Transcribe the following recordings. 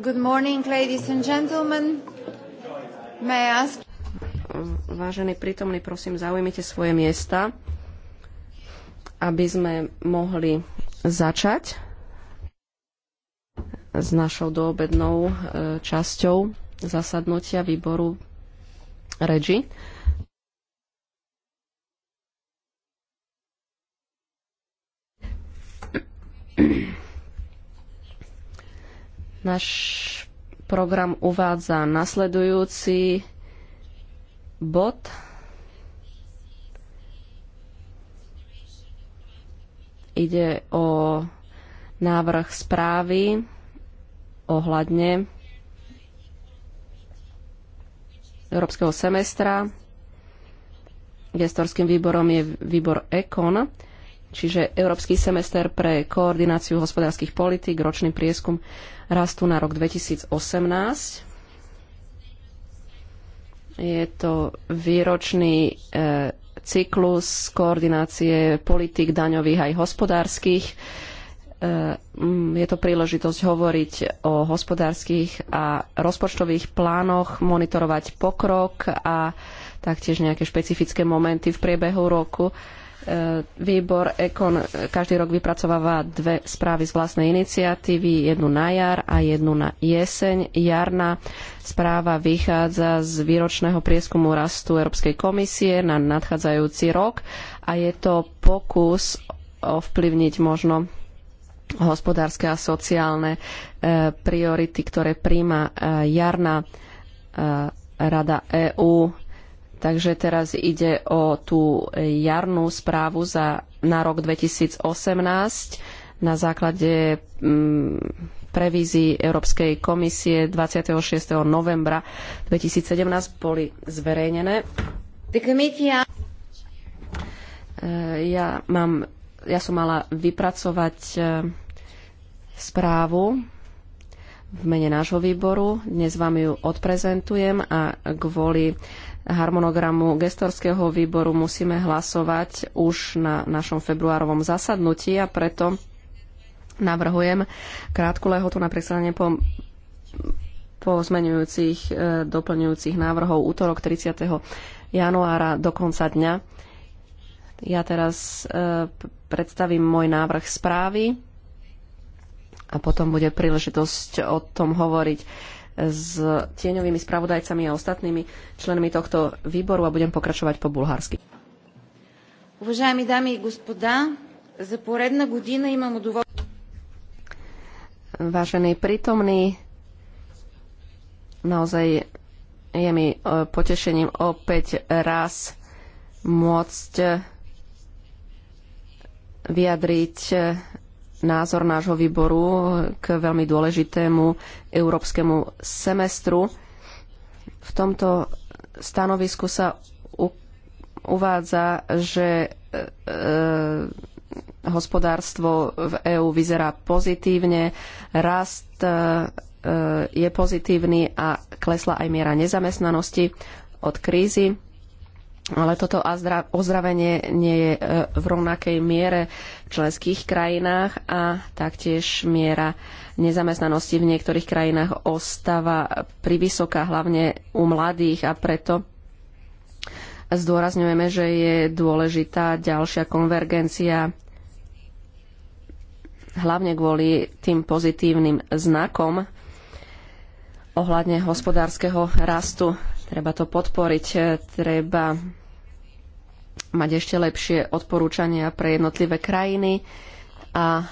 Good morning, ladies and gentlemen. May I ask... Vážení prítomní, prosím, zaujmite svoje miesta, aby sme mohli začať s našou doobednou e, časťou zasadnutia výboru REGI. Náš program uvádza nasledujúci bod. Ide o návrh správy ohľadne Európskeho semestra. Gestorským výborom je výbor ECON čiže Európsky semester pre koordináciu hospodárskych politík, ročný prieskum rastu na rok 2018. Je to výročný e, cyklus koordinácie politik daňových aj hospodárskych. E, je to príležitosť hovoriť o hospodárskych a rozpočtových plánoch, monitorovať pokrok a taktiež nejaké špecifické momenty v priebehu roku. E, E, výbor Ekon každý rok vypracováva dve správy z vlastnej iniciatívy, jednu na jar a jednu na jeseň. Jarná správa vychádza z výročného prieskumu rastu Európskej komisie na nadchádzajúci rok a je to pokus ovplyvniť možno hospodárske a sociálne e, priority, ktoré príjma e, jarná Rada EÚ Takže teraz ide o tú jarnú správu za, na rok 2018 na základe mm, prevízii Európskej komisie 26. novembra 2017 boli zverejnené. E, ja, mám, ja som mala vypracovať e, správu v mene nášho výboru. Dnes vám ju odprezentujem a kvôli harmonogramu gestorského výboru musíme hlasovať už na našom februárovom zasadnutí a preto navrhujem krátku lehotu na predstavenie po pozmenujúcich, e, doplňujúcich návrhov útorok 30. januára do konca dňa. Ja teraz e, predstavím môj návrh správy a potom bude príležitosť o tom hovoriť s tieňovými spravodajcami a ostatnými členmi tohto výboru a budem pokračovať po bulharsky. Уважаеми дами и господа, за поредна година имам удоволствие. Vážený prítomný, наозай е ми potešením опет раз моцт виадрить názor nášho výboru k veľmi dôležitému európskemu semestru. V tomto stanovisku sa uvádza, že e, e, hospodárstvo v EÚ vyzerá pozitívne, rast e, e, je pozitívny a klesla aj miera nezamestnanosti od krízy ale toto ozdravenie nie je e, v rovnakej miere v členských krajinách a taktiež miera nezamestnanosti v niektorých krajinách ostáva privysoká, hlavne u mladých a preto zdôrazňujeme, že je dôležitá ďalšia konvergencia hlavne kvôli tým pozitívnym znakom ohľadne hospodárskeho rastu. Treba to podporiť, e, treba mať ešte lepšie odporúčania pre jednotlivé krajiny a e,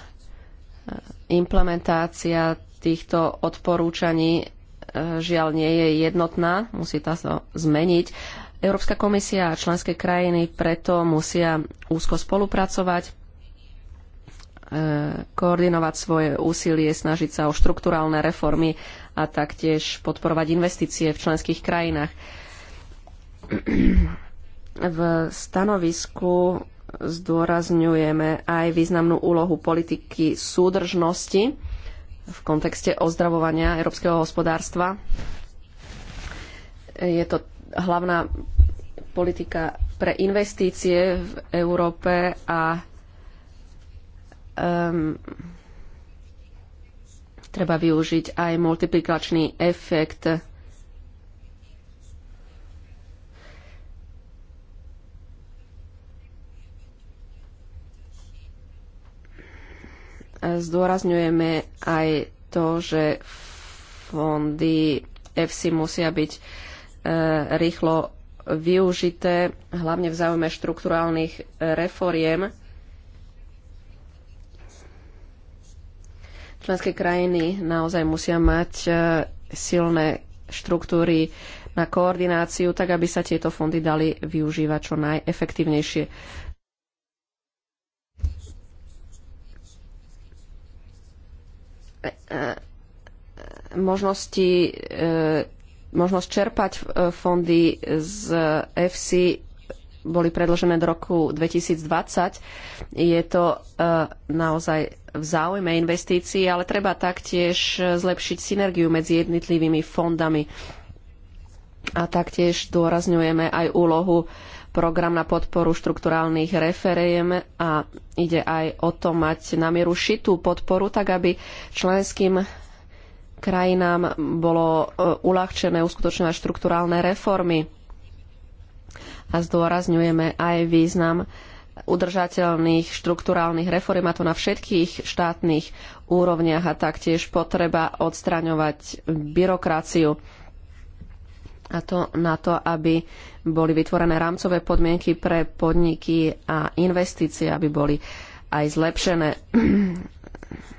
implementácia týchto odporúčaní e, žiaľ nie je jednotná, musí tá sa zmeniť. Európska komisia a členské krajiny preto musia úzko spolupracovať, e, koordinovať svoje úsilie, snažiť sa o štrukturálne reformy a taktiež podporovať investície v členských krajinách v stanovisku zdôrazňujeme aj významnú úlohu politiky súdržnosti v kontexte ozdravovania európskeho hospodárstva. Je to hlavná politika pre investície v Európe a um, treba využiť aj multiplikačný efekt Zdôrazňujeme aj to, že fondy FC musia byť e, rýchlo využité, hlavne v záujme štrukturálnych e, reforiem. Členské krajiny naozaj musia mať e, silné štruktúry na koordináciu, tak aby sa tieto fondy dali využívať čo najefektívnejšie. možnosti, e, možnosť čerpať e, fondy z FC boli predložené do roku 2020. Je to e, naozaj v záujme investícií, ale treba taktiež zlepšiť synergiu medzi jednotlivými fondami. A taktiež dôrazňujeme aj úlohu program na podporu štrukturálnych referiem a ide aj o to mať na mieru šitú podporu, tak aby členským krajinám bolo e, uľahčené uskutočňovať štrukturálne reformy. A zdôrazňujeme aj význam udržateľných štrukturálnych reform, a to na všetkých štátnych úrovniach a taktiež potreba odstraňovať byrokraciu a to na to, aby boli vytvorené rámcové podmienky pre podniky a investície, aby boli aj zlepšené.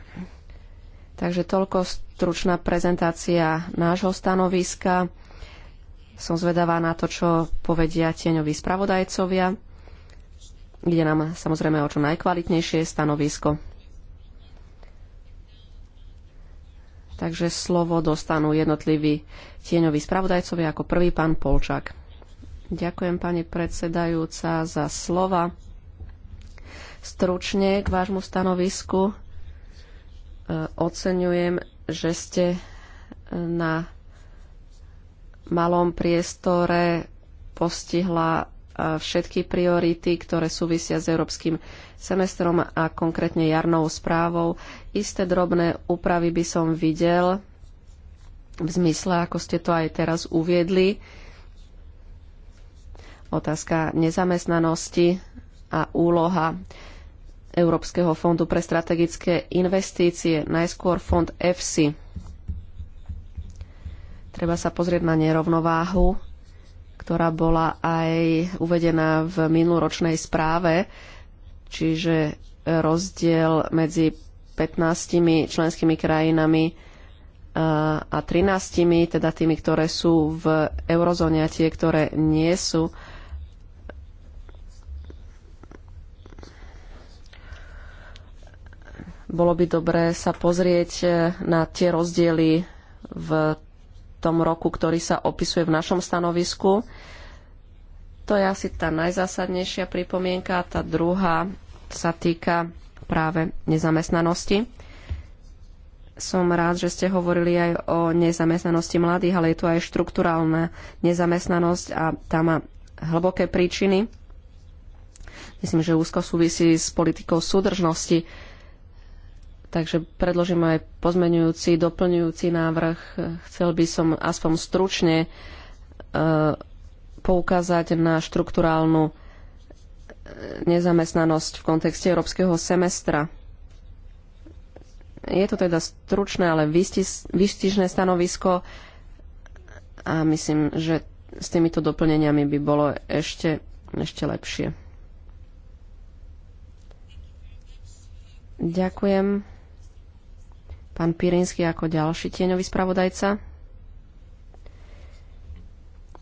Takže toľko stručná prezentácia nášho stanoviska. Som zvedavá na to, čo povedia tieňoví spravodajcovia. Ide nám samozrejme o čo najkvalitnejšie stanovisko. Takže slovo dostanú jednotliví tieňoví spravodajcovia ako prvý pán Polčák. Ďakujem pani predsedajúca za slova. Stručne k vášmu stanovisku e, oceňujem, že ste e, na malom priestore postihla všetky priority, ktoré súvisia s európskym semestrom a konkrétne jarnou správou. Isté drobné úpravy by som videl v zmysle, ako ste to aj teraz uviedli. Otázka nezamestnanosti a úloha Európskeho fondu pre strategické investície, najskôr fond EFSI. Treba sa pozrieť na nerovnováhu ktorá bola aj uvedená v minuloročnej správe, čiže rozdiel medzi 15 členskými krajinami e, a 13, teda tými, ktoré sú v eurozóne a tie, ktoré nie sú. Bolo by dobré sa pozrieť e, na tie rozdiely v tom roku, ktorý sa opisuje v našom stanovisku. To je asi tá najzásadnejšia pripomienka. Tá druhá sa týka práve nezamestnanosti. Som rád, že ste hovorili aj o nezamestnanosti mladých, ale je tu aj štruktúrálna nezamestnanosť a tá má hlboké príčiny. Myslím, že úzko súvisí s politikou súdržnosti Takže predložím aj pozmenujúci, doplňujúci návrh. Chcel by som aspoň stručne e, poukázať na štruktúrálnu e, nezamestnanosť v kontexte európskeho semestra. Je to teda stručné, ale vystižné stanovisko a myslím, že s týmito doplneniami by bolo ešte, ešte lepšie. Ďakujem pán Pirinsky ako ďalší tieňový spravodajca.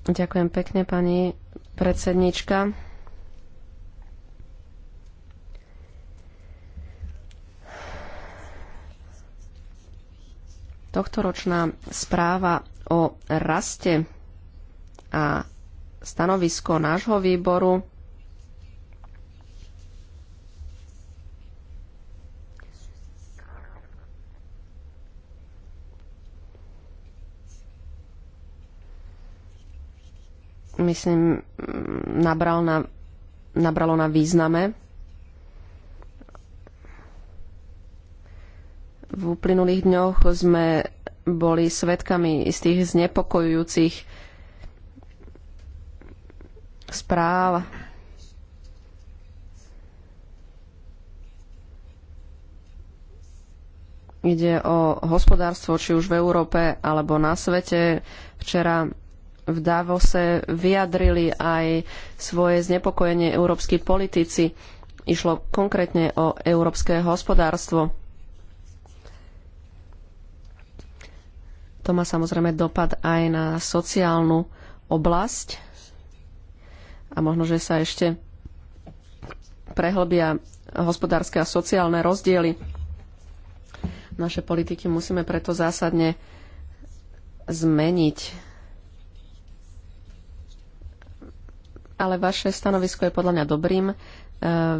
Ďakujem pekne, pani predsednička. Tohtoročná správa o raste a stanovisko nášho výboru myslím, nabral na, nabralo na význame. V uplynulých dňoch sme boli svetkami istých znepokojujúcich správ ide o hospodárstvo, či už v Európe alebo na svete. Včera v Davose vyjadrili aj svoje znepokojenie európsky politici. Išlo konkrétne o európske hospodárstvo. To má samozrejme dopad aj na sociálnu oblasť a možno, že sa ešte prehlbia hospodárske a sociálne rozdiely. Naše politiky musíme preto zásadne zmeniť ale vaše stanovisko je podľa mňa dobrým e,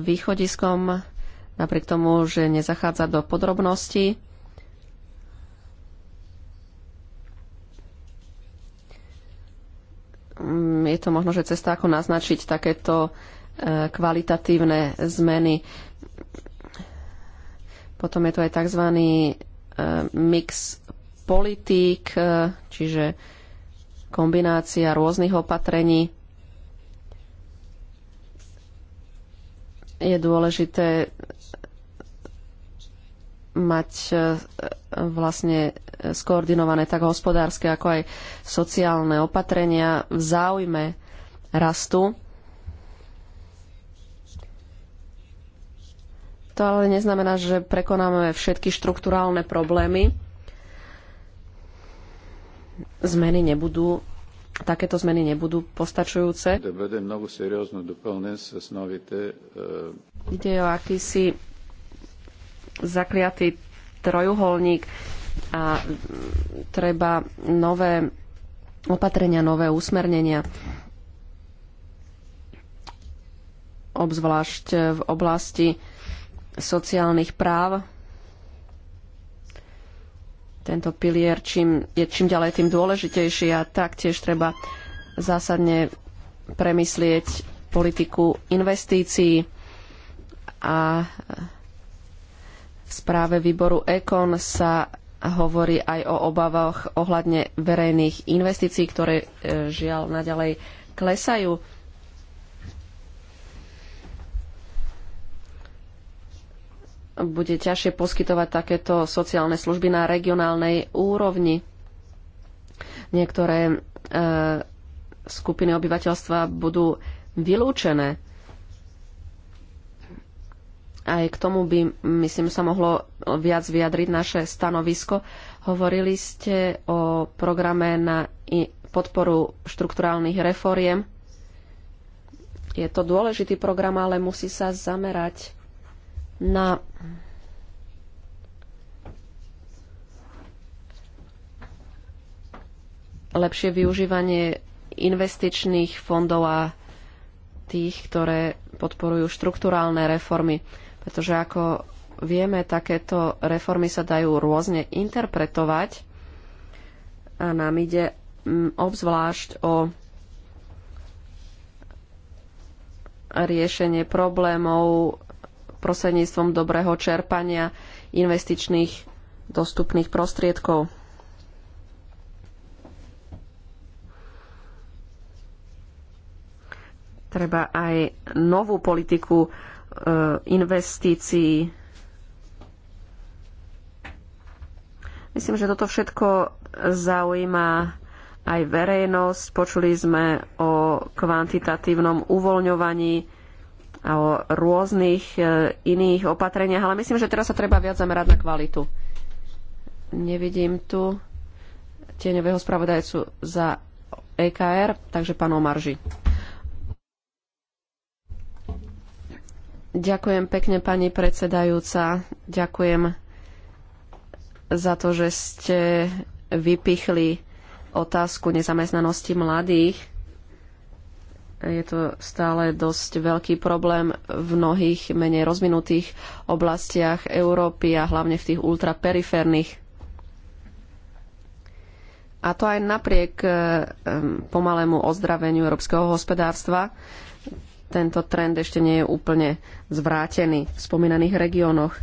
východiskom, napriek tomu, že nezachádza do podrobností. Mm, je to možno, že cesta, ako naznačiť takéto e, kvalitatívne zmeny. Potom je tu aj tzv. E, mix politík, čiže kombinácia rôznych opatrení. je dôležité mať e, vlastne skoordinované tak hospodárske, ako aj sociálne opatrenia v záujme rastu. To ale neznamená, že prekonáme všetky štruktúrálne problémy. Zmeny nebudú takéto zmeny nebudú postačujúce. E, Ide o akýsi zakliatý trojuholník a treba nové opatrenia, nové usmernenia. Obzvlášť v oblasti sociálnych práv tento pilier čím, je čím ďalej tým dôležitejší a taktiež treba zásadne premyslieť politiku investícií a v správe výboru EKON sa hovorí aj o obavách ohľadne verejných investícií, ktoré e, žiaľ naďalej klesajú. bude ťažšie poskytovať takéto sociálne služby na regionálnej úrovni. Niektoré e, skupiny obyvateľstva budú vylúčené. Aj k tomu by, myslím, sa mohlo viac vyjadriť naše stanovisko. Hovorili ste o programe na podporu štrukturálnych reforiem. Je to dôležitý program, ale musí sa zamerať na lepšie využívanie investičných fondov a tých, ktoré podporujú štrukturálne reformy. Pretože ako vieme, takéto reformy sa dajú rôzne interpretovať a nám ide obzvlášť o riešenie problémov prostredníctvom dobrého čerpania investičných dostupných prostriedkov. Treba aj novú politiku e, investícií. Myslím, že toto všetko zaujíma aj verejnosť. Počuli sme o kvantitatívnom uvoľňovaní a o rôznych e, iných opatreniach, ale myslím, že teraz sa treba viac zamerať na kvalitu. Nevidím tu tieňového spravodajcu za EKR, takže pán Omarži. Ďakujem pekne, pani predsedajúca. Ďakujem za to, že ste vypichli otázku nezamestnanosti mladých je to stále dosť veľký problém v mnohých menej rozvinutých oblastiach Európy a hlavne v tých ultraperiférnych. A to aj napriek eh, pomalému ozdraveniu európskeho hospodárstva. Tento trend ešte nie je úplne zvrátený v spomínaných regiónoch.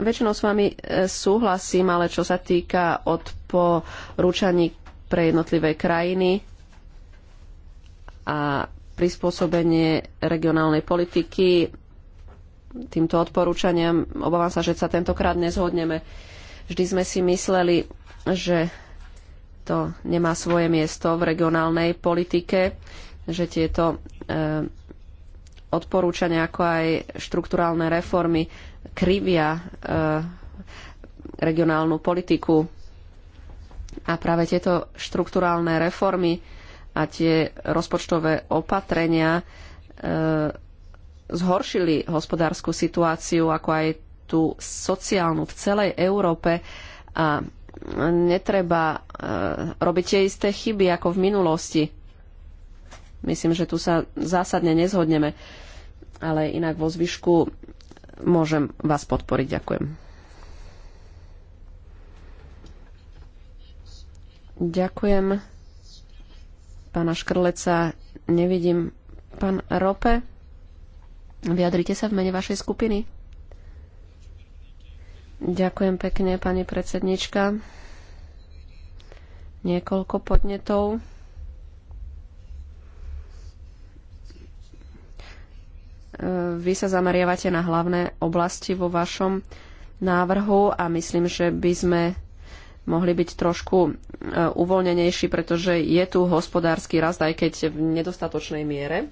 Väčšinou s vami eh, súhlasím, ale čo sa týka odporúčaní pre jednotlivé krajiny, a prispôsobenie regionálnej politiky týmto odporúčaniam. Obávam sa, že sa tentokrát nezhodneme. Vždy sme si mysleli, že to nemá svoje miesto v regionálnej politike, že tieto e, odporúčania, ako aj štruktúrálne reformy krivia e, regionálnu politiku. A práve tieto štruktúrálne reformy a tie rozpočtové opatrenia e, zhoršili hospodárskú situáciu, ako aj tú sociálnu v celej Európe a netreba e, robiť tie isté chyby ako v minulosti. Myslím, že tu sa zásadne nezhodneme, ale inak vo zvyšku môžem vás podporiť. Ďakujem. Ďakujem. Pána Škrleca nevidím. Pán Rope, vyjadrite sa v mene vašej skupiny. Ďakujem pekne, pani predsednička. Niekoľko podnetov. Vy sa zameriavate na hlavné oblasti vo vašom návrhu a myslím, že by sme mohli byť trošku e, uvoľnenejší, pretože je tu hospodársky rast, aj keď v nedostatočnej miere.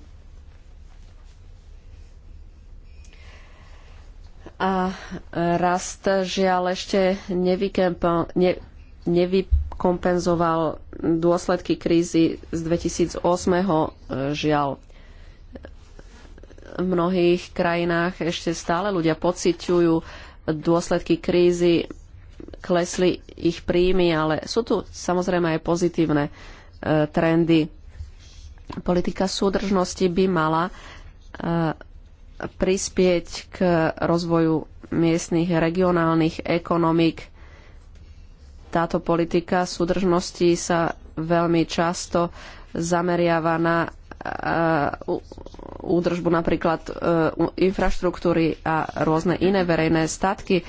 A rast žiaľ ešte nevykompenzoval dôsledky krízy z 2008. E, žiaľ, v mnohých krajinách ešte stále ľudia pociťujú dôsledky krízy klesli ich príjmy, ale sú tu samozrejme aj pozitívne e, trendy. Politika súdržnosti by mala e, prispieť k rozvoju miestnych regionálnych ekonomík. Táto politika súdržnosti sa veľmi často zameriava na e, údržbu napríklad infraštruktúry a rôzne iné verejné statky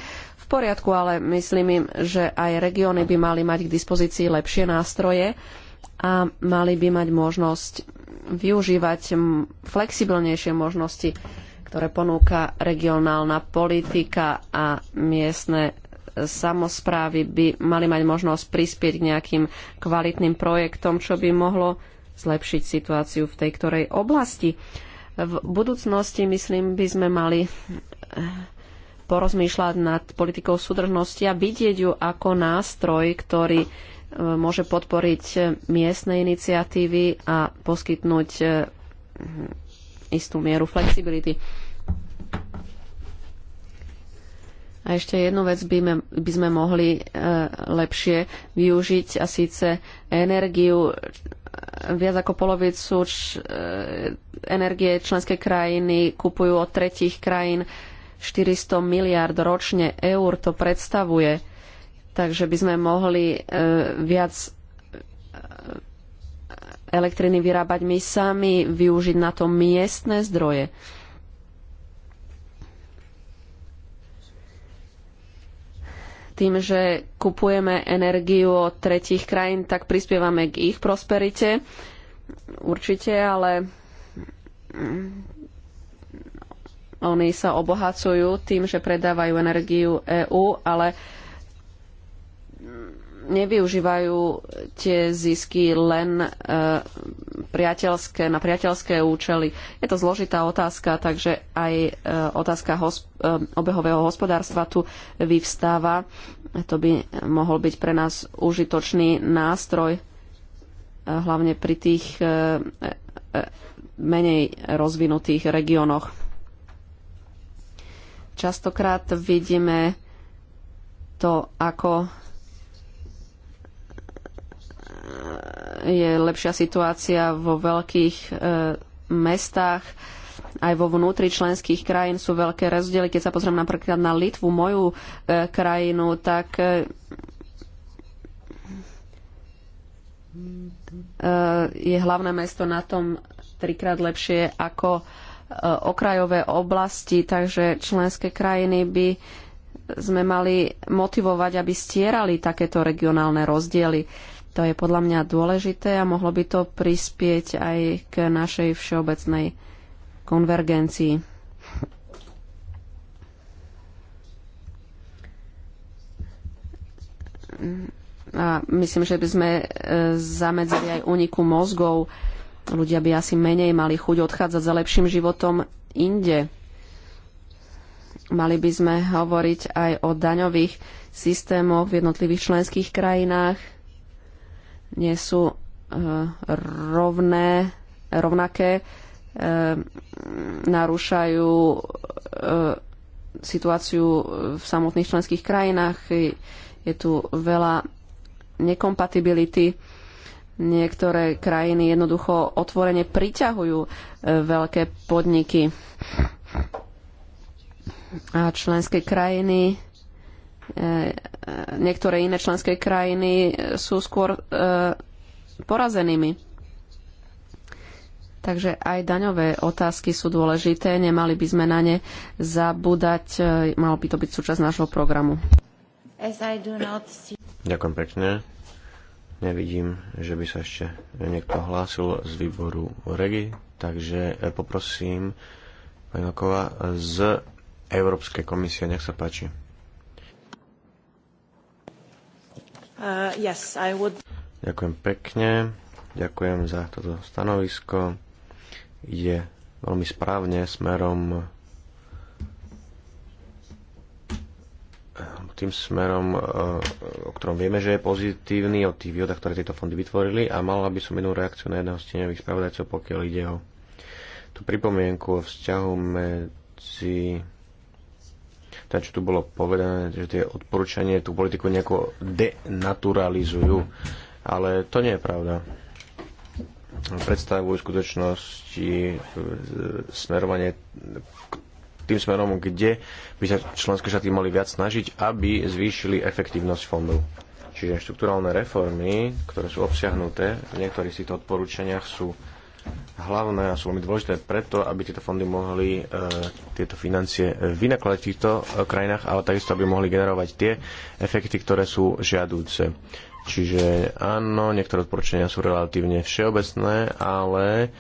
poriadku, ale myslím im, že aj regióny by mali mať k dispozícii lepšie nástroje a mali by mať možnosť využívať flexibilnejšie možnosti, ktoré ponúka regionálna politika a miestne samozprávy by mali mať možnosť prispieť k nejakým kvalitným projektom, čo by mohlo zlepšiť situáciu v tej ktorej oblasti. V budúcnosti, myslím, by sme mali porozmýšľať nad politikou súdržnosti a vidieť ju ako nástroj, ktorý e, môže podporiť miestne iniciatívy a poskytnúť e, istú mieru flexibility. A ešte jednu vec by, sme, by sme mohli e, lepšie využiť a síce energiu. E, viac ako polovicu č, e, energie členské krajiny kupujú od tretich krajín. E, 400 miliard ročne eur to predstavuje. Takže by sme mohli e, viac e, elektriny vyrábať my sami, využiť na to miestne zdroje. Tým, že kupujeme energiu od tretich krajín, tak prispievame k ich prosperite. Určite, ale oni sa obohacujú tým, že predávajú energiu EÚ, ale nevyužívajú tie zisky len e, priateľské, na priateľské účely. Je to zložitá otázka, takže aj e, otázka hosp- e, obehového hospodárstva tu vyvstáva. To by mohol byť pre nás užitočný nástroj, e, hlavne pri tých e, e, menej rozvinutých regiónoch. Častokrát vidíme to, ako je lepšia situácia vo veľkých e, mestách, aj vo vnútri členských krajín sú veľké rozdiely. Keď sa pozriem napríklad na Litvu, moju e, krajinu, tak e, e je hlavné mesto na tom trikrát lepšie ako Eh, okrajové oblasti, takže členské krajiny by sme mali motivovať, aby stierali takéto regionálne rozdiely. To je podľa mňa dôležité a mohlo by to prispieť aj k našej všeobecnej konvergencii. A myslím, že by sme eh, zamedzili aj úniku mozgov Ľudia by asi menej mali chuť odchádzať za lepším životom inde. Mali by sme hovoriť aj o daňových systémoch v jednotlivých členských krajinách. Nie sú e, rovné, rovnaké, e, narúšajú e, situáciu v samotných členských krajinách. Je tu veľa nekompatibility Niektoré krajiny jednoducho otvorene priťahujú e, veľké podniky a členské krajiny e, e, niektoré iné členské krajiny sú skôr porazenými. Takže aj daňové otázky sú dôležité, nemali by sme na ne zabúdať, malo by to byť súčasť nášho programu. Ďakujem pekne. Nevidím, že by sa ešte niekto hlásil z výboru REGI, takže eh, poprosím pani Lokova z Európskej komisie, nech sa páči. Uh, yes, I would... Ďakujem pekne, ďakujem za toto stanovisko. Ide veľmi správne smerom tým smerom, e, o ktorom vieme, že je pozitívny, o tých výhodách, ktoré tieto fondy vytvorili a mala by som jednu reakciu na jedného z tieňových spravodajcov, pokiaľ ide o tú pripomienku o vzťahu medzi tak čo tu bolo povedané, že tie odporúčanie tú politiku nejako denaturalizujú, ale to nie je pravda. Predstavujú skutočnosti e, smerovanie k tým smerom, kde by sa členské štáty mali viac snažiť, aby zvýšili efektívnosť fondov. Čiže štruktúralne reformy, ktoré sú obsiahnuté v niektorých z týchto odporúčaniach, sú hlavné a sú veľmi dôležité preto, aby tieto fondy mohli e, tieto financie vynakladať v týchto e, krajinách, ale takisto, aby mohli generovať tie efekty, ktoré sú žiadúce. Čiže áno, niektoré odporúčania sú relatívne všeobecné, ale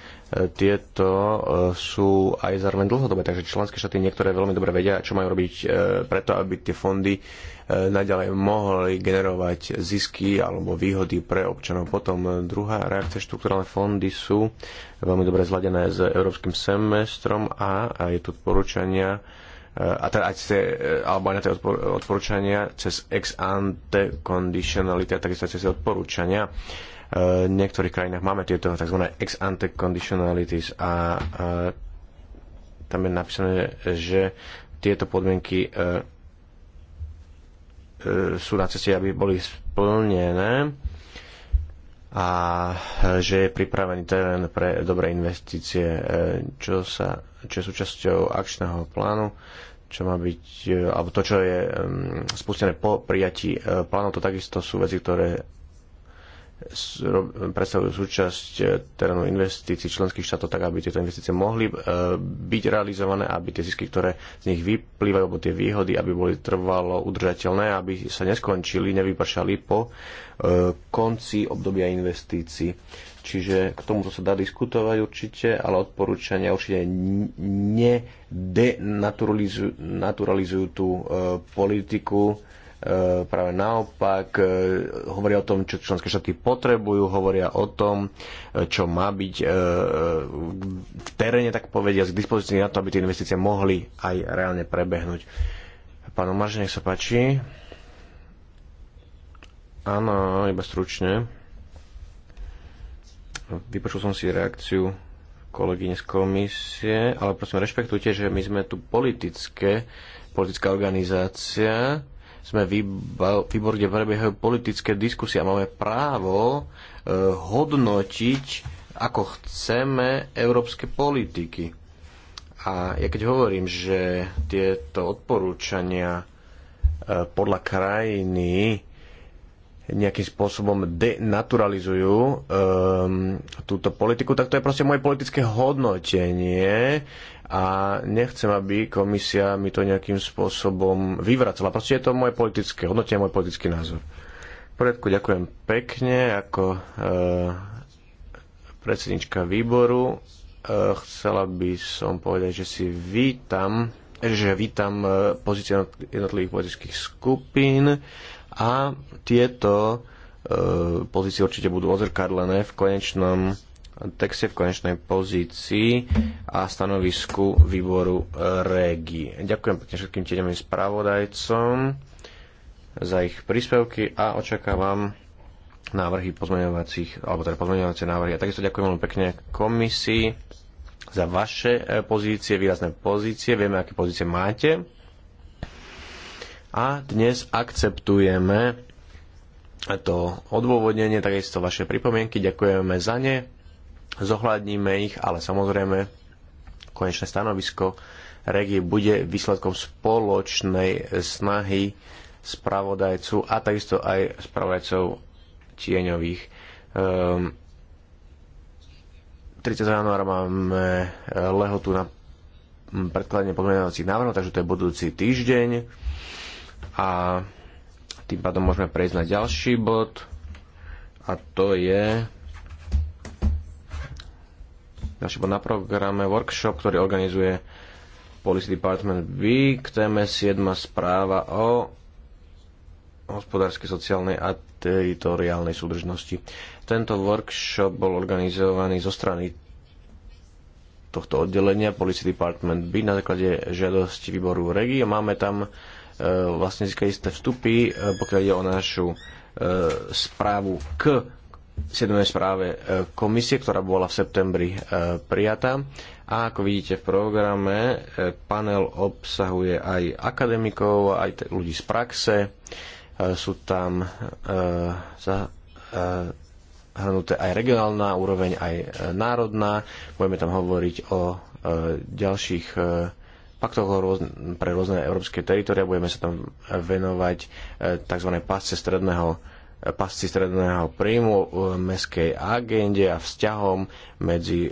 tieto e, sú aj zároveň dlhodobé, takže členské štáty niektoré veľmi dobre vedia, čo majú robiť e, preto, aby tie fondy e, naďalej mohli generovať zisky alebo výhody pre občanov. Potom druhá reakcia, štruktúrálne fondy sú veľmi dobre zladené s európskym semestrom a, je tu odporúčania a teda aj ste, alebo aj na tie odporúčania cez ex ante conditionality a takisto cez odporúčania v niektorých krajinách máme tieto tzv. ex ante conditionalities a tam je napísané, že tieto podmienky e, e, sú na ceste, aby boli splnené a že je pripravený terén pre dobré investície, e, čo, sa, čo je súčasťou akčného plánu, čo má byť, alebo to, čo je mm, spustené po prijatí plánov, to takisto sú veci, ktoré predstavujú súčasť eh, terénu investícií členských štátov tak, aby tieto investície mohli eh, byť realizované, aby tie zisky, ktoré z nich vyplývajú, alebo tie výhody, aby boli trvalo udržateľné, aby sa neskončili, nevypršali po eh, konci obdobia investícií. Čiže k to sa dá diskutovať určite, ale odporúčania určite nedenaturalizujú tú politiku E, práve naopak e, hovoria o tom, čo členské štáty potrebujú, hovoria o tom, e, čo má byť v teréne, tak povedia, k dispozícii na to, aby tie investície mohli aj reálne prebehnúť. Pán Omarže, nech sa páči. Áno, iba stručne. Vypočul som si reakciu kolegyne z komisie, ale prosím, rešpektujte, že my sme tu politické, politická organizácia sme výborne prebiehajú politické diskusie a máme právo e, hodnotiť, ako chceme európske politiky. A ja keď hovorím, že tieto odporúčania e, podľa krajiny nejakým spôsobom denaturalizujú um, túto politiku, tak to je proste moje politické hodnotenie a nechcem, aby komisia mi to nejakým spôsobom vyvracala. Proste je to moje politické hodnotenie, môj politický názor. V poriadku, ďakujem pekne. Ako e, predsednička výboru e, chcela by som povedať, že si vítam že vítam eh, pozície jednotlivých politických skupín a tieto pozície určite budú odzrkadlené v konečnom texte v konečnej pozícii a stanovisku výboru REGI. Ďakujem pekne všetkým tieňovým spravodajcom za ich príspevky a očakávam návrhy pozmeňovacích, alebo teda pozmeňovacie návrhy. A takisto ďakujem veľmi pekne komisii za vaše e, pozície, výrazné pozície. Vieme, aké pozície máte. A dnes akceptujeme to odôvodnenie, takisto vaše pripomienky. Ďakujeme za ne zohľadníme ich, ale samozrejme konečné stanovisko regie bude výsledkom spoločnej snahy spravodajcu a takisto aj spravodajcov tieňových. Um, ehm, 30. januára máme e, lehotu na predkladanie podmienovacích návrhov, takže to je budúci týždeň a tým pádom môžeme prejsť na ďalší bod a to je ďalší bod na programe workshop, ktorý organizuje Policy Department B k téme 7. správa o hospodárskej, sociálnej a teritoriálnej súdržnosti. Tento workshop bol organizovaný zo strany tohto oddelenia Policy Department B na základe žiadosti výboru REGI a máme tam e, vlastne získať vstupy, e, pokiaľ ide o našu e, správu k 7. správe e, komisie, ktorá bola v septembri e, prijatá. A ako vidíte v programe, e, panel obsahuje aj akademikov, aj ľudí z praxe. Sú tam zahrnuté aj regionálna úroveň, aj národná. Budeme tam hovoriť o ďalších paktoch pre rôzne európske teritoria. Budeme sa tam venovať tzv. pásce stredného pasci stredného príjmu, v meskej agende a vzťahom medzi e,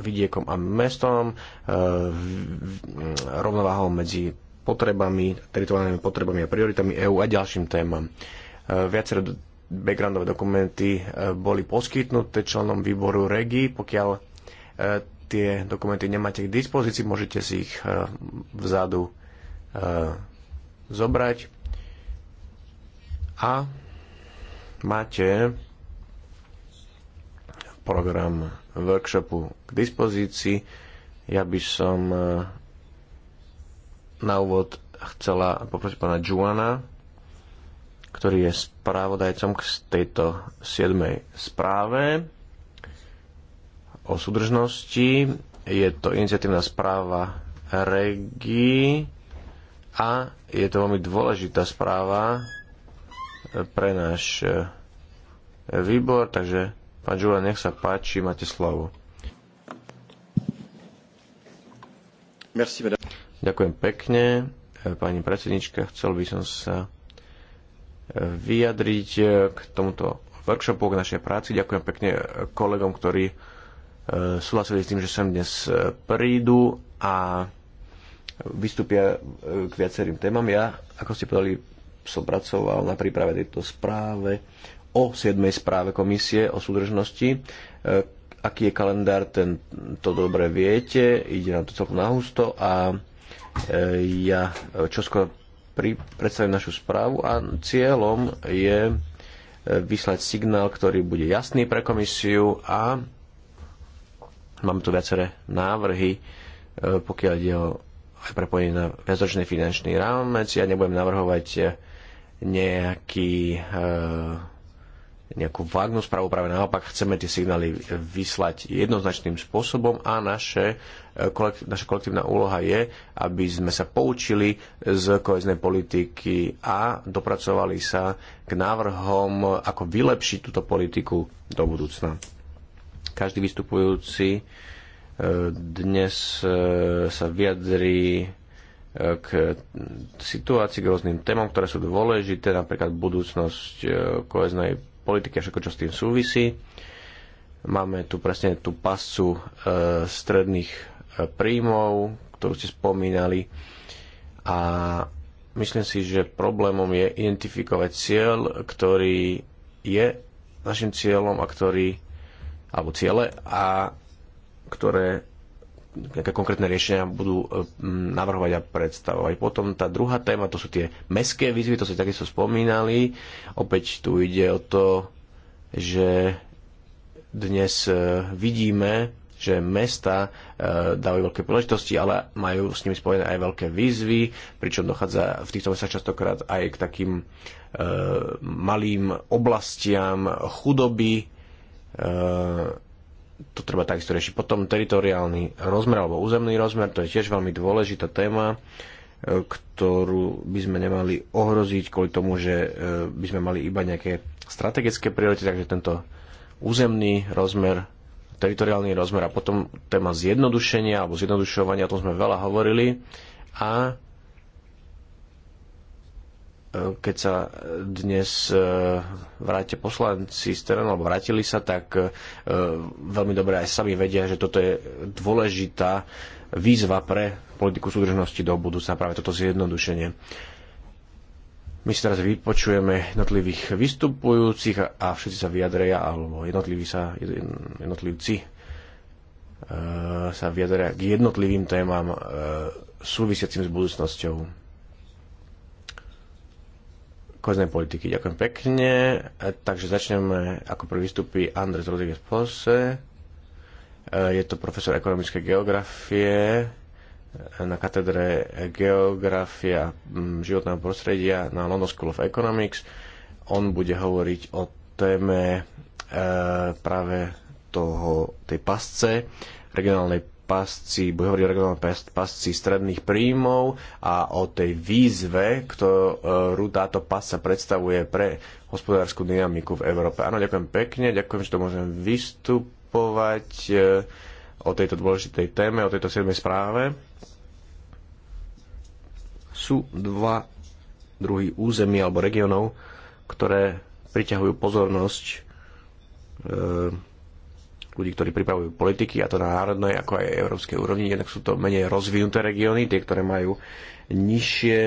vidiekom a mestom, e, mm, rovnováhou medzi potrebami, teritoriálnymi potrebami a prioritami EÚ a ďalším témam. E, Viaceré backgroundové dokumenty boli poskytnuté členom výboru REGI. Pokiaľ tie dokumenty nemáte k dispozícii, môžete si ich vzadu zobrať. A Máte program workshopu k dispozícii. Ja by som e, na úvod chcela poprosiť pána Juana, ktorý je správodajcom k tejto 7. správe o súdržnosti. Je to iniciatívna správa REGI a je to veľmi dôležitá správa pre náš e, výbor, takže pán Žula, nech sa páči, máte slovo. Merci, Ďakujem pekne. E, pani predsednička, chcel by som sa e, vyjadriť k tomuto workshopu, k našej práci. Ďakujem pekne kolegom, ktorí súhlasili s tým, že sem dnes prídu a vystúpia k viacerým témam. Ja, ako ste povedali, som pracoval na príprave tejto správe o 7. správe komisie o súdržnosti. E, aký je kalendár, ten to dobre viete, ide nám to celkom nahusto a e, ja e, čoskoro pri, predstavím našu správu a cieľom je vyslať signál, ktorý bude jasný pre komisiu a máme tu viaceré návrhy, pokiaľ ide o aj prepojenie na viacročný finančný rámec. Ja nebudem navrhovať nejaký, eh, nejakú vágnu správu, práve naopak chceme tie signály vyslať jednoznačným spôsobom a naše, eh, naša kolektívna úloha je, aby sme sa poučili z koheznej politiky a dopracovali sa k návrhom, ako vylepšiť túto politiku do budúcna. Každý vystupujúci eh, dnes sa vyjadrí k situácii, k rôznym témam, ktoré sú dôležité, napríklad budúcnosť e, koheznej politiky a všetko, čo s tým súvisí. Máme tu presne tú pascu e, stredných e, príjmov, ktorú ste spomínali. A myslím si, že problémom je identifikovať cieľ, ktorý je našim cieľom a ktorý, alebo ciele a ktoré nejaké konkrétne riešenia budú e, navrhovať a predstavovať. Potom tá druhá téma, to sú tie meské výzvy, to ste takisto spomínali. Opäť tu ide o to, že dnes e, vidíme, že mesta e, dávajú veľké príležitosti, ale majú s nimi spojené aj veľké výzvy, pričom dochádza v týchto mestách častokrát aj k takým malým oblastiam chudoby, to treba takisto riešiť. Potom teritoriálny rozmer alebo územný rozmer, to je tiež veľmi dôležitá téma, e, ktorú by sme nemali ohroziť kvôli tomu, že e, by sme mali iba nejaké strategické priority, takže tento územný rozmer, teritoriálny rozmer a potom téma zjednodušenia alebo zjednodušovania, o tom sme veľa hovorili a Eh, keď sa dnes eh, vráte poslanci z terénu, alebo vrátili sa, tak eh, veľmi dobre aj sami vedia, že toto je dôležitá výzva pre politiku súdržnosti do budúcna, práve toto zjednodušenie. My si teraz vypočujeme jednotlivých vystupujúcich a všetci sa vyjadria, alebo jednotliví sa, jednotlivci sa vyjadria k jednotlivým témam súvisiacim s budúcnosťou koznej politiky. Ďakujem pekne. E, takže začneme, ako prvý vystupí Andres Rodriguez Pose. E, je to profesor ekonomické geografie e, na katedre Geografia životného prostredia na London School of Economics. On bude hovoriť o téme práve toho, tej pasce regionálnej pasci, bude hovoriť o regionálnom pasci stredných príjmov a o tej výzve, ktorú táto pasca predstavuje pre hospodárskú dynamiku v Európe. Áno, ďakujem pekne, ďakujem, že to môžem vystupovať eh, o tejto dôležitej téme, o tejto 7. správe. Sú dva druhy území alebo regionov, ktoré priťahujú pozornosť e, ľudí, ktorí pripravujú politiky, a to na národnej ako aj európskej úrovni. Jednak sú to menej rozvinuté regióny, tie, ktoré majú nižšie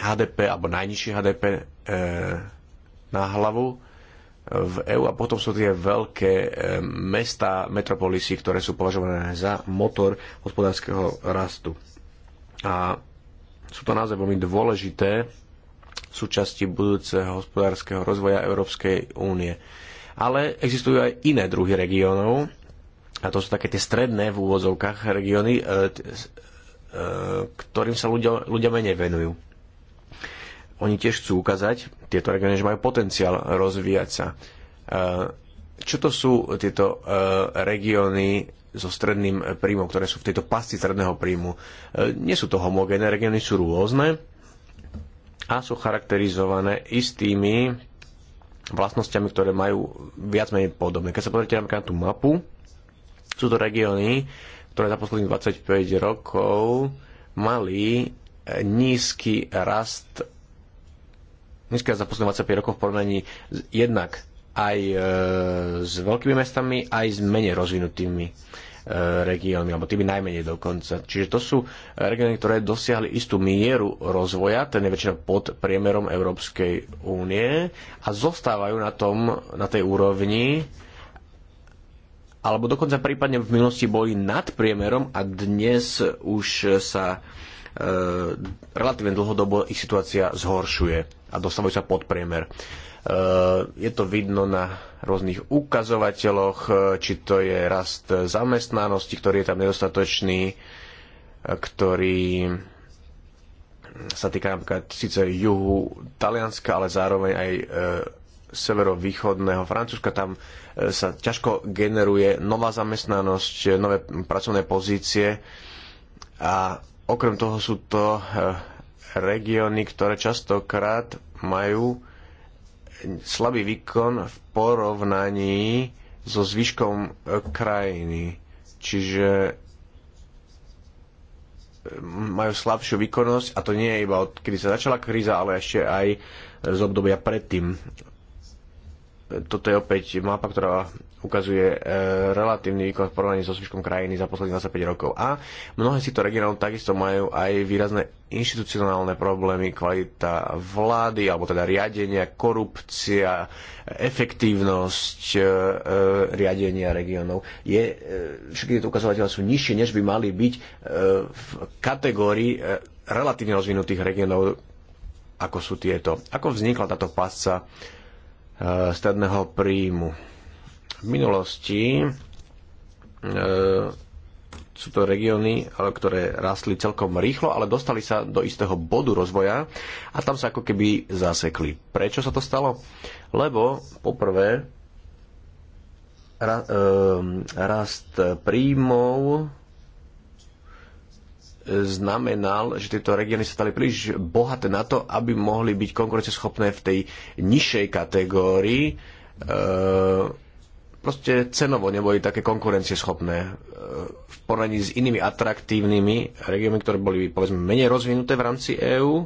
HDP alebo najnižšie HDP e, na hlavu v EÚ a potom sú tie veľké e, mesta, metropolisy, ktoré sú považované za motor hospodárskeho rastu. A sú to naozaj veľmi dôležité súčasti budúceho hospodárskeho rozvoja Európskej únie ale existujú aj iné druhy regiónov, a to sú také tie stredné v úvodzovkách regióny, e, e, ktorým sa ľudia, ľudia menej venujú. Oni tiež chcú ukázať tieto regióny, že majú potenciál rozvíjať sa. E, čo to sú tieto regióny so stredným príjmom, ktoré sú v tejto pasci stredného príjmu? Nie sú to homogénne regióny, sú rôzne a sú charakterizované istými vlastnosťami, ktoré majú viac menej podobné. Keď sa pozrite napríklad na tú mapu, sú to regióny, ktoré za posledných 25 rokov mali nízky rast nízky rast za posledných 25 rokov v porovnaní jednak aj e, s veľkými mestami, aj s menej rozvinutými regiónmi, alebo tými najmenej dokonca. Čiže to sú eh, regióny, ktoré dosiahli istú mieru rozvoja, ten je väčšinou pod priemerom Európskej únie a zostávajú na, tom, na tej úrovni, alebo dokonca prípadne v minulosti boli nad priemerom a dnes už sa uh, E, relatívne dlhodobo ich situácia zhoršuje a dostávajú sa pod priemer. E, je to vidno na rôznych ukazovateľoch, e, či to je rast zamestnanosti, ktorý je tam nedostatočný, ktorý sa týka napríklad síce juhu Talianska, ale zároveň aj severovýchodného Francúzska. Tam sa ťažko generuje nová zamestnanosť, nové pracovné pozície a Okrem toho sú to eh, regióny, ktoré častokrát majú slabý výkon v porovnaní so zvyškom eh, krajiny. Čiže eh, majú slabšiu výkonnosť a to nie je iba od kedy sa začala kríza, ale ešte aj z obdobia predtým. Toto je opäť mapa, ktorá ukazuje e, relatívny výkon v porovnaní so zvyškom krajiny za posledných 25 rokov. A mnohé z týchto regionov takisto majú aj výrazné inštitucionálne problémy, kvalita vlády, alebo teda riadenia, korupcia, efektívnosť e, e, riadenia regionov. e, všetky tieto ukazovateľe sú nižšie, než by mali byť e, v kategórii e, relatívne rozvinutých regionov, ako sú tieto. Ako vznikla táto pasca e, stredného príjmu? V minulosti e, sú to regióny, ktoré rastli celkom rýchlo, ale dostali sa do istého bodu rozvoja a tam sa ako keby zasekli. Prečo sa to stalo? Lebo poprvé ra, e, rast príjmov znamenal, že tieto regióny sa stali príliš bohaté na to, aby mohli byť konkurenceschopné v tej nižšej kategórii. E, proste cenovo neboli také konkurencieschopné e, v porovnaní s inými atraktívnymi regiónmi, ktoré boli povedzme menej rozvinuté v rámci EÚ,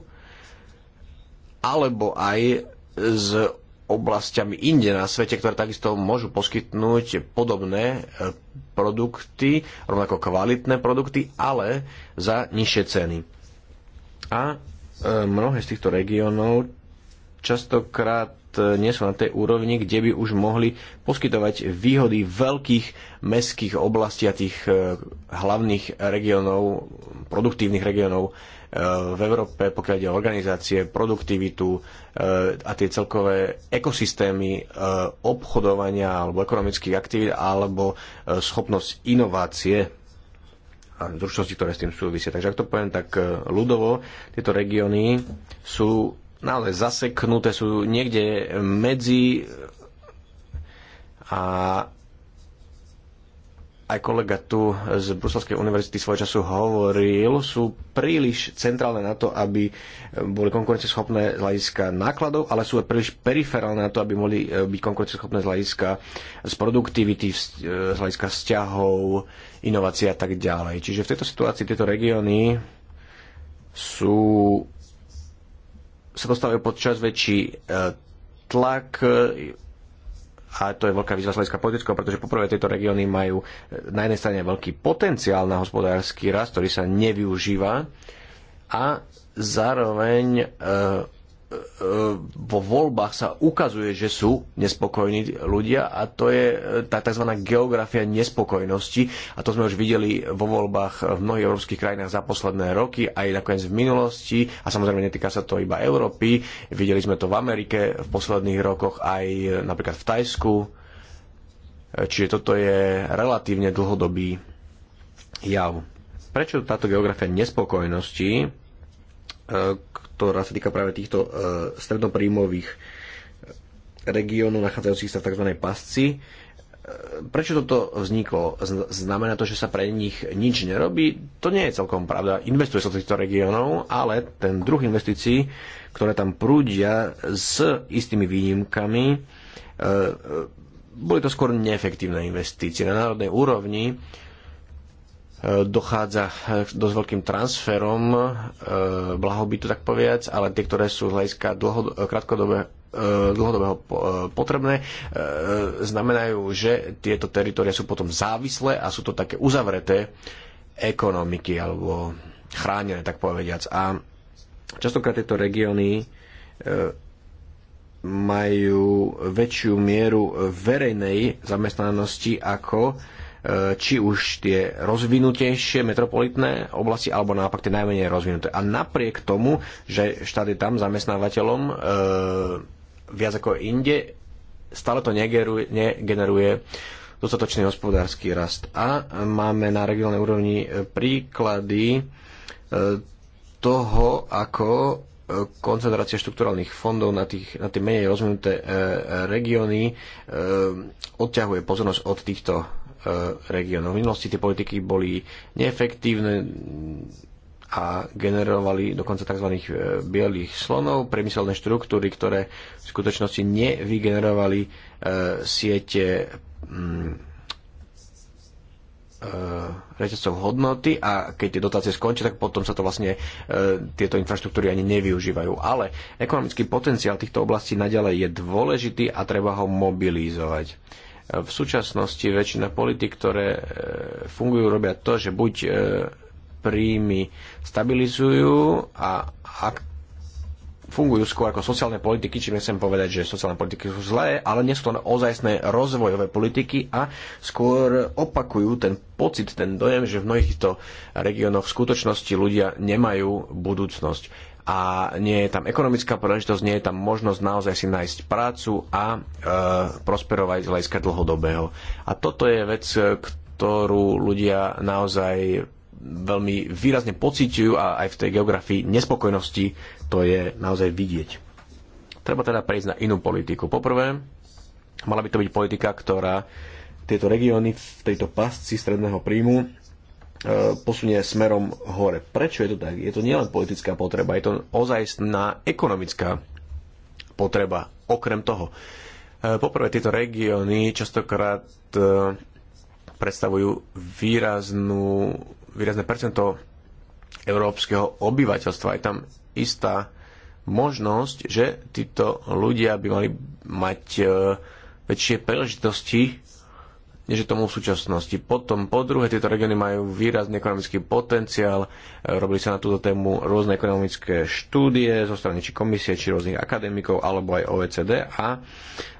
alebo aj s oblastiami inde na svete, ktoré takisto môžu poskytnúť podobné e, produkty, rovnako kvalitné produkty, ale za nižšie ceny. A e, mnohé z týchto regiónov častokrát nie sú na tej úrovni, kde by už mohli poskytovať výhody veľkých mestských oblastí a tých e, hlavných regiónov, produktívnych regiónov e, v Európe, pokiaľ ide o organizácie, produktivitu e, a tie celkové ekosystémy obchodovania alebo ekonomických aktivít alebo schopnosť inovácie a zručnosti, ktoré s tým súvisia. Takže ak to poviem tak ľudovo, tieto regióny sú naozaj zaseknuté, sú niekde medzi a aj kolega tu z Bruselskej univerzity svojho času hovoril, sú príliš centrálne na to, aby boli konkurenceschopné z hľadiska nákladov, ale sú aj príliš periferálne na to, aby mohli eh, byť konkurenceschopné z hľadiska z produktivity, eh, z hľadiska vzťahov, inovácie a tak ďalej. Čiže v tejto situácii tieto regióny sú sa dostávajú pod čas väčší e, tlak e, a to je veľká výzva slovenská politická, pretože poprvé tieto regióny majú e, na jednej strane veľký potenciál na hospodársky rast, ktorý sa nevyužíva a zároveň E, e, vo voľbách sa ukazuje, že sú nespokojní ľudia a to je e, tá tzv. geografia nespokojnosti a to sme už videli vo voľbách v mnohých európskych krajinách za posledné roky, aj nakoniec v minulosti a samozrejme netýka sa to iba Európy, videli sme to v Amerike v posledných rokoch aj napríklad v Tajsku, čiže toto je relatívne dlhodobý jav. Prečo táto geografia nespokojnosti ktorá sa týka práve týchto e, strednopríjmových regiónov nachádzajúcich sa v tzv. pasci. E, prečo toto vzniklo? Znamená to, že sa pre nich nič nerobí? To nie je celkom pravda. Investuje sa do týchto regiónov, ale ten druh investícií, ktoré tam prúdia s istými výnimkami, e, boli to skôr neefektívne investície. Na národnej úrovni dochádza eh, k dosť veľkým transferom eh, blahobytu, tak povedať, ale tie, ktoré sú z hľadiska krátkodobé eh, dlhodobého potrebné, znamenajú, že tieto teritoria sú potom závislé a sú to také uzavreté ekonomiky alebo chránené, tak povediac. A častokrát tieto regióny majú väčšiu mieru verejnej zamestnanosti ako E, či už tie rozvinutejšie metropolitné oblasti, alebo naopak tie najmenej rozvinuté. A napriek tomu, že štát je tam zamestnávateľom e, viac ako inde, stále to negeruje, negeneruje dostatočný hospodársky rast. A máme na regionálnej úrovni e, príklady e, toho, ako e, koncentrácia štrukturálnych fondov na, tých, na tie menej rozvinuté e, regióny e, odťahuje pozornosť od týchto regiónov. V minulosti tie politiky boli neefektívne a generovali dokonca tzv. E, bielých slonov, priemyselné štruktúry, ktoré v skutočnosti nevygenerovali e, siete mm, e, reťazcov hodnoty a keď tie dotácie skončia, tak potom sa to vlastne e, tieto infraštruktúry ani nevyužívajú. Ale ekonomický potenciál týchto oblastí naďalej je dôležitý a treba ho mobilizovať. V súčasnosti väčšina politik, ktoré e, fungujú, robia to, že buď e, príjmy stabilizujú a ak fungujú skôr ako sociálne politiky, čím nechcem povedať, že sociálne politiky sú zlé, ale nie sú to ozajstné rozvojové politiky a skôr opakujú ten pocit, ten dojem, že v mnohých týchto regiónoch v skutočnosti ľudia nemajú budúcnosť a nie je tam ekonomická príležitosť, nie je tam možnosť naozaj si nájsť prácu a e, prosperovať z hľadiska dlhodobého. A toto je vec, e, ktorú ľudia naozaj veľmi výrazne pociťujú a aj v tej geografii nespokojnosti to je naozaj vidieť. Treba teda prejsť na inú politiku. Poprvé, mala by to byť politika, ktorá tieto regióny v tejto pasci stredného príjmu E, posunie smerom hore. Prečo je to tak? Je to nielen politická potreba, je to ozajstná ekonomická potreba. Okrem toho, e, poprvé tieto regióny častokrát e, predstavujú výraznú, výrazné percento európskeho obyvateľstva. Je tam istá možnosť, že títo ľudia by mali mať väčšie príležitosti než je tomu v súčasnosti. Potom po druhé, tieto regióny majú výrazný ekonomický potenciál. Robili sa na túto tému rôzne ekonomické štúdie zo strany či komisie, či rôznych akademikov, alebo aj OECD a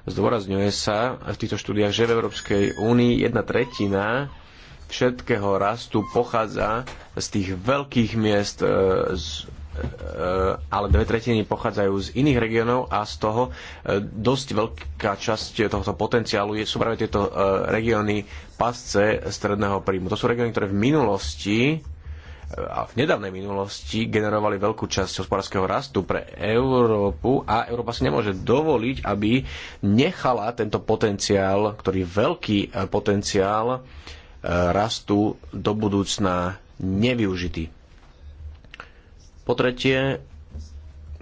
zdôrazňuje sa v týchto štúdiách, že v Európskej únii jedna tretina všetkého rastu pochádza z tých veľkých miest, e, z ale dve tretiny pochádzajú z iných regiónov a z toho e, dosť veľká časť tohto potenciálu je, sú práve tieto e, regióny pasce stredného príjmu. To sú regióny, ktoré v minulosti e, a v nedávnej minulosti generovali veľkú časť hospodárskeho rastu pre Európu a Európa si nemôže dovoliť, aby nechala tento potenciál, ktorý veľký potenciál rastu do budúcna nevyužitý. Po tretie,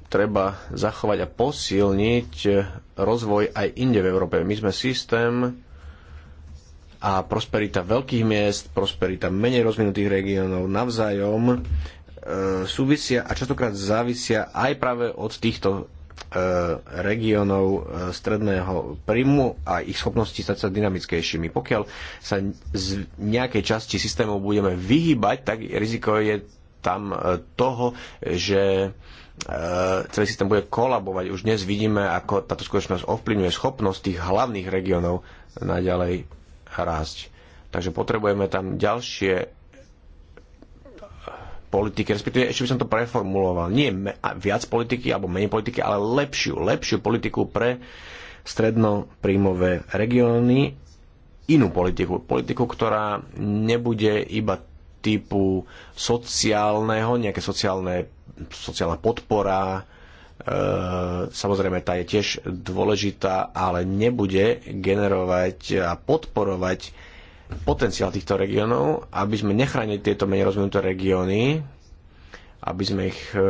treba zachovať a posilniť rozvoj aj inde v Európe. My sme systém a prosperita veľkých miest, prosperita menej rozvinutých regiónov navzájom e, súvisia a častokrát závisia aj práve od týchto e, regiónov e, stredného príjmu a ich schopnosti stať sa dynamickejšími. Pokiaľ sa z nejakej časti systémov budeme vyhýbať, tak riziko je tam e, toho, že e, celý systém bude kolabovať. Už dnes vidíme, ako táto skutočnosť ovplyvňuje schopnosť tých hlavných regiónov naďalej rásť. Takže potrebujeme tam ďalšie e, politiky, respektíve ešte by som to preformuloval. Nie viac politiky alebo menej politiky, ale lepšiu, lepšiu politiku pre stredno-príjmové regióny, inú politiku. Politiku, ktorá nebude iba typu sociálneho, nejaké sociálne, sociálna podpora, e, samozrejme tá je tiež dôležitá, ale nebude generovať a podporovať potenciál týchto regiónov, aby sme nechránili tieto menej rozvinuté regióny, aby sme ich e,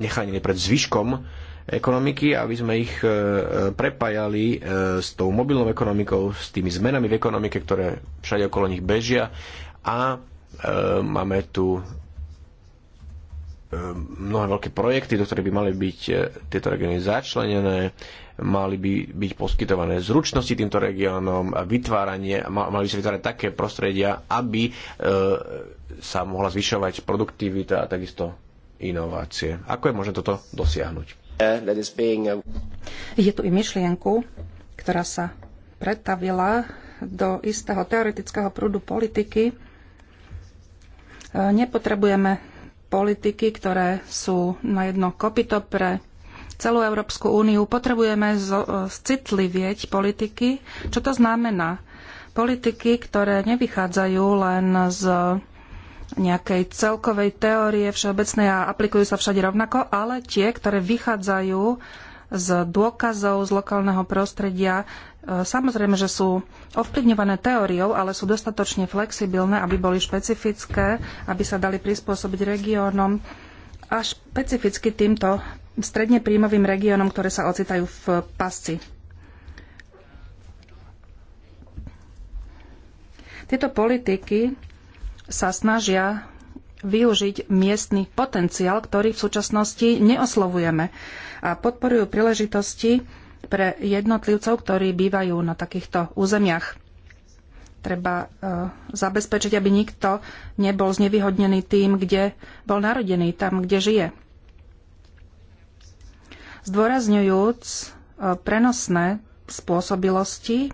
nechránili pred zvyškom ekonomiky, aby sme ich e, e, prepájali e, s tou mobilnou ekonomikou, s tými zmenami v ekonomike, ktoré všade okolo nich bežia a máme tu mnohé veľké projekty, do ktorých by mali byť tieto regióny začlenené, mali by byť poskytované zručnosti týmto regiónom, vytváranie, mali by sa vytvárať také prostredia, aby sa mohla zvyšovať produktivita a takisto inovácie. Ako je možné toto dosiahnuť? Uh, Ide uh, tu i myšlienku, ktorá sa pretavila do istého teoretického prúdu politiky. Uh, nepotrebujeme politiky, ktoré sú na jedno kopito pre celú Európsku úniu. Potrebujeme citlivieť politiky. Čo to znamená? Politiky, ktoré nevychádzajú len z nejakej celkovej teórie všeobecnej a aplikujú sa všade rovnako, ale tie, ktoré vychádzajú z dôkazov z lokálneho prostredia, e, samozrejme, že sú ovplyvňované teóriou, ale sú dostatočne flexibilné, aby boli špecifické, aby sa dali prispôsobiť regiónom a špecificky týmto stredne príjmovým regiónom, ktoré sa ocitajú v pasci. Tieto politiky sa snažia využiť miestny potenciál, ktorý v súčasnosti neoslovujeme a podporujú príležitosti pre jednotlivcov, ktorí bývajú na takýchto územiach. Treba uh, zabezpečiť, aby nikto nebol znevýhodnený tým, kde bol narodený, tam, kde žije. Zdôrazňujúc uh, prenosné spôsobilosti, e,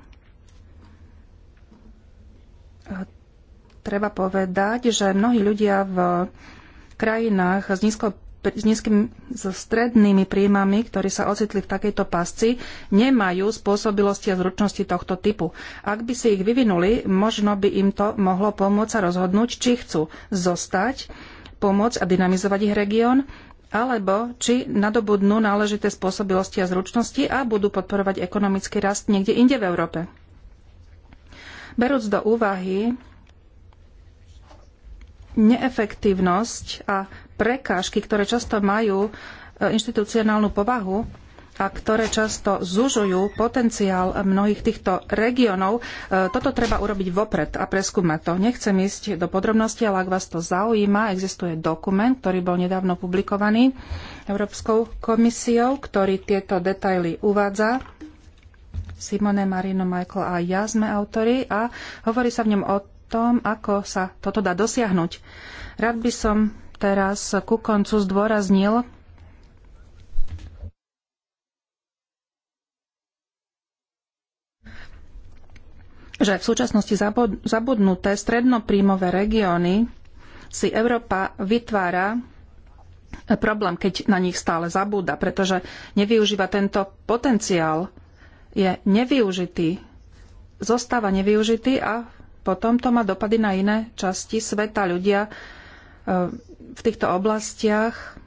treba povedať, že mnohí ľudia v krajinách s, nízko, s nízkym, so strednými príjmami, ktorí sa ocitli v takejto pasci, nemajú spôsobilosti a zručnosti tohto typu. Ak by si ich vyvinuli, možno by im to mohlo pomôcť sa rozhodnúť, či chcú zostať, pomôcť a dynamizovať ich región, alebo či nadobudnú náležité spôsobilosti a zručnosti a budú podporovať ekonomický rast niekde inde v Európe. Berúc do úvahy neefektívnosť a prekážky, ktoré často majú e, inštitucionálnu povahu a ktoré často zužujú potenciál mnohých týchto regiónov. E, toto treba urobiť vopred a preskúmať to. Nechcem ísť do podrobností, ale ak vás to zaujíma, existuje dokument, ktorý bol nedávno publikovaný Európskou komisiou, ktorý tieto detaily uvádza. Simone, Marino, Michael a ja sme autori a hovorí sa v ňom o tom, ako sa toto dá dosiahnuť. Rád by som teraz ku koncu zdôraznil, že v súčasnosti zabudnuté strednopríjmové regióny si Európa vytvára problém, keď na nich stále zabúda, pretože nevyužíva tento potenciál, je nevyužitý, zostáva nevyužitý a potom to má dopady na iné časti sveta. Ľudia e, v týchto oblastiach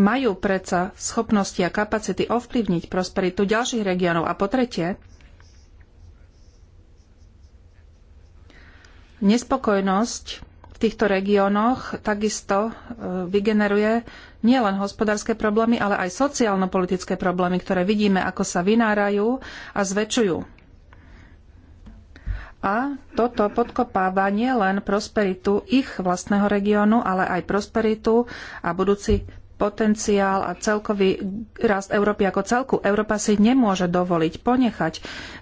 majú predsa schopnosti a kapacity ovplyvniť prosperitu ďalších regiónov. A po tretie, nespokojnosť v týchto regiónoch takisto e, vygeneruje nielen hospodárske problémy, ale aj sociálno-politické problémy, ktoré vidíme, ako sa vynárajú a zväčšujú. A toto podkopáva nielen prosperitu ich vlastného regiónu, ale aj prosperitu a budúci potenciál a celkový rast Európy ako celku. Európa si nemôže dovoliť ponechať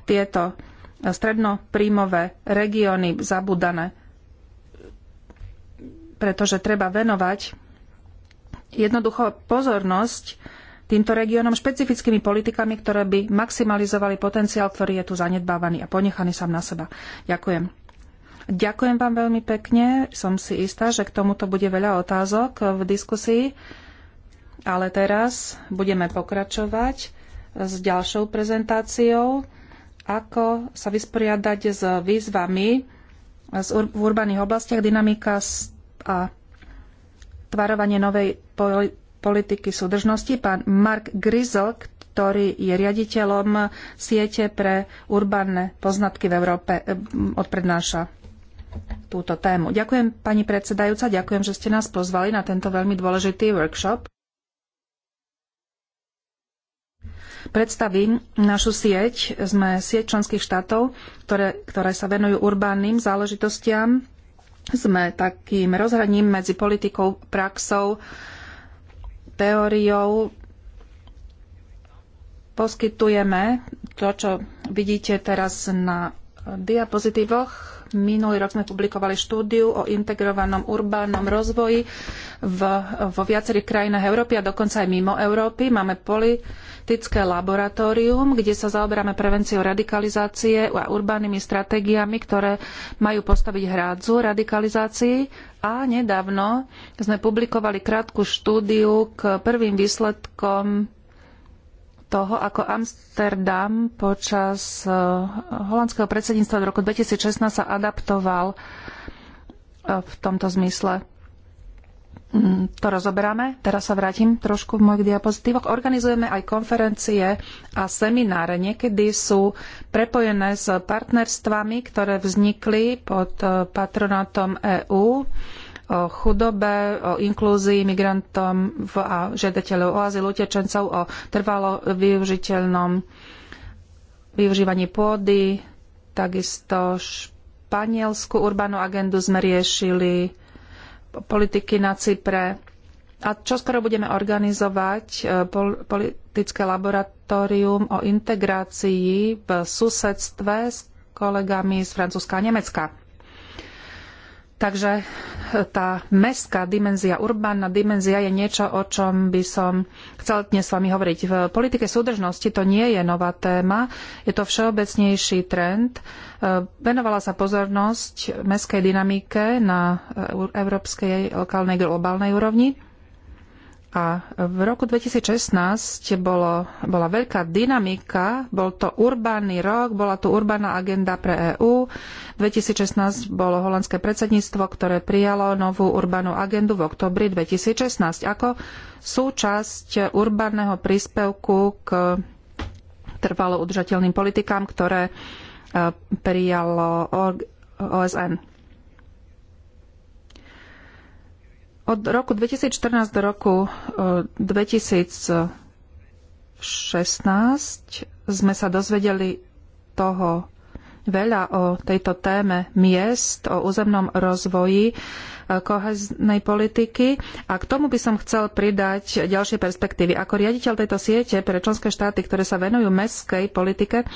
tieto strednopríjmové regióny zabudané, pretože treba venovať jednoducho pozornosť týmto regiónom špecifickými politikami, ktoré by maximalizovali potenciál, ktorý je tu zanedbávaný a ponechaný sám na seba. Ďakujem. Ďakujem vám veľmi pekne. Som si istá, že k tomuto bude veľa otázok v diskusii. Ale teraz budeme pokračovať s ďalšou prezentáciou, ako sa vysporiadať s výzvami v urbaných oblastiach, dynamika a tvarovanie novej politiky súdržnosti, pán Mark Grizzl, ktorý je riaditeľom siete pre urbanné poznatky v Európe, eh, odprednáša túto tému. Ďakujem, pani predsedajúca, ďakujem, že ste nás pozvali na tento veľmi dôležitý workshop. Predstavím našu sieť. Sme sieť členských štátov, ktoré, ktoré sa venujú urbánnym záležitostiam. Sme takým rozhraním medzi politikou, praxou, teóriou poskytujeme to, čo vidíte teraz na diapozitívoch. Minulý rok sme publikovali štúdiu o integrovanom urbánnom rozvoji v, vo viacerých krajinách Európy a dokonca aj mimo Európy. Máme politické laboratórium, kde sa zaoberáme prevenciou radikalizácie a urbanými stratégiami, ktoré majú postaviť hrádzu radikalizácii. A nedávno sme publikovali krátku štúdiu k prvým výsledkom toho, ako Amsterdam počas eh, holandského predsedníctva v roku 2016 sa adaptoval eh, v tomto zmysle. Mm, to rozoberáme. Teraz sa vrátim trošku v mojich diapozitívoch. Organizujeme aj konferencie a semináre. Niekedy sú prepojené s partnerstvami, ktoré vznikli pod eh, patronátom EÚ o chudobe, o inklúzii migrantom v, a žiadateľov o azyl, utečencov, o trvalo využiteľnom využívaní pôdy, takisto španielsku urbanú agendu sme riešili, politiky na Cypre. A čo skoro budeme organizovať e, politické laboratórium o integrácii v susedstve s kolegami z Francúzska a Nemecka. Takže e, tá mestská dimenzia, urbánna dimenzia je niečo, o čom by som chcel dnes s vami hovoriť. V politike súdržnosti to nie je nová téma, je to všeobecnejší trend. E, venovala sa pozornosť mestskej dynamike na e, európskej, lokálnej, globálnej úrovni. A v roku 2016 bolo, bola veľká dynamika, bol to urbánny rok, bola tu urbánna agenda pre EÚ. 2016 bolo holandské predsedníctvo, ktoré prijalo novú urbánnu agendu v oktobri 2016 ako súčasť urbánneho príspevku k trvalo udržateľným politikám, ktoré e, prijalo OSN. Od roku 2014 do roku 2016 e, sme sa dozvedeli toho veľa o tejto téme miest, o územnom rozvoji e, koheznej politiky a k tomu by som chcel pridať ďalšie perspektívy. Ako riaditeľ tejto siete pre členské štáty, ktoré sa venujú mestskej politike,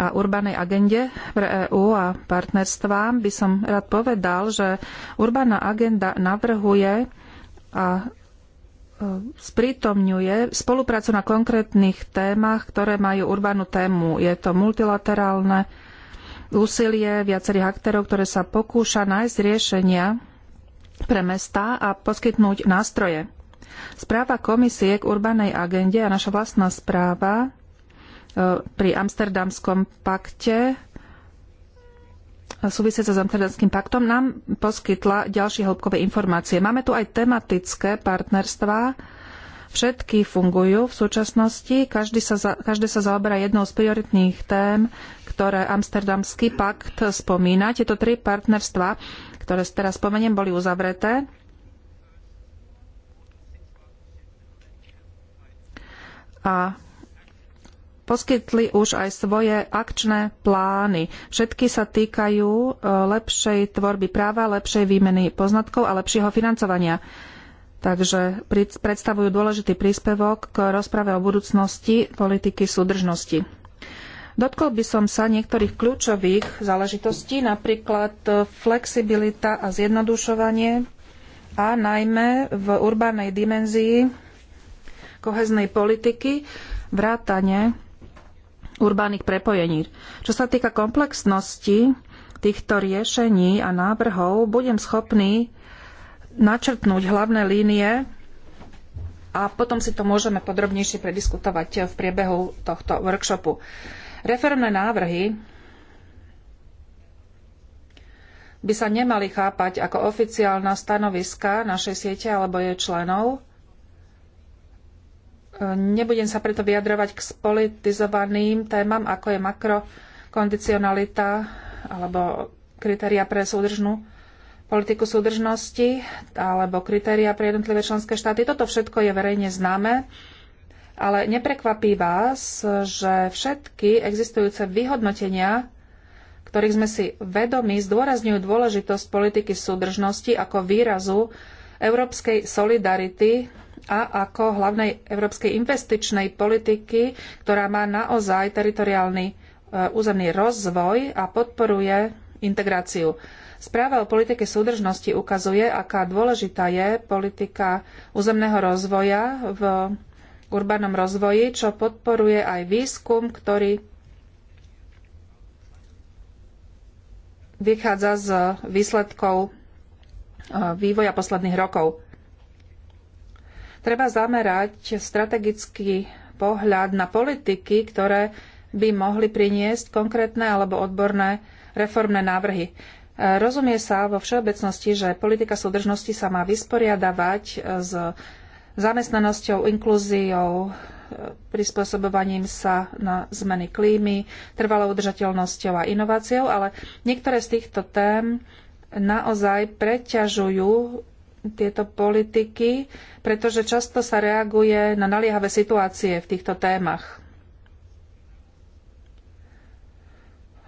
a urbanej agende pre EÚ a partnerstvám by som rád povedal, že urbaná agenda navrhuje a e, sprítomňuje spoluprácu na konkrétnych témach, ktoré majú urbanú tému. Je to multilaterálne úsilie viacerých aktérov, ktoré sa pokúša nájsť riešenia pre mestá a poskytnúť nástroje. Správa komisie k urbanej agende a naša vlastná správa E, pri Amsterdamskom pakte e, súvisiaca s Amsterdamským paktom nám poskytla ďalšie hĺbkové informácie. Máme tu aj tematické partnerstvá. Všetky fungujú v súčasnosti. Každý sa za, každé sa zaoberá jednou z prioritných tém, ktoré Amsterdamský pakt spomína. Tieto tri partnerstvá, ktoré teraz spomeniem, boli uzavreté. A poskytli už aj svoje akčné plány. Všetky sa týkajú e, lepšej tvorby práva, lepšej výmeny poznatkov a lepšieho financovania. Takže predstavujú dôležitý príspevok k rozprave o budúcnosti politiky súdržnosti. Dotkol by som sa niektorých kľúčových záležitostí, napríklad e, flexibilita a zjednodušovanie a najmä v urbanej dimenzii koheznej politiky vrátane urbánnych prepojení. Čo sa týka komplexnosti týchto riešení a návrhov, budem schopný načrtnúť hlavné línie a potom si to môžeme podrobnejšie prediskutovať v priebehu tohto workshopu. Reformné návrhy by sa nemali chápať ako oficiálna stanoviska našej siete alebo jej členov, Nebudem sa preto vyjadrovať k spolitizovaným témam, ako je makrokondicionalita alebo kritéria pre súdržnú politiku súdržnosti alebo kritéria pre jednotlivé členské štáty. Toto všetko je verejne známe, ale neprekvapí vás, že všetky existujúce vyhodnotenia, ktorých sme si vedomi, zdôrazňujú dôležitosť politiky súdržnosti ako výrazu európskej solidarity a ako hlavnej európskej investičnej politiky, ktorá má naozaj teritoriálny e, územný rozvoj a podporuje integráciu. Správa o politike súdržnosti ukazuje, aká dôležitá je politika územného rozvoja v urbanom rozvoji, čo podporuje aj výskum, ktorý vychádza z výsledkov e, vývoja posledných rokov. Treba zamerať strategický pohľad na politiky, ktoré by mohli priniesť konkrétne alebo odborné reformné návrhy. Rozumie sa vo všeobecnosti, že politika súdržnosti sa má vysporiadavať s zamestnanosťou, inklúziou, prispôsobovaním sa na zmeny klímy, trvalou udržateľnosťou a inováciou, ale niektoré z týchto tém naozaj preťažujú tieto politiky, pretože často sa reaguje na naliehavé situácie v týchto témach.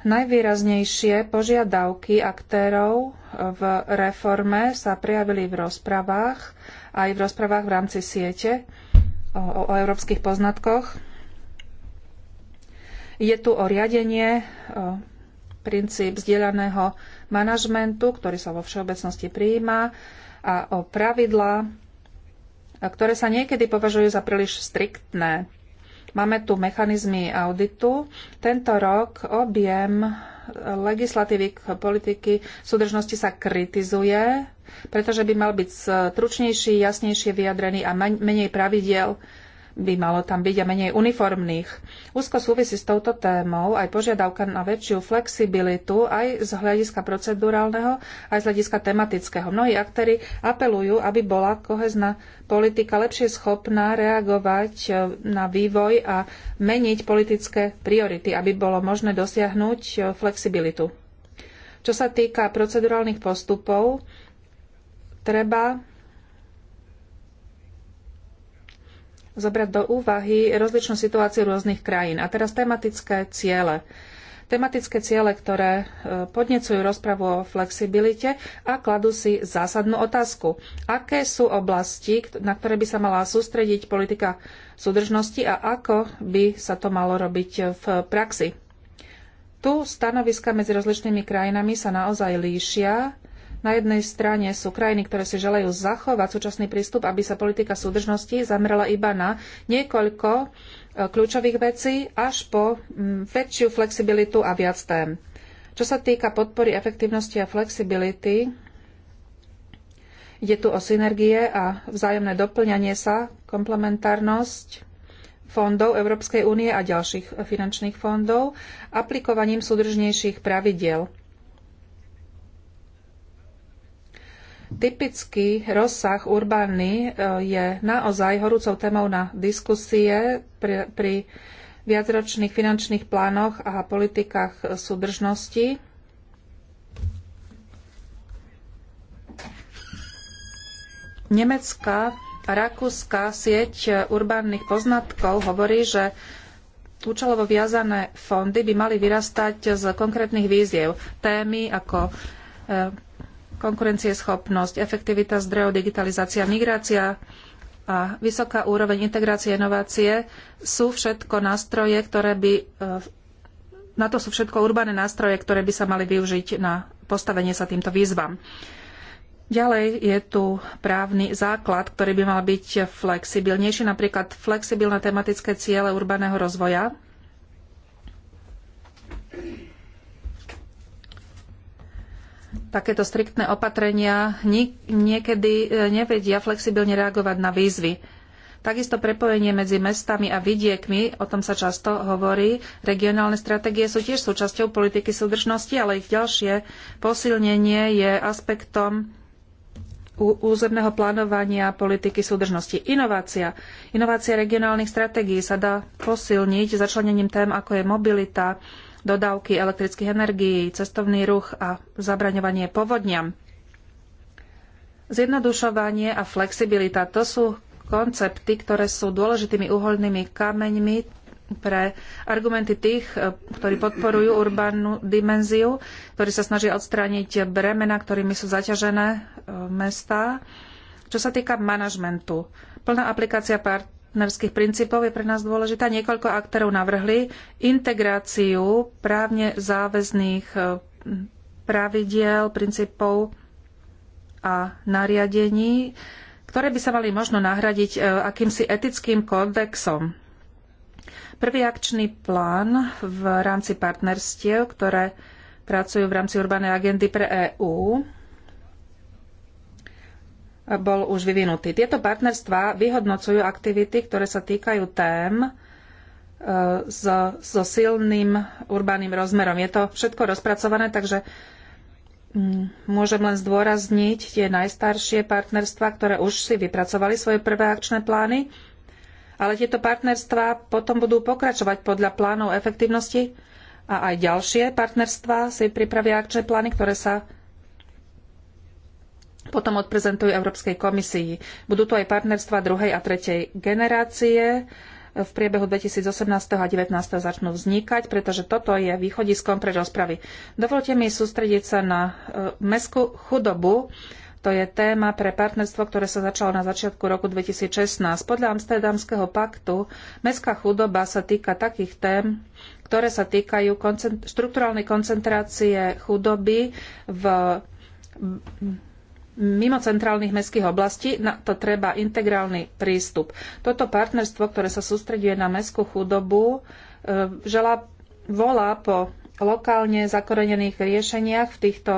Najvýraznejšie požiadavky aktérov v reforme sa prijavili v rozpravách, aj v rozprávach v rámci siete o, o európskych poznatkoch. Je tu o riadenie, o princíp zdieľaného manažmentu, ktorý sa vo všeobecnosti prijíma, a o pravidlá, ktoré sa niekedy považujú za príliš striktné. Máme tu mechanizmy auditu. Tento rok objem legislatívy k politiky súdržnosti sa kritizuje, pretože by mal byť stručnejší, jasnejšie vyjadrený a menej pravidiel by malo tam byť a menej uniformných. Úzko súvisí s touto témou aj požiadavka na väčšiu flexibilitu aj z hľadiska procedurálneho, aj z hľadiska tematického. Mnohí aktéry apelujú, aby bola kohezná politika lepšie schopná reagovať e, na vývoj a meniť politické priority, aby bolo možné dosiahnuť e, flexibilitu. Čo sa týka procedurálnych postupov, treba zobrať do úvahy rozličnú situáciu rôznych krajín. A teraz tematické ciele. Tematické ciele, ktoré e, podnecujú rozpravu o flexibilite a kladú si zásadnú otázku. Aké sú oblasti, na ktoré by sa mala sústrediť politika súdržnosti a ako by sa to malo robiť v praxi? Tu stanoviska medzi rozličnými krajinami sa naozaj líšia na jednej strane sú krajiny, ktoré si želajú zachovať súčasný prístup, aby sa politika súdržnosti zamerala iba na niekoľko e, kľúčových vecí až po mm, väčšiu flexibilitu a viac tém. Čo sa týka podpory efektívnosti a flexibility, ide tu o synergie a vzájomné doplňanie sa, komplementárnosť fondov Európskej únie a ďalších finančných fondov aplikovaním súdržnejších pravidiel. Typický rozsah urbánny e, je naozaj horúcou témou na diskusie pri, pri viacročných finančných plánoch a politikách súdržnosti. Nemecká a rakúska sieť urbánnych poznatkov hovorí, že účelovo viazané fondy by mali vyrastať z konkrétnych víziev. Témy ako e, konkurencieschopnosť, efektivita zdrojov, digitalizácia, migrácia a vysoká úroveň integrácie a inovácie sú všetko nástroje, ktoré by e, na to sú všetko urbané nástroje, ktoré by sa mali využiť na postavenie sa týmto výzvam. Ďalej je tu právny základ, ktorý by mal byť flexibilnejší, napríklad flexibilné tematické ciele urbaného rozvoja, takéto striktné opatrenia niekedy e, nevedia flexibilne reagovať na výzvy. Takisto prepojenie medzi mestami a vidiekmi, o tom sa často hovorí. Regionálne stratégie sú tiež súčasťou politiky súdržnosti, ale ich ďalšie posilnenie je aspektom územného plánovania politiky súdržnosti. Inovácia. Inovácia regionálnych stratégií sa dá posilniť začlenením tém, ako je mobilita, dodávky elektrických energií, cestovný ruch a zabraňovanie povodňam. Zjednodušovanie a flexibilita to sú koncepty, ktoré sú dôležitými uholnými kameňmi pre argumenty tých, eh, ktorí podporujú urbánnu dimenziu, ktorí sa snažia odstrániť bremena, ktorými sú zaťažené eh, mestá. Čo sa týka manažmentu, plná aplikácia partnerských princípov je pre nás dôležitá. Niekoľko aktérov navrhli integráciu právne záväzných e, pravidiel, princípov a nariadení, ktoré by sa mali možno nahradiť e, akýmsi etickým kódexom. Prvý akčný plán v rámci partnerstiev, ktoré pracujú v rámci urbanej agendy pre EÚ, bol už vyvinutý. Tieto partnerstva vyhodnocujú aktivity, ktoré sa týkajú tém e, so, so silným urbaným rozmerom. Je to všetko rozpracované, takže mm, môžem len zdôrazniť tie najstaršie partnerstva, ktoré už si vypracovali svoje prvé akčné plány, ale tieto partnerstva potom budú pokračovať podľa plánov efektívnosti a aj ďalšie partnerstva si pripravia akčné plány, ktoré sa potom odprezentujú Európskej komisii. Budú to aj partnerstva druhej a tretej generácie. V priebehu 2018 a 2019 začnú vznikať, pretože toto je východiskom pre rozpravy. Dovolte mi sústrediť sa na e, mestskú chudobu. To je téma pre partnerstvo, ktoré sa začalo na začiatku roku 2016. Podľa Amsterdamského paktu mestská chudoba sa týka takých tém, ktoré sa týkajú štrukturálnej štruktúralnej koncentrácie chudoby v mimo centrálnych mestských oblastí, na to treba integrálny prístup. Toto partnerstvo, ktoré sa sústreďuje na mestskú chudobu, e, žela, volá po lokálne zakorenených riešeniach v týchto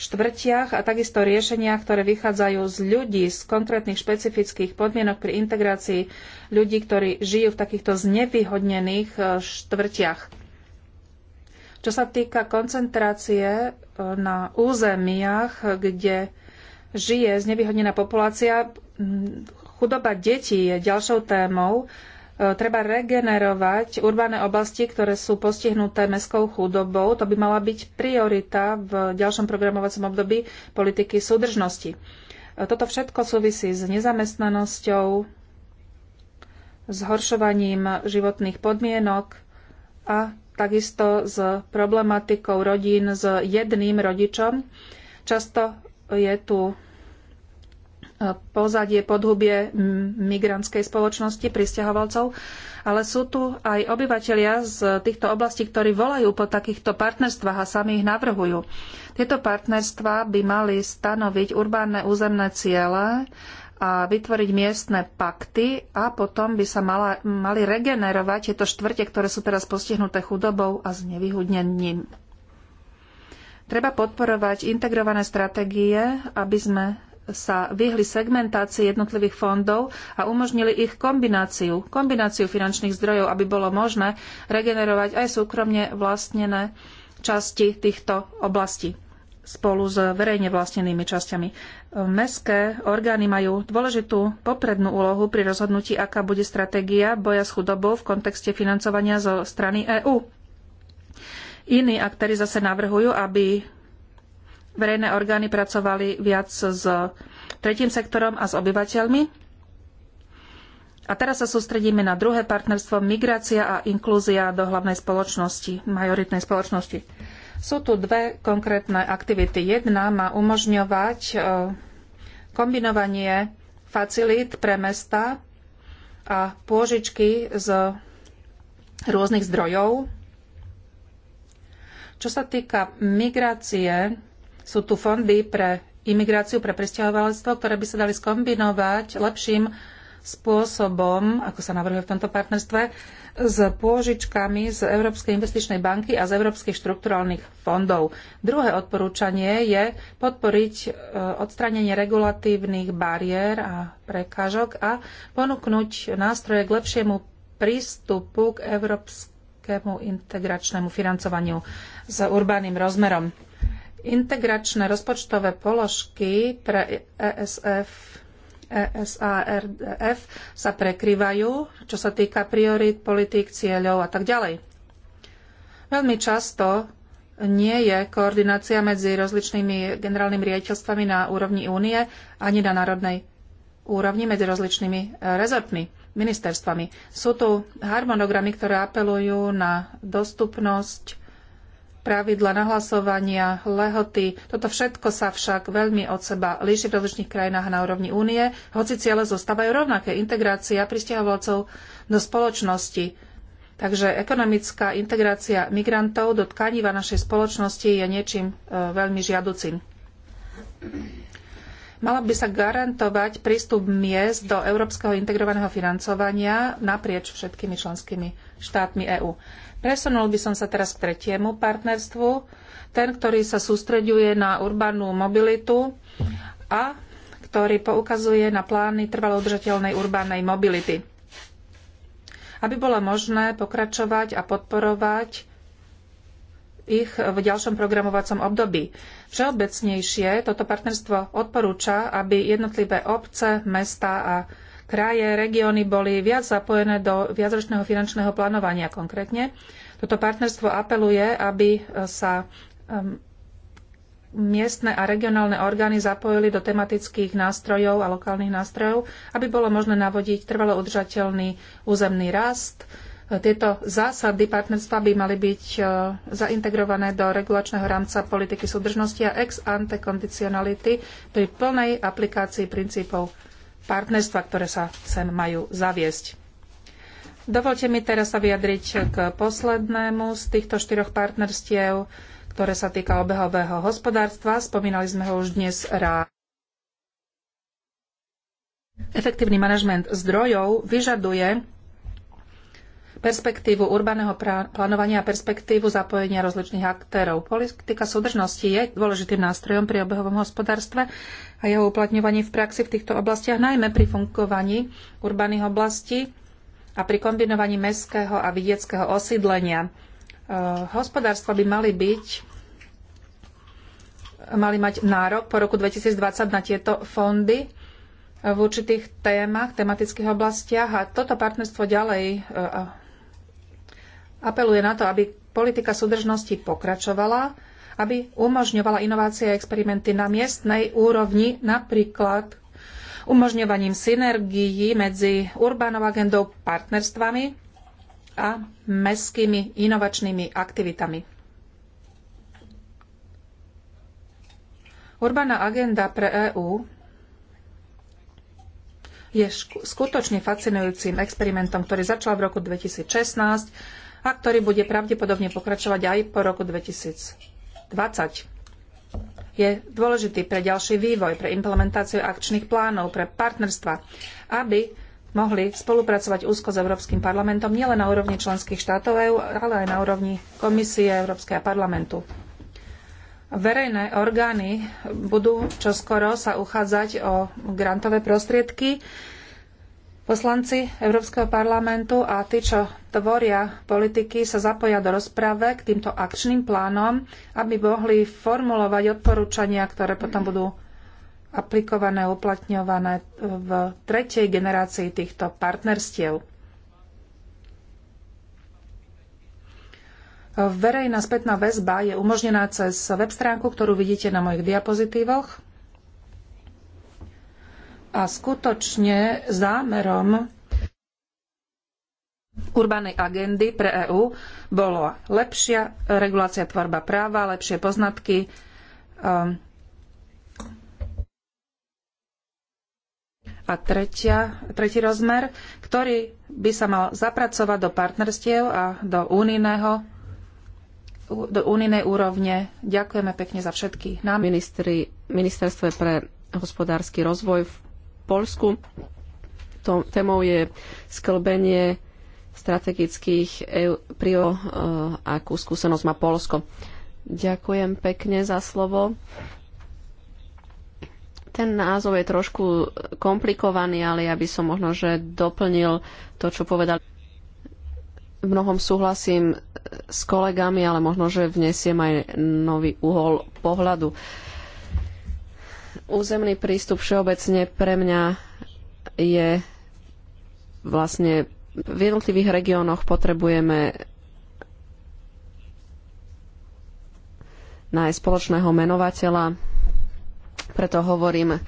štvrtiach a takisto riešeniach, ktoré vychádzajú z ľudí, z konkrétnych špecifických podmienok pri integrácii ľudí, ktorí žijú v takýchto znevýhodnených e, štvrtiach. Čo sa týka koncentrácie e, na územiach, kde žije znevýhodnená populácia. Chudoba detí je ďalšou témou. E, treba regenerovať urbané oblasti, ktoré sú postihnuté mestskou chudobou. To by mala byť priorita v ďalšom programovacom období politiky súdržnosti. E, toto všetko súvisí s nezamestnanosťou, zhoršovaním životných podmienok a takisto s problematikou rodín s jedným rodičom. Často je tu e, pozadie, podhubie migrantskej spoločnosti, pristahovalcov, ale sú tu aj obyvatelia z týchto oblastí, ktorí volajú po takýchto partnerstvách a sami ich navrhujú. Tieto partnerstvá by mali stanoviť urbánne územné ciele a vytvoriť miestne pakty a potom by sa mala, mali regenerovať tieto štvrte, ktoré sú teraz postihnuté chudobou a znevýhodnením. Treba podporovať integrované stratégie, aby sme sa vyhli segmentácii jednotlivých fondov a umožnili ich kombináciu, kombináciu finančných zdrojov, aby bolo možné regenerovať aj súkromne vlastnené časti týchto oblastí spolu s verejne vlastnenými časťami. Mestské orgány majú dôležitú poprednú úlohu pri rozhodnutí, aká bude stratégia boja s chudobou v kontexte financovania zo strany EÚ. Iní aktéry zase navrhujú, aby verejné orgány pracovali viac s tretím sektorom a s obyvateľmi. A teraz sa sústredíme na druhé partnerstvo migrácia a inklúzia do hlavnej spoločnosti, majoritnej spoločnosti. Sú tu dve konkrétne aktivity. Jedna má umožňovať e, kombinovanie facilít pre mesta a pôžičky z rôznych zdrojov čo sa týka migrácie, sú tu fondy pre imigráciu, pre pristahovalectvo, ktoré by sa dali skombinovať lepším spôsobom, ako sa navrhuje v tomto partnerstve, s pôžičkami z Európskej investičnej banky a z Európskych štrukturálnych fondov. Druhé odporúčanie je podporiť e, odstránenie regulatívnych bariér a prekážok a ponúknuť nástroje k lepšiemu prístupu k európskej európskemu integračnému financovaniu s urbaným rozmerom. Integračné rozpočtové položky pre ESF, ESARDF sa prekrývajú, čo sa týka priorít, politík, cieľov a tak ďalej. Veľmi často nie je koordinácia medzi rozličnými generálnymi riaditeľstvami na úrovni únie ani na národnej úrovni medzi rozličnými rezortmi ministerstvami. Sú tu harmonogramy, ktoré apelujú na dostupnosť, pravidla nahlasovania, lehoty. Toto všetko sa však veľmi od seba líši v rozličných krajinách na úrovni únie, hoci ciele zostávajú rovnaké. Integrácia pristahovalcov do spoločnosti. Takže ekonomická integrácia migrantov do tkaniva našej spoločnosti je niečím e, veľmi žiaducím. Mala by sa garantovať prístup miest do európskeho integrovaného financovania naprieč všetkými členskými štátmi EÚ. Presunul by som sa teraz k tretiemu partnerstvu, ten, ktorý sa sústreďuje na urbanú mobilitu a ktorý poukazuje na plány trvalo udržateľnej urbanej mobility. Aby bolo možné pokračovať a podporovať ich v ďalšom programovacom období. Všeobecnejšie toto partnerstvo odporúča, aby jednotlivé obce, mesta a kraje, regióny boli viac zapojené do viacročného finančného plánovania konkrétne. Toto partnerstvo apeluje, aby sa um, miestne a regionálne orgány zapojili do tematických nástrojov a lokálnych nástrojov, aby bolo možné navodiť trvalo udržateľný územný rast, tieto zásady partnerstva by mali byť e, zaintegrované do regulačného rámca politiky súdržnosti a ex ante kondicionality pri plnej aplikácii princípov partnerstva, ktoré sa sem majú zaviesť. Dovolte mi teraz sa vyjadriť k poslednému z týchto štyroch partnerstiev, ktoré sa týka obehového hospodárstva. Spomínali sme ho už dnes rád. Efektívny manažment zdrojov vyžaduje perspektívu urbaného plánovania a perspektívu zapojenia rozličných aktérov. Politika súdržnosti je dôležitým nástrojom pri obehovom hospodárstve a jeho uplatňovaní v praxi v týchto oblastiach, najmä pri fungovaní urbaných oblastí a pri kombinovaní mestského a vidieckého osídlenia. Eh, hospodárstva by mali byť mali mať nárok po roku 2020 na tieto fondy v určitých témach, tematických oblastiach a toto partnerstvo ďalej eh, apeluje na to, aby politika súdržnosti pokračovala, aby umožňovala inovácie a experimenty na miestnej úrovni, napríklad umožňovaním synergií medzi urbanou agendou, partnerstvami a mestskými inovačnými aktivitami. Urbaná agenda pre EÚ je skutočne fascinujúcim experimentom, ktorý začal v roku 2016 a ktorý bude pravdepodobne pokračovať aj po roku 2020. Je dôležitý pre ďalší vývoj, pre implementáciu akčných plánov, pre partnerstva, aby mohli spolupracovať úzko s Európskym parlamentom nielen na úrovni členských štátov EÚ, ale aj na úrovni Komisie Európskeho parlamentu. Verejné orgány budú čoskoro sa uchádzať o grantové prostriedky Poslanci Európskeho parlamentu a tí, čo tvoria politiky, sa zapoja do rozprave k týmto akčným plánom, aby mohli formulovať odporúčania, ktoré potom budú aplikované, uplatňované v tretej generácii týchto partnerstiev. Verejná spätná väzba je umožnená cez web stránku, ktorú vidíte na mojich diapozitívoch a skutočne zámerom urbanej agendy pre EÚ bolo lepšia regulácia tvorba práva, lepšie poznatky, ehm, a tretia, tretí rozmer, ktorý by sa mal zapracovať do partnerstiev a do unijného do unijnej úrovne. Ďakujeme pekne za všetky nám. Ministri, ministerstve pre hospodársky rozvoj v Polsku. témou je sklbenie strategických prio eh, akú skúsenosť má Polsko. Ďakujem pekne za slovo. Ten názov je trošku komplikovaný, ale ja by som možno, že doplnil to, čo povedal. V mnohom súhlasím eh, s kolegami, ale možno, že vnesiem aj nový uhol pohľadu. Uh, Územný prístup všeobecne pre mňa je vlastne v jednotlivých regiónoch potrebujeme nájsť spoločného menovateľa. Preto hovorím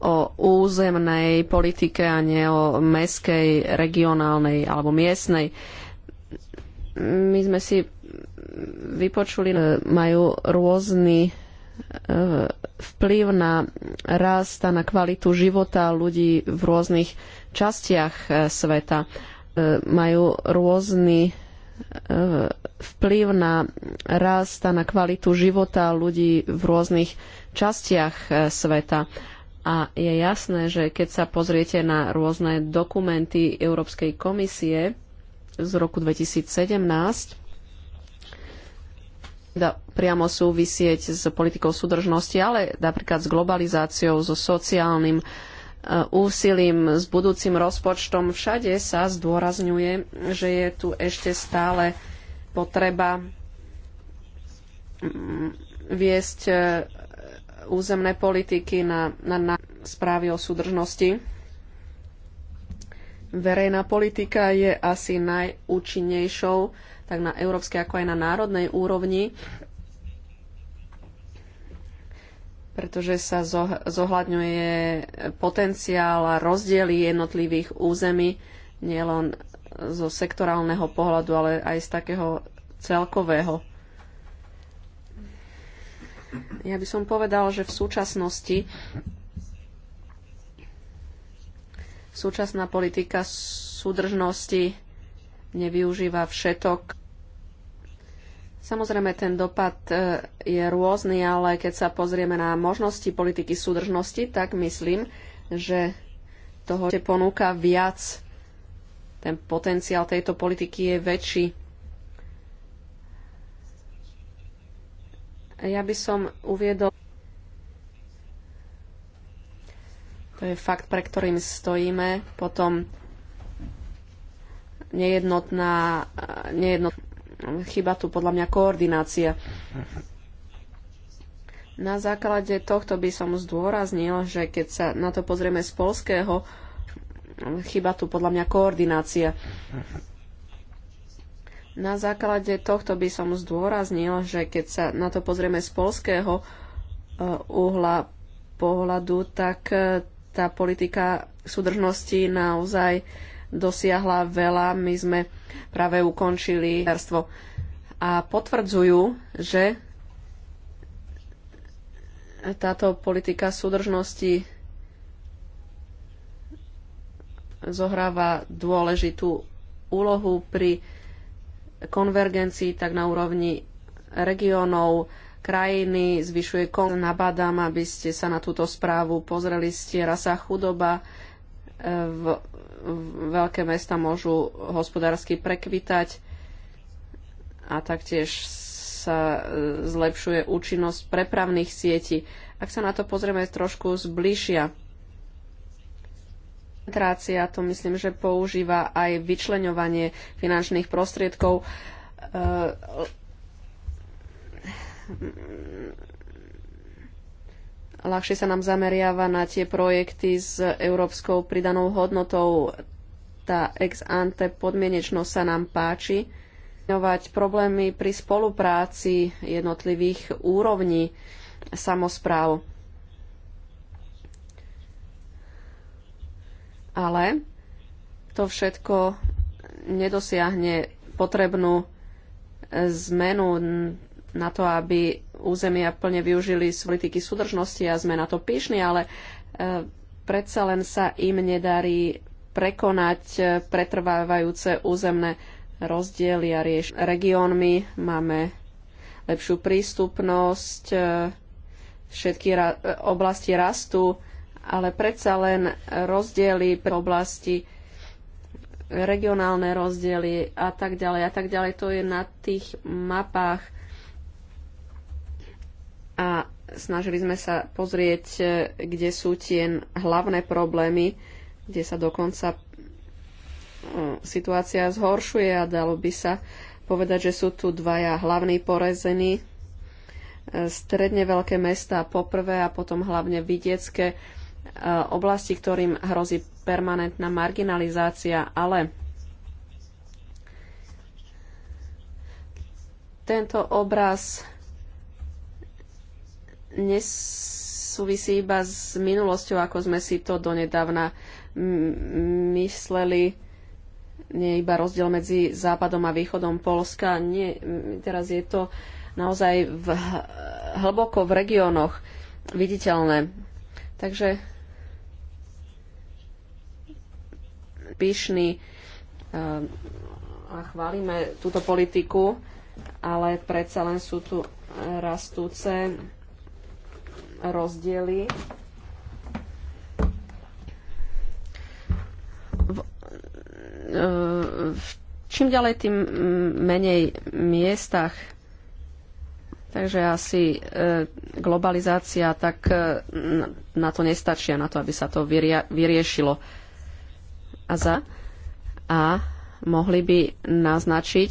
o územnej politike a nie o meskej, regionálnej alebo miestnej. My sme si vypočuli, majú rôzny E, vplyv na rast a na kvalitu života ľudí v rôznych častiach e, sveta. E, majú rôzny vplyv na rast a na kvalitu života ľudí v rôznych častiach sveta. A je jasné, že keď sa pozriete na rôzne dokumenty Európskej komisie z roku 2017, dá priamo súvisieť s politikou súdržnosti, ale napríklad s globalizáciou, so sociálnym e, úsilím, s budúcim rozpočtom. Všade sa zdôrazňuje, že je tu ešte stále potreba mm, viesť e, územné politiky na, na, na správy o súdržnosti. Verejná politika je asi najúčinnejšou tak na európskej, ako aj na národnej úrovni, pretože sa zohľadňuje potenciál a rozdiely jednotlivých území, nielen zo sektorálneho pohľadu, ale aj z takého celkového. Ja by som povedal, že v súčasnosti súčasná politika súdržnosti nevyužíva všetok. Samozrejme, ten dopad e, je rôzny, ale keď sa pozrieme na možnosti politiky súdržnosti, tak myslím, že toho ponúka viac. Ten potenciál tejto politiky je väčší. Ja by som uviedol To je fakt, pre ktorým stojíme. Potom nejednotná, nejednotná chyba tu podľa mňa koordinácia. Na základe tohto by som zdôraznil, že keď sa na to pozrieme z polského, chyba tu podľa mňa koordinácia. Na základe tohto by som zdôraznil, že keď sa na to pozrieme z polského e, uhla pohľadu, tak e, tá politika súdržnosti naozaj dosiahla veľa. My sme práve ukončili a potvrdzujú, že táto politika súdržnosti zohráva dôležitú úlohu pri konvergencii tak na úrovni regiónov, krajiny, zvyšuje kon. Nabádam, aby ste sa na túto správu pozreli. Stiera sa chudoba e, v veľké mesta môžu hospodársky prekvitať a taktiež sa e, zlepšuje účinnosť prepravných sietí. Ak sa na to pozrieme trošku zbližšia, koncentrácia to myslím, že používa aj vyčleňovanie finančných prostriedkov. E ľahšie sa nám zameriava na tie projekty s európskou pridanou hodnotou. Tá ex ante podmienečnosť sa nám páči. Problémy pri spolupráci jednotlivých úrovní samozpráv. Ale to všetko nedosiahne potrebnú zmenu na to, aby územia plne využili z politiky súdržnosti a sme na to píšni, ale e, predsa len sa im nedarí prekonať e, pretrvávajúce územné rozdiely a rieš regiónmi. Máme lepšiu prístupnosť, e, všetky ra- oblasti rastú, ale predsa len rozdiely pre oblasti regionálne rozdiely a tak ďalej a tak ďalej. To je na tých mapách a snažili sme sa pozrieť, e, kde sú tie hlavné problémy, kde sa dokonca e, situácia zhoršuje a dalo by sa povedať, že sú tu dvaja hlavní porezení, e, stredne veľké mesta poprvé a potom hlavne vidiecké oblasti, ktorým hrozí permanentná marginalizácia, ale tento obraz nesúvisí iba s minulosťou, ako sme si to donedávna mysleli. Nie iba rozdiel medzi západom a východom Polska. Nie, teraz je to naozaj v, hlboko v regiónoch viditeľné. Takže pyšní e, a chválime túto politiku, ale predsa len sú tu rastúce rozdiely v, eh, v čím ďalej, tým menej miestach. Takže asi eh, globalizácia tak eh, na to nestačia, na to, aby sa to vyria, vyriešilo. A za? A mohli by naznačiť,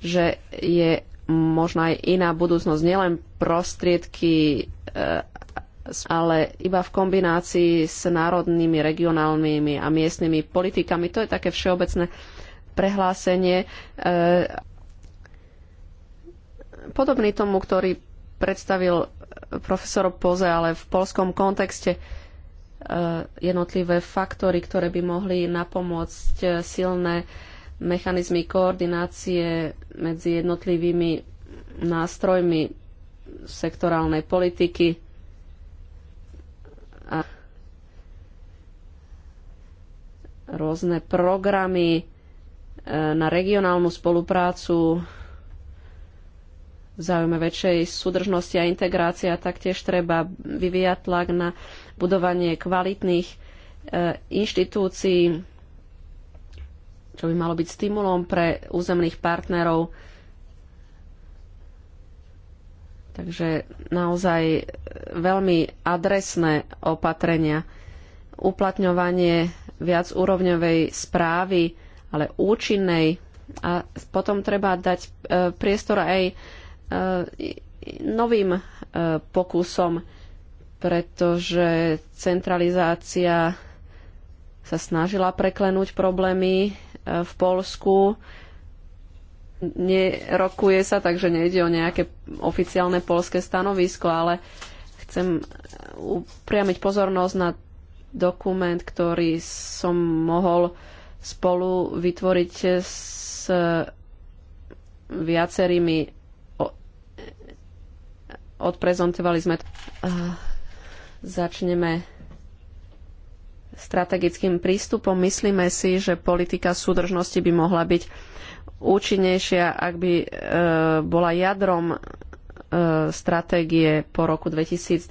že je možná aj iná budúcnosť, nielen prostriedky ale iba v kombinácii s národnými, regionálnymi a miestnymi politikami. To je také všeobecné prehlásenie. E, podobný tomu, ktorý predstavil profesor Poze, ale v polskom kontexte e, jednotlivé faktory, ktoré by mohli napomôcť e, silné mechanizmy koordinácie medzi jednotlivými nástrojmi sektorálnej politiky rôzne programy e, na regionálnu spoluprácu v záujme väčšej súdržnosti a integrácia taktiež treba vyvíjať tlak na budovanie kvalitných e, inštitúcií, čo by malo byť stimulom pre územných partnerov. Takže naozaj veľmi adresné opatrenia. Uplatňovanie viacúrovňovej správy, ale účinnej. A potom treba dať e, priestor aj e, novým e, pokusom, pretože centralizácia sa snažila preklenúť problémy v Polsku. Nerokuje sa, takže nejde o nejaké oficiálne polské stanovisko, ale chcem upriamiť pozornosť na dokument, ktorý som mohol spolu vytvoriť s viacerými odprezentovali sme začneme strategickým prístupom. Myslíme si, že politika súdržnosti by mohla byť účinnejšia, ak by e, bola jadrom e, stratégie po roku 2020.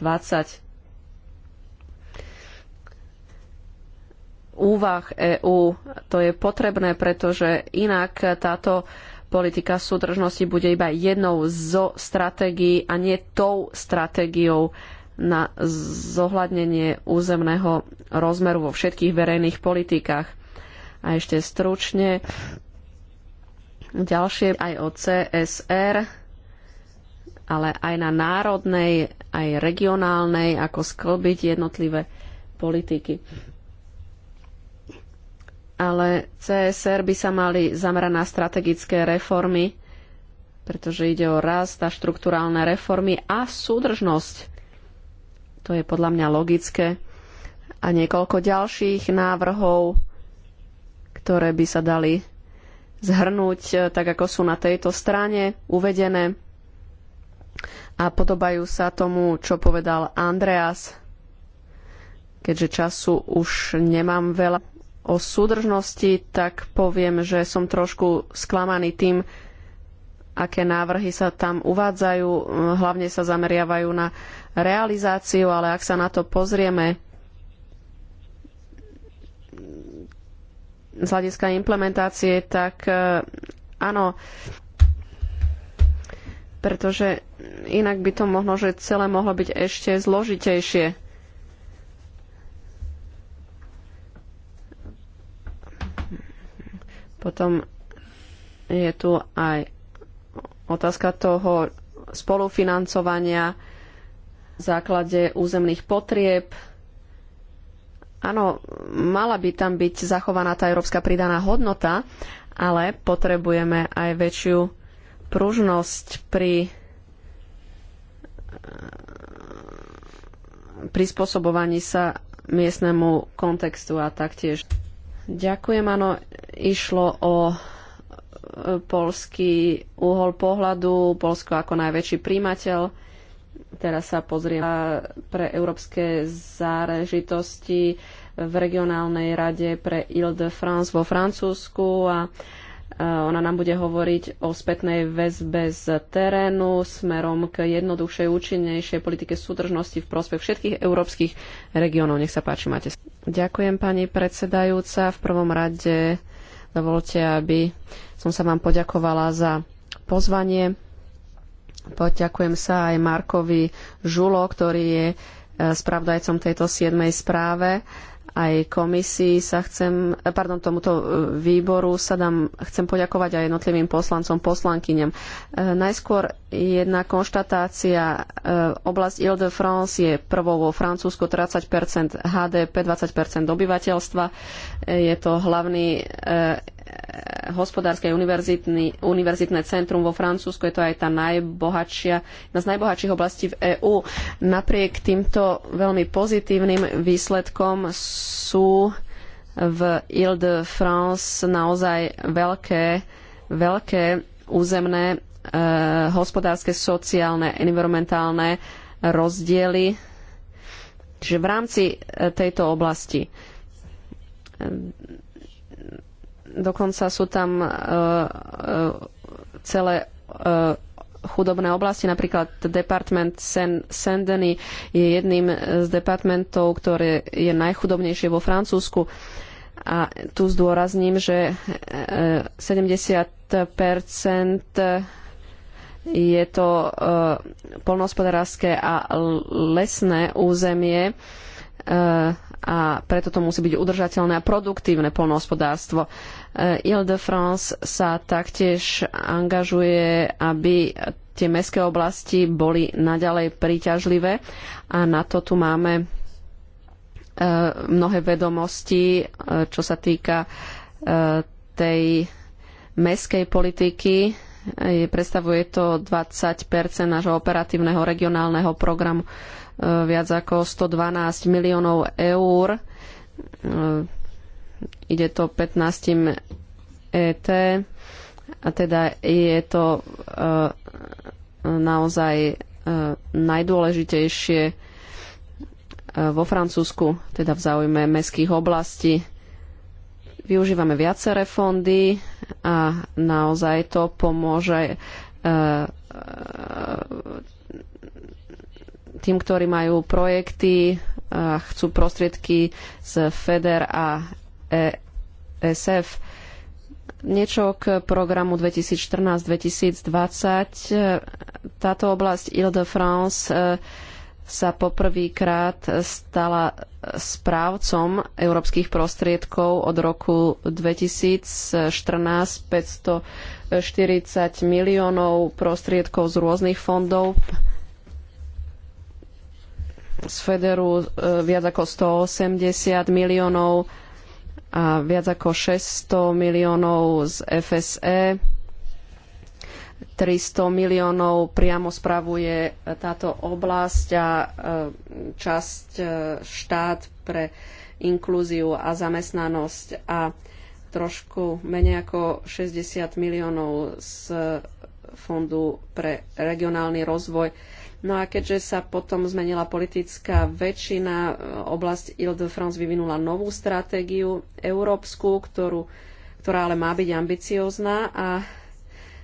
úvah EÚ. To je potrebné, pretože inak táto politika súdržnosti bude iba jednou zo stratégií a nie tou stratégiou na zohľadnenie územného rozmeru vo všetkých verejných politikách. A ešte stručne ďalšie aj o CSR, ale aj na národnej, aj regionálnej, ako sklbiť jednotlivé politiky ale CSR by sa mali zamerať na strategické reformy, pretože ide o rast a štruktúrálne reformy a súdržnosť. To je podľa mňa logické. A niekoľko ďalších návrhov, ktoré by sa dali zhrnúť, eh, tak ako sú na tejto strane uvedené a podobajú sa tomu, čo povedal Andreas, keďže času už nemám veľa o súdržnosti, tak poviem, že som trošku sklamaný tým, aké návrhy sa tam uvádzajú. Hlavne sa zameriavajú na realizáciu, ale ak sa na to pozrieme z hľadiska implementácie, tak e, áno, pretože inak by to možno, že celé mohlo byť ešte zložitejšie. Potom je tu aj otázka toho spolufinancovania v základe územných potrieb. Áno, mala by tam byť zachovaná tá európska pridaná hodnota, ale potrebujeme aj väčšiu pružnosť pri prispôsobovaní sa miestnemu kontextu a taktiež Ďakujem, áno, išlo o e, polský uhol pohľadu, Polsko ako najväčší príjimateľ. Teraz sa pozrieme pre európske záležitosti v regionálnej rade pre Ile de France vo Francúzsku a ona nám bude hovoriť o spätnej väzbe z terénu smerom k jednoduchšej, účinnejšej politike súdržnosti v prospech všetkých európskych regiónov. Nech sa páči, máte. Ďakujem, pani predsedajúca. V prvom rade dovolte, aby som sa vám poďakovala za pozvanie. Poďakujem sa aj Markovi Žulo, ktorý je e, spravdajcom tejto 7. správe aj komisii sa chcem, pardon, tomuto e, výboru sa dám, chcem poďakovať aj jednotlivým poslancom, poslankyňam. E, najskôr jedna konštatácia. E, Oblasť Ile-de-France je prvou vo Francúzsku, 30 HDP, 20 obyvateľstva. Je to hlavný hospodárske univerzitné centrum vo Francúzsku. Je to aj tá najbohatšia, jedna z najbohatších oblastí v EÚ. Napriek týmto veľmi pozitívnym výsledkom sú v Ile-de-France naozaj veľké, veľké územné e, hospodárske, sociálne, environmentálne rozdiely. Čiže v rámci e, tejto oblasti e, dokonca sú tam e, e, celé e, chudobné oblasti. Napríklad department Sendeny je jedným z departmentov, ktoré je najchudobnejšie vo Francúzsku. A tu zdôrazním, že 70 e, je to e, polnohospodárske a lesné územie e, a preto to musí byť udržateľné a produktívne polnohospodárstvo. E, Ile-de-France sa taktiež angažuje, aby tie mestské oblasti boli naďalej príťažlivé a na to tu máme e, mnohé vedomosti, e, čo sa týka tej mestskej politiky. Predstavuje to 20 nášho operatívneho regionálneho programu E, viac ako 112 miliónov eur. E, ide to 15 ET a teda je to e, naozaj najdôležitejšie vo Francúzsku, teda v záujme mestských oblastí. Využívame viaceré fondy a naozaj to pomôže tým, ktorí majú projekty a chcú prostriedky z FEDER a ESF. Niečo k programu 2014-2020. Táto oblasť Ile-de-France e, sa poprvýkrát stala správcom európskych prostriedkov od roku 2014 540 miliónov prostriedkov z rôznych fondov z Federu e, viac ako 180 miliónov a viac ako 600 miliónov z FSE. 300 miliónov priamo spravuje táto oblasť a e, časť e, štát pre inklúziu a zamestnanosť a trošku menej ako 60 miliónov z Fondu pre regionálny rozvoj No a keďže sa potom zmenila politická väčšina, e, oblasť Ile-de-France vyvinula novú stratégiu európsku, ktorú, ktorá ale má byť ambiciózna a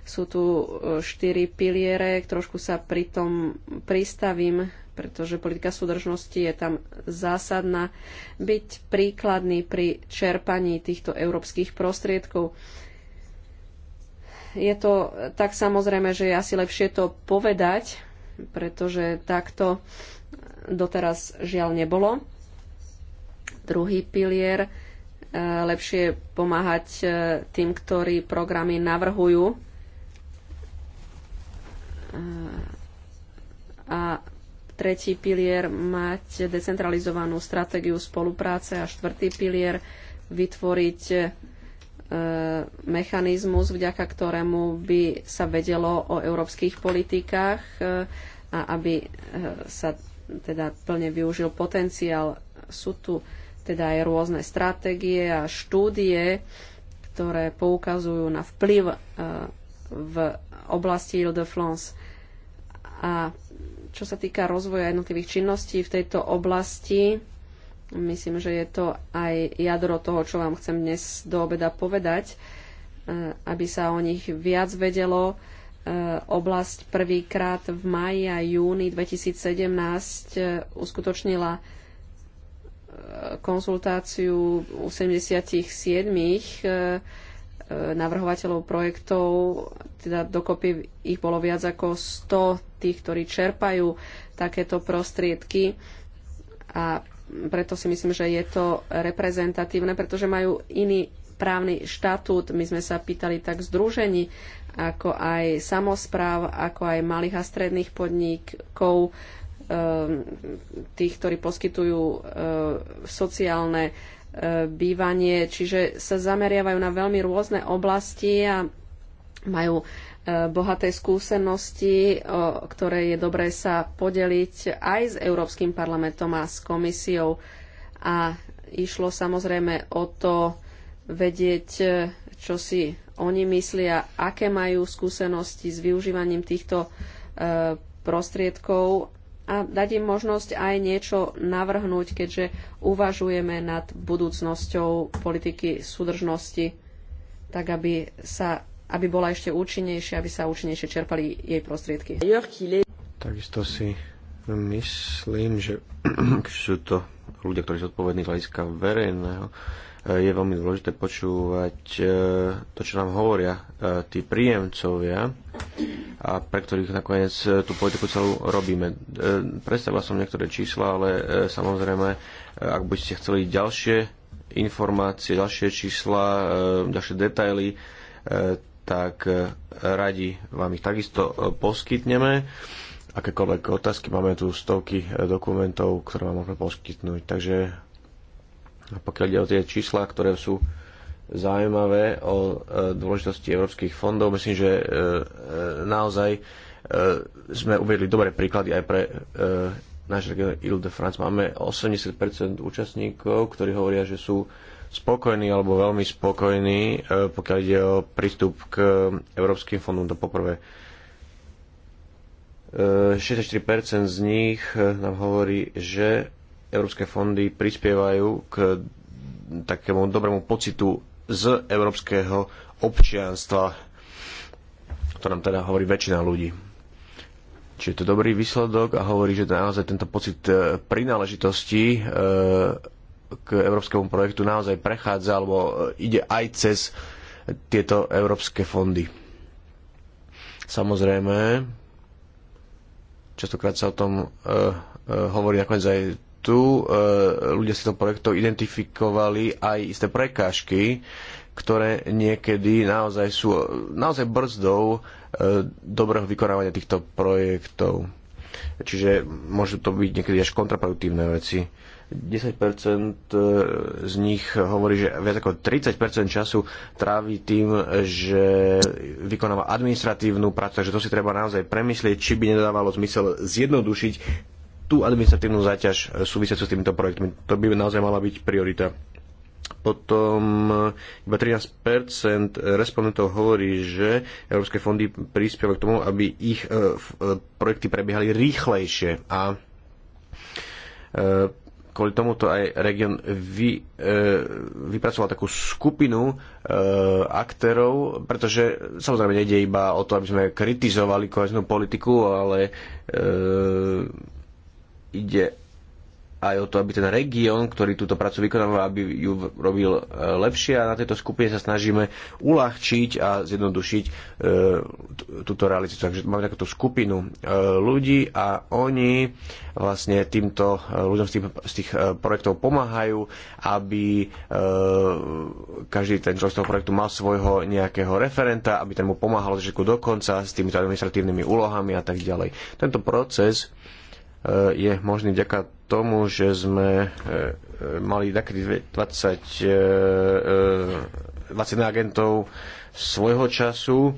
sú tu e, štyri piliere, trošku sa pri tom pristavím, pretože politika súdržnosti je tam zásadná. Byť príkladný pri čerpaní týchto európskych prostriedkov je to tak samozrejme, že je asi lepšie to povedať, pretože takto doteraz žiaľ nebolo. Druhý pilier e, lepšie pomáhať e, tým, ktorí programy navrhujú e, a tretí pilier mať decentralizovanú stratégiu spolupráce a štvrtý pilier vytvoriť E, mechanizmus, vďaka ktorému by sa vedelo o európskych politikách e, a aby e, sa teda plne využil potenciál. Sú tu teda aj rôzne stratégie a štúdie, ktoré poukazujú na vplyv v oblasti Ile de France. A čo sa týka rozvoja jednotlivých činností v tejto oblasti, Myslím, že je to aj jadro toho, čo vám chcem dnes do obeda povedať, e, aby sa o nich viac vedelo. E, oblasť prvýkrát v maji a júni 2017 e, uskutočnila konzultáciu u 77 navrhovateľov projektov, teda dokopy ich bolo viac ako 100 tých, ktorí čerpajú takéto prostriedky a preto si myslím, že je to reprezentatívne, pretože majú iný právny štatút. My sme sa pýtali tak združení, ako aj samozpráv, ako aj malých a stredných podnikov, ehm, tých, ktorí poskytujú ehm, sociálne ehm, bývanie, čiže sa zameriavajú na veľmi rôzne oblasti a majú bohatej skúsenosti, o ktorej je dobré sa podeliť aj s Európskym parlamentom a s komisiou. A išlo samozrejme o to vedieť, e, čo si oni myslia, aké majú skúsenosti s využívaním týchto e, prostriedkov a dať im možnosť aj niečo navrhnúť, keďže uvažujeme nad budúcnosťou politiky súdržnosti, tak aby sa aby bola ešte účinnejšia, aby sa účinnejšie čerpali jej prostriedky. Takisto si myslím, že sú to ľudia, ktorí sú odpovední z hľadiska verejného, e, je veľmi dôležité počúvať e, to, čo nám hovoria e, tí príjemcovia a pre ktorých nakoniec tú politiku celú robíme. Predstavila som niektoré čísla, ale samozrejme, ak by ste chceli ďalšie informácie, ďalšie čísla, ďalšie detaily, tak eh, radi vám ich takisto eh, poskytneme. Akékoľvek otázky, máme tu stovky eh, dokumentov, ktoré vám môžeme poskytnúť. Takže pokiaľ ide o tie čísla, ktoré sú zaujímavé o dôležitosti európskych fondov, myslím, že naozaj sme uvedli dobré príklady aj pre náš region Ile de France. Máme 80% účastníkov, ktorí hovoria, že sú spokojní alebo veľmi spokojní, e, pokiaľ ide o prístup k Európskym fondom. To poprvé. 64% e, z nich e, nám hovorí, že európske fondy prispievajú k takému dobrému pocitu z európskeho občianstva. To nám teda hovorí väčšina ľudí. Čiže to je dobrý výsledok a hovorí, že naozaj tento pocit prináležitosti k európskemu projektu naozaj prechádza alebo ide aj cez tieto európske fondy. Samozrejme, častokrát sa o tom uh, uh, hovorí nakoniec aj tu, uh, ľudia z to projektov identifikovali aj isté prekážky, ktoré niekedy naozaj sú naozaj brzdou uh, dobrého vykonávania týchto projektov. Čiže môžu to byť niekedy až kontraproduktívne veci. 10% e, z nich hovorí, že viac ako 30% času trávi tým, že vykonáva administratívnu prácu, takže to si treba naozaj premyslieť, či by nedávalo zmysel zjednodušiť tú administratívnu záťaž súvisiacu s týmito projektmi. To by naozaj mala byť priorita. Potom e, iba 13% respondentov hovorí, že európske fondy prispievajú k tomu, aby ich e, projekty prebiehali rýchlejšie a kvôli tomuto aj region vy, e, vypracoval takú skupinu e, aktérov, pretože samozrejme nejde iba o to, aby sme kritizovali koheznú politiku, ale e, ide aj o to, aby ten región, ktorý túto prácu vykonával, aby ju robil e, lepšie a na tejto skupine sa snažíme uľahčiť a zjednodušiť e, túto realizáciu. Takže máme takúto skupinu e, ľudí a oni vlastne týmto ľuďom z tých, z tých projektov pomáhajú, aby každý ten človek z toho projektu mal svojho nejakého referenta, aby ten mu pomáhal všetko dokonca s týmito administratívnymi úlohami a tak ďalej. Tento proces je možný vďaka tomu, že sme e, mali takedy 20, 21 agentov svojho času, e,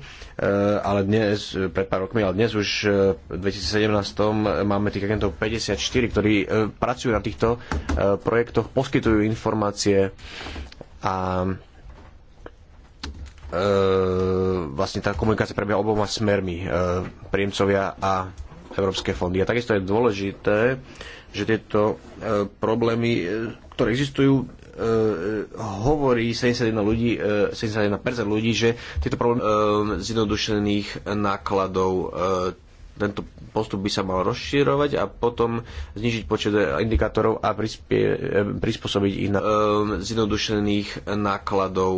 ale dnes, pred pár rokmi, ale dnes už e, v 2017 máme tých agentov 54, ktorí pracujú na týchto projektoch, poskytujú informácie a vlastne tá komunikácia prebieha oboma smermi, príjemcovia a európske fondy. A takisto je dôležité, že tieto e, problémy, e, ktoré existujú, e, hovorí 71 ľudí, e, 71% ľudí, že tieto problémy e, zjednodušených nákladov e, tento postup by sa mal rozširovať a potom znižiť počet e, indikátorov a prispie, e, prispôsobiť ich na e, zjednodušených nákladov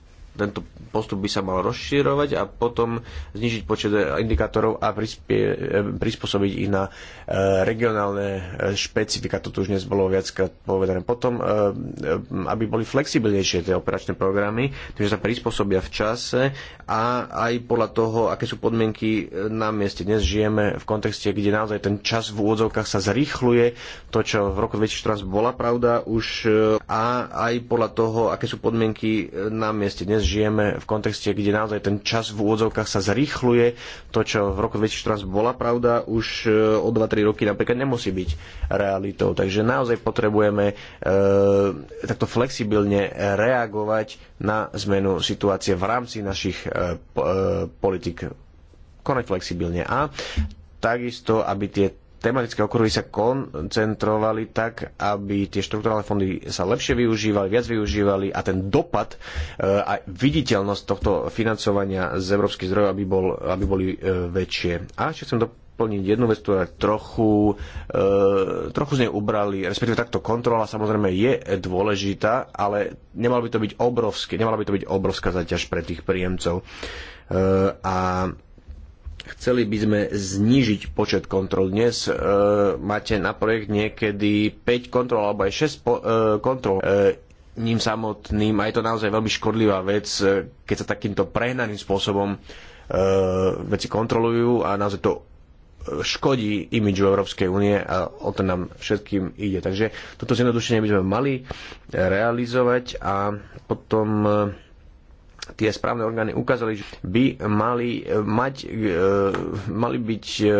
e, tento postup by sa mal rozširovať a potom znižiť počet indikátorov a prispie, e, prispôsobiť ich na e, regionálne e, špecifika. To tu už dnes bolo viackrát povedané. Potom, aby boli flexibilnejšie tie operačné programy, takže sa prispôsobia v čase a aj podľa toho, aké sú podmienky na mieste. Dnes žijeme v kontexte, kde naozaj ten čas v úvodzovkách sa zrýchluje. To, čo v roku 2014 bola pravda už a aj podľa toho, aké sú podmienky na mieste. Dnes dnes žijeme v kontexte, kde naozaj ten čas v úvodzovkách sa zrýchluje. To, čo v roku 2014 bola pravda, už e, o 2-3 roky napríklad nemusí byť realitou. Takže naozaj potrebujeme e, takto flexibilne reagovať na zmenu situácie v rámci našich e, e politik. Konať flexibilne. A takisto, aby tie tematické okruhy sa koncentrovali tak, aby tie štrukturálne fondy sa lepšie využívali, viac využívali a ten dopad e, a viditeľnosť tohto financovania z európskych zdrojov, aby, bol, aby boli e, väčšie. A ešte chcem doplniť jednu vec, ktorá trochu, e, trochu z nej ubrali, respektíve takto kontrola samozrejme je dôležitá, ale nemalo by to byť obrovské, nemala by to byť obrovská zaťaž pre tých príjemcov. a Chceli by sme znížiť počet kontrol. Dnes e, máte na projekt niekedy 5 kontrol alebo aj 6 po, e, kontrol. E, ním samotným a je to naozaj veľmi škodlivá vec, e, keď sa takýmto prehnaným spôsobom e, veci kontrolujú a naozaj to škodí imidžu Európskej únie a o to nám všetkým ide. Takže toto zjednodušenie by sme mali realizovať a potom e, tie správne orgány ukázali, že by mali eh, mať, eh, mali byť eh,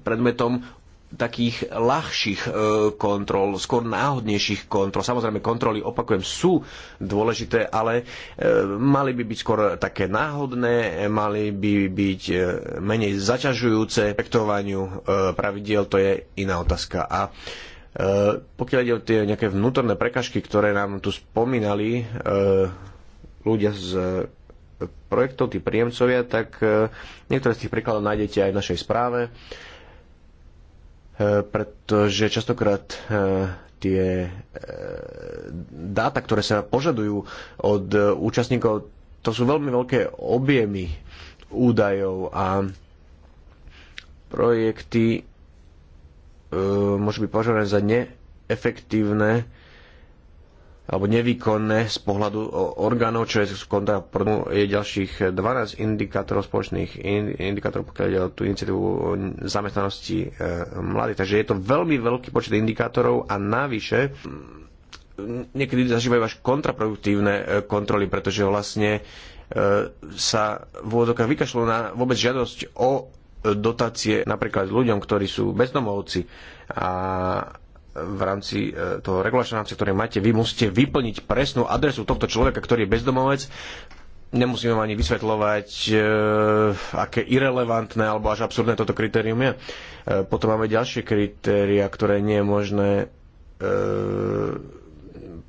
predmetom takých ľahších kontrol, skôr náhodnejších kontrol. Samozrejme, kontroly, opakujem, sú dôležité, ale mali by byť skôr také náhodné, mali by byť menej zaťažujúce. e, pravidiel, to je iná otázka. A E, pokiaľ ide o tie nejaké vnútorné prekažky, ktoré nám tu spomínali e, ľudia z projektov, tí príjemcovia, tak e, niektoré z tých príkladov nájdete aj v našej správe, pretože častokrát tie dáta, ktoré sa požadujú od účastníkov, to sú veľmi veľké objemy údajov a projekty E, môže byť považované za neefektívne alebo nevýkonné z pohľadu orgánov, čo je z konta je ďalších 12 indikátorov spoločných indikátorov, pokiaľ ide o tú iniciatívu zamestnanosti e, mladých. Takže je to veľmi veľký počet indikátorov a navyše mm, niekedy zažívajú až kontraproduktívne kontroly, pretože vlastne e, sa v úvodzokách vykašľujú na vôbec žiadosť o dotácie napríklad ľuďom, ktorí sú bezdomovci a v rámci e, toho regulačného rámca, ktoré máte, vy musíte vyplniť presnú adresu tohto človeka, ktorý je bezdomovec. Nemusíme ani vysvetľovať, e, aké irrelevantné alebo až absurdné toto kritérium je. E, potom máme ďalšie kritéria, ktoré nie je možné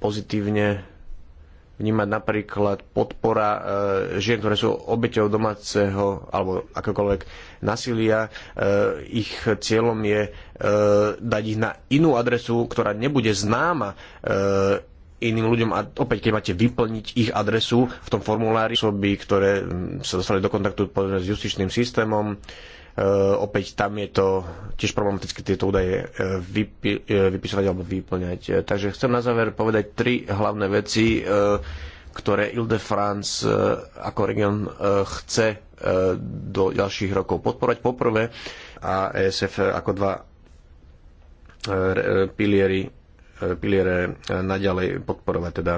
pozitívne vnímať napríklad podpora e, žien, ktoré sú obeťou domáceho alebo akokoľvek nasilia. E, ich cieľom je e, dať ich na inú adresu, ktorá nebude známa iným ľuďom a opäť keď máte vyplniť ich adresu v tom formulári osoby, ktoré sa dostali do kontaktu s justičným systémom, Eh, opäť tam je to tiež problematické tieto údaje eh, vypi- eh, vypisovať alebo vyplňať. Takže chcem na záver povedať tri hlavné veci, ktoré Ile-de-France ako region chce do ďalších rokov podporať. Poprvé a ESF ako dva piliery, piliere naďalej podporovať, teda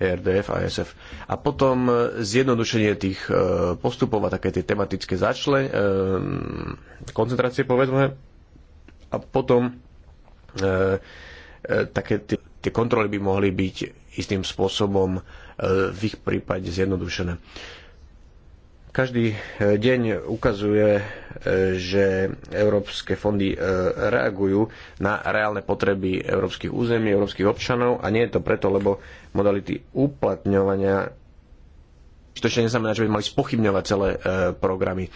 E RDF a SF. A potom e, zjednodušenie tých e, postupov a také tie tematické začle, mm, koncentrácie povedzme, a potom také tie, tie kontroly by mohli byť istým spôsobom v ich prípade zjednodušené. Každý eh, deň ukazuje, eh, že európske fondy eh, reagujú na reálne potreby európskych území, európskych občanov a nie je to preto, lebo modality uplatňovania to ešte neznamená, že by mali spochybňovať celé programy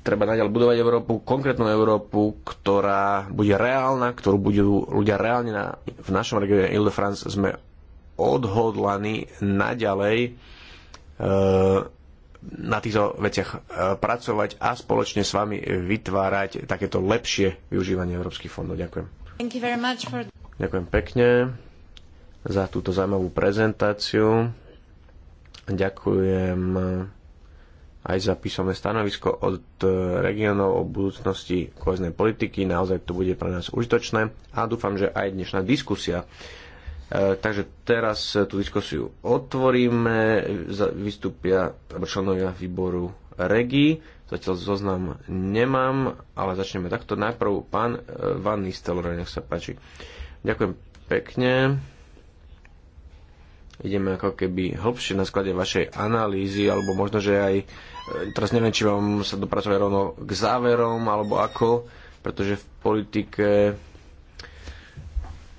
treba naďalej budovať Európu, konkrétnu Európu, ktorá bude reálna, ktorú budú ľudia reálne na, v našom regióne Ile-de-France sme odhodlaní naďalej e, na týchto veciach e, pracovať a spoločne s vami vytvárať takéto lepšie využívanie európskych fondov. Ďakujem. For... Ďakujem pekne za túto zaujímavú prezentáciu. Ďakujem aj za písomné stanovisko od e, regionov o budúcnosti kohezné politiky. Naozaj to bude pre nás užitočné a dúfam, že aj dnešná diskusia E, takže teraz e, tú diskusiu otvoríme. Vystúpia členovia výboru REGI. Zatiaľ zoznam nemám, ale začneme takto. Najprv pán e, Van Nistelor, nech sa páči. Ďakujem pekne. Ideme ako keby hlbšie na sklade vašej analýzy, alebo možno, že aj teraz neviem, či vám sa dopracovať rovno k záverom, alebo ako, pretože v politike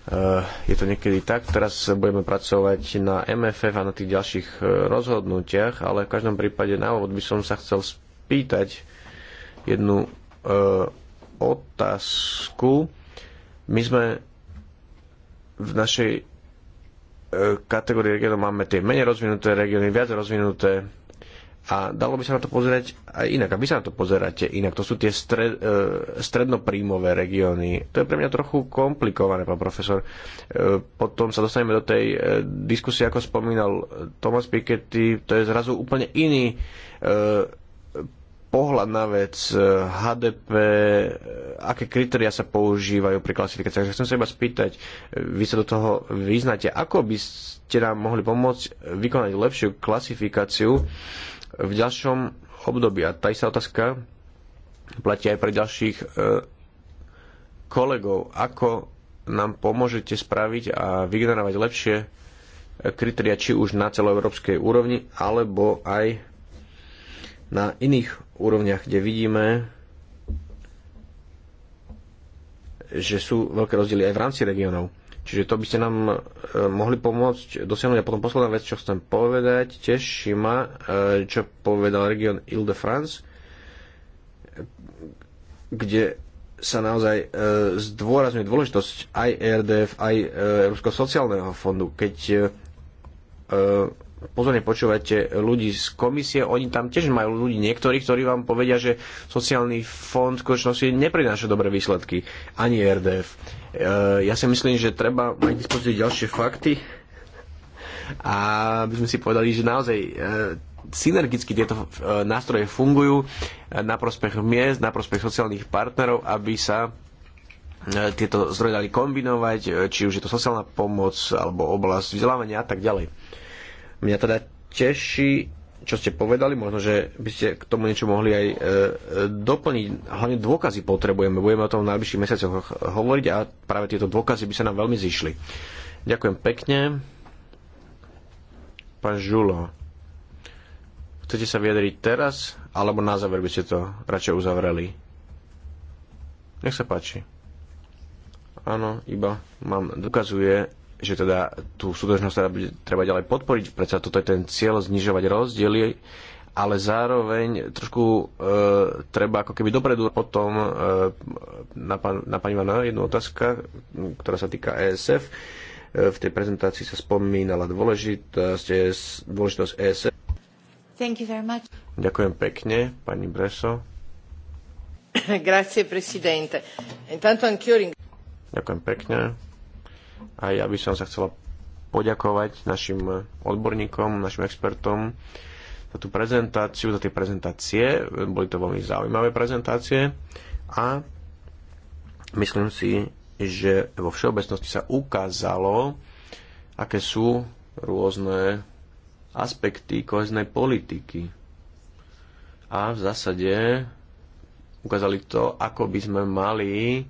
Eh, je to niekedy tak. Teraz budeme pracovať na MFF a na tých ďalších eh, rozhodnutiach, ale v každom prípade na úvod by som sa chcel spýtať jednu eh, otázku. My sme v našej kategórii regiónov máme tie menej rozvinuté regióny, viac rozvinuté a dalo by sa na to pozerať aj inak. A vy sa na to pozeráte inak. To sú tie stred, e, strednopríjmové regióny. To je pre mňa trochu komplikované, pán profesor. E, potom sa dostaneme do tej e, diskusie, ako spomínal Thomas Piketty. To je zrazu úplne iný pohľad na vec, HDP, aké kritéria sa používajú pri klasifikácii. Takže chcem sa iba spýtať, vy sa do toho vyznáte, ako by ste nám mohli pomôcť vykonať lepšiu klasifikáciu v ďalšom období. A tá istá otázka platí aj pre ďalších e, kolegov. Ako nám pomôžete spraviť a vygenerovať lepšie e, kritéria, či už na celoeurópskej úrovni, alebo aj na iných úrovniach, kde vidíme, že sú veľké rozdiely aj v rámci regionov. Čiže to by ste nám e, mohli pomôcť dosiahnuť. A potom posledná vec, čo chcem povedať, teší ma, e, čo povedal region Ile-de-France, kde sa naozaj e, zdôrazňuje dôležitosť aj e RDF, aj e, sociálneho fondu. Keď e, pozorne počúvate ľudí z komisie, oni tam tiež majú ľudí niektorí, ktorí vám povedia, že sociálny fond v skutočnosti neprináša dobré výsledky, ani RDF. Eh, ja si myslím, že treba mať dispozícii ďalšie fakty a aby sme si povedali, že naozaj eh, synergicky tieto eh, nástroje fungujú na prospech miest, na prospech sociálnych partnerov, aby sa tieto zdroje dali kombinovať, či už je to sociálna pomoc alebo oblasť vzdelávania a tak ďalej. Mňa teda teší, čo ste povedali, možno, že by ste k tomu niečo mohli aj e, e doplniť. Hlavne dôkazy potrebujeme, budeme o tom v najbližších mesiacoch hovoriť a práve tieto dôkazy by sa nám veľmi zišli. Ďakujem pekne. Pán Žulo, chcete sa vyjadriť teraz, alebo na záver by ste to radšej uzavreli? Nech sa páči. Áno, iba mám dokazuje že teda tú súdržnosť teda bude treba ďalej podporiť, predsa toto je ten cieľ znižovať rozdiely, ale zároveň trošku e, treba ako keby dopredu potom e, na, pan, na pani Vana jednu otázka, ktorá sa týka ESF. E, v tej prezentácii sa spomínala dôležitosť, e dôležitosť ESF. Thank you very much. Ďakujem pekne, pani Breso. Grazie, presidente. Intanto anch'io Ďakujem pekne a ja by som sa chcela poďakovať našim odborníkom, našim expertom za tú prezentáciu, za tie prezentácie. Boli to veľmi zaujímavé prezentácie a myslím si, že vo všeobecnosti sa ukázalo, aké sú rôzne aspekty koheznej politiky. A v zásade ukázali to, ako by sme mali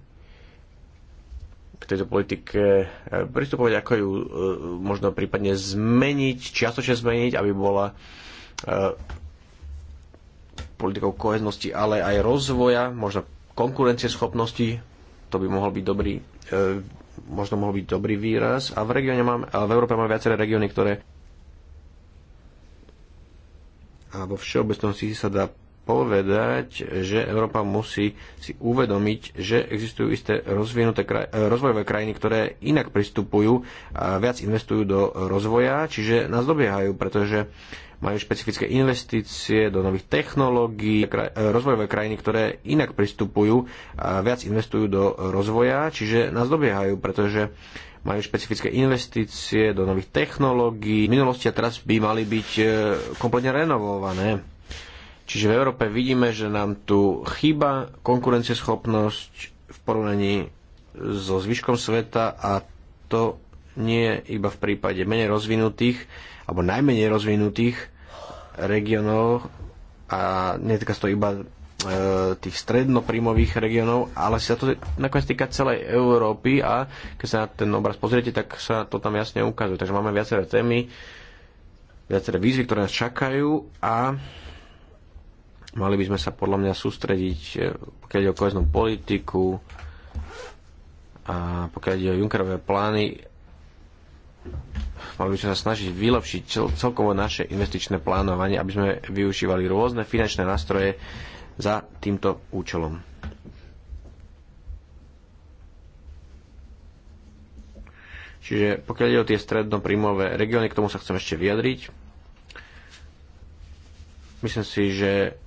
k tejto politike e, pristupovať, ako ju e, možno prípadne zmeniť, čiastočne zmeniť, aby bola e, politikou koheznosti, ale aj rozvoja, možno konkurencieschopnosti, to by mohol byť dobrý, možno mohol byť dobrý výraz. A v, regióne máme, a v Európe máme viaceré regióny, ktoré a vo všeobecnosti sa dá povedať, že Európa musí si uvedomiť, že existujú isté rozvinuté kraj, eh, rozvojové krajiny, ktoré inak pristupujú a viac investujú do rozvoja, čiže nás dobiehajú, pretože majú špecifické investície do nových technológií, kraj, eh, rozvojové krajiny, ktoré inak pristupujú a viac investujú do rozvoja, čiže nás dobiehajú, pretože majú špecifické investície do nových technológií. V minulosti a teraz by mali byť eh, kompletne renovované Čiže v Európe vidíme, že nám tu chýba konkurencieschopnosť v porovnaní so zvyškom sveta a to nie iba v prípade menej rozvinutých alebo najmenej rozvinutých regionov a netýka sa to iba e, tých strednoprímových regionov, ale sa to nakoniec týka celej Európy a keď sa na ten obraz pozriete, tak sa to tam jasne ukazuje. Takže máme viaceré témy, viaceré výzvy, ktoré nás čakajú a Mali by sme sa podľa mňa sústrediť, e, pokiaľ ide o koheznú politiku a pokiaľ ide o Junckerové plány, mali by sme sa snažiť vylepšiť celkovo naše investičné plánovanie, aby sme využívali rôzne finančné nástroje za týmto účelom. Čiže pokiaľ ide o tie príjmové regióny, k tomu sa chcem ešte vyjadriť. Myslím si, že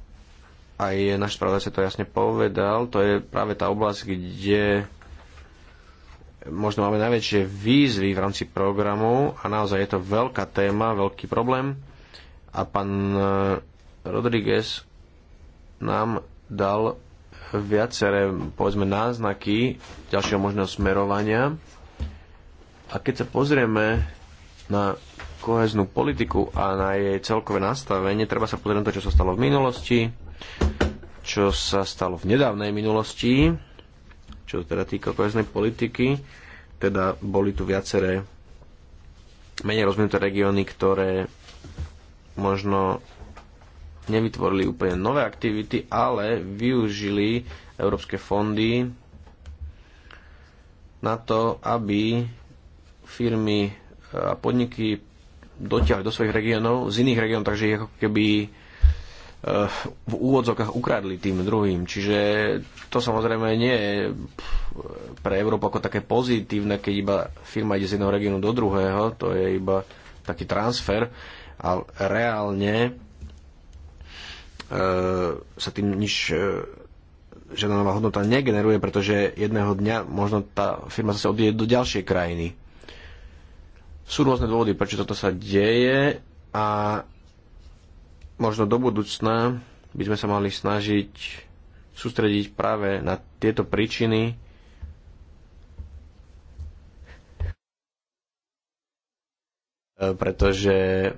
aj náš spravodajca to jasne povedal, to je práve tá oblasť, kde možno máme najväčšie výzvy v rámci programu a naozaj je to veľká téma, veľký problém a pán eh, Rodriguez nám dal viaceré, povedzme, náznaky ďalšieho možného smerovania a keď sa pozrieme na koheznú politiku a na jej celkové nastavenie, treba sa pozrieť na to, čo sa stalo v minulosti, čo sa stalo v nedávnej minulosti, čo teda týka koheznej politiky. Teda boli tu viaceré menej rozvinuté regióny, ktoré možno nevytvorili úplne nové aktivity, ale využili európske fondy na to, aby firmy a podniky dotiahli do svojich regiónov z iných regiónov, takže ako keby v úvodzokách ukradli tým druhým. Čiže to samozrejme nie je pre Európu ako také pozitívne, keď iba firma ide z jedného regiónu do druhého, to je iba taký transfer, ale reálne e, sa tým nič e, žiadna nová hodnota negeneruje, pretože jedného dňa možno tá firma zase odjede do ďalšej krajiny. Sú rôzne dôvody, prečo toto sa deje a možno do budúcna by sme sa mali snažiť sústrediť práve na tieto príčiny pretože e,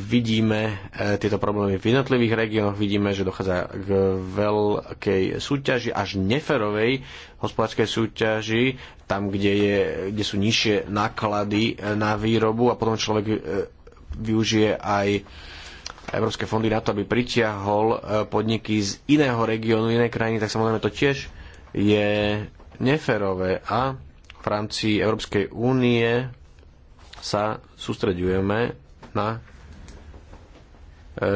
vidíme e, tieto problémy v jednotlivých regiónoch, vidíme, že dochádza k veľkej súťaži, až neferovej hospodárskej súťaži, tam, kde, je, kde sú nižšie náklady e, na výrobu a potom človek využije aj európske fondy na to, aby pritiahol e, podniky z iného regiónu, inej krajiny, tak samozrejme to tiež je neférové a v rámci Európskej únie sa sústreďujeme na e,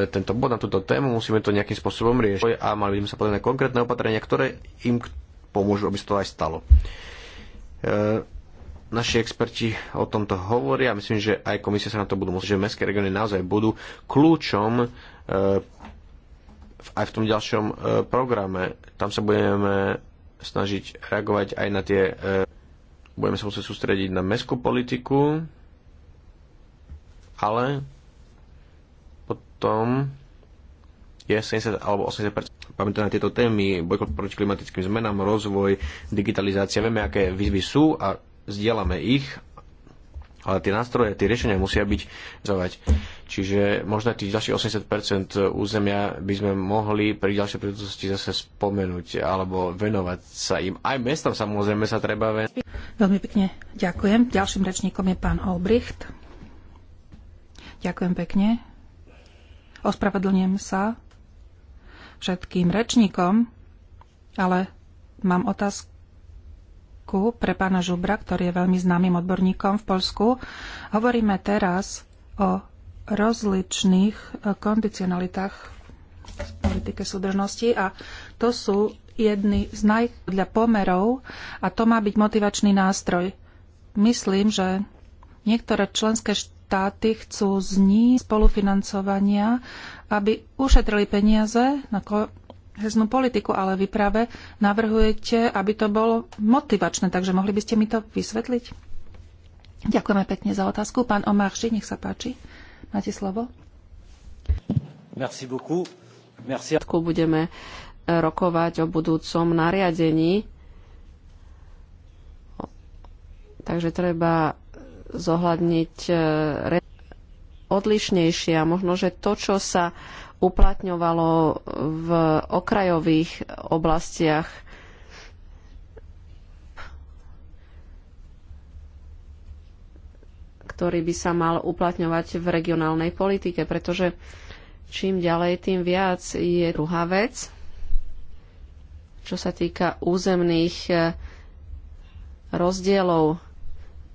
tento bod, na túto tému, musíme to nejakým spôsobom riešiť a mali by sme sa pozrieť na konkrétne opatrenia, ktoré im pomôžu, aby sa to aj stalo. E, naši experti o tomto hovoria. Myslím, že aj komisia sa na to budú musieť, že mestské regióny naozaj budú kľúčom e, aj v tom ďalšom e, programe. Tam sa budeme snažiť reagovať aj na tie... E, budeme sa musieť sústrediť na mestskú politiku, ale potom je 70 alebo 80 Pamätáme na tieto témy, boj proti klimatickým zmenám, rozvoj, digitalizácia. Vieme, aké výzvy sú a zdieľame ich, ale tie nástroje, tie riešenia musia byť zavať. Čiže možno tých ďalších 80% územia by sme mohli pri ďalšej príležitosti zase spomenúť alebo venovať sa im. Aj mestom samozrejme sa treba venovať. Veľmi pekne ďakujem. Ďalším rečníkom je pán Olbricht. Ďakujem pekne. Ospravedlňujem sa všetkým rečníkom, ale mám otázku otázku pre pána Žubra, ktorý je veľmi známym odborníkom v Polsku. Hovoríme teraz o rozličných e, kondicionalitách v politike súdržnosti a to sú jedny z najdľa pomerov a to má byť motivačný nástroj. Myslím, že niektoré členské štáty chcú zní spolufinancovania, aby ušetrili peniaze na koheznú politiku, ale vy práve navrhujete, aby to bolo motivačné, takže mohli by ste mi to vysvetliť? Ďakujeme pekne za otázku. Pán Omarši, nech sa páči. Máte slovo. Merci beaucoup. Merci. Budeme e, rokovať o budúcom nariadení. Takže treba zohľadniť e, odlišnejšie a možno, že to, čo sa uplatňovalo v okrajových oblastiach. ktorý by sa mal uplatňovať v regionálnej politike, pretože čím ďalej, tým viac je druhá vec, čo sa týka územných eh, rozdielov.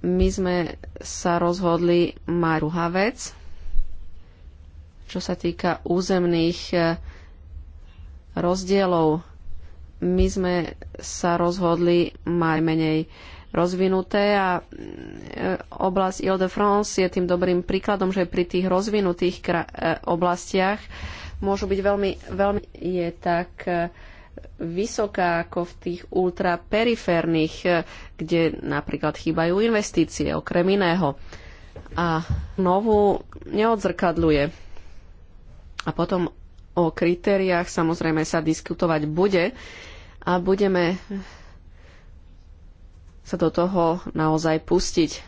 My sme sa rozhodli mať druhá vec, čo sa týka územných e, rozdielov. My sme sa rozhodli mať menej rozvinuté a e, oblasť Ile-de-France je tým dobrým príkladom, že pri tých rozvinutých e, oblastiach môžu byť veľmi, veľmi je tak vysoká ako v tých ultraperiférnych, kde napríklad chýbajú investície okrem iného. A novú neodzrkadluje a potom o kritériách samozrejme sa diskutovať bude a budeme sa do toho naozaj pustiť.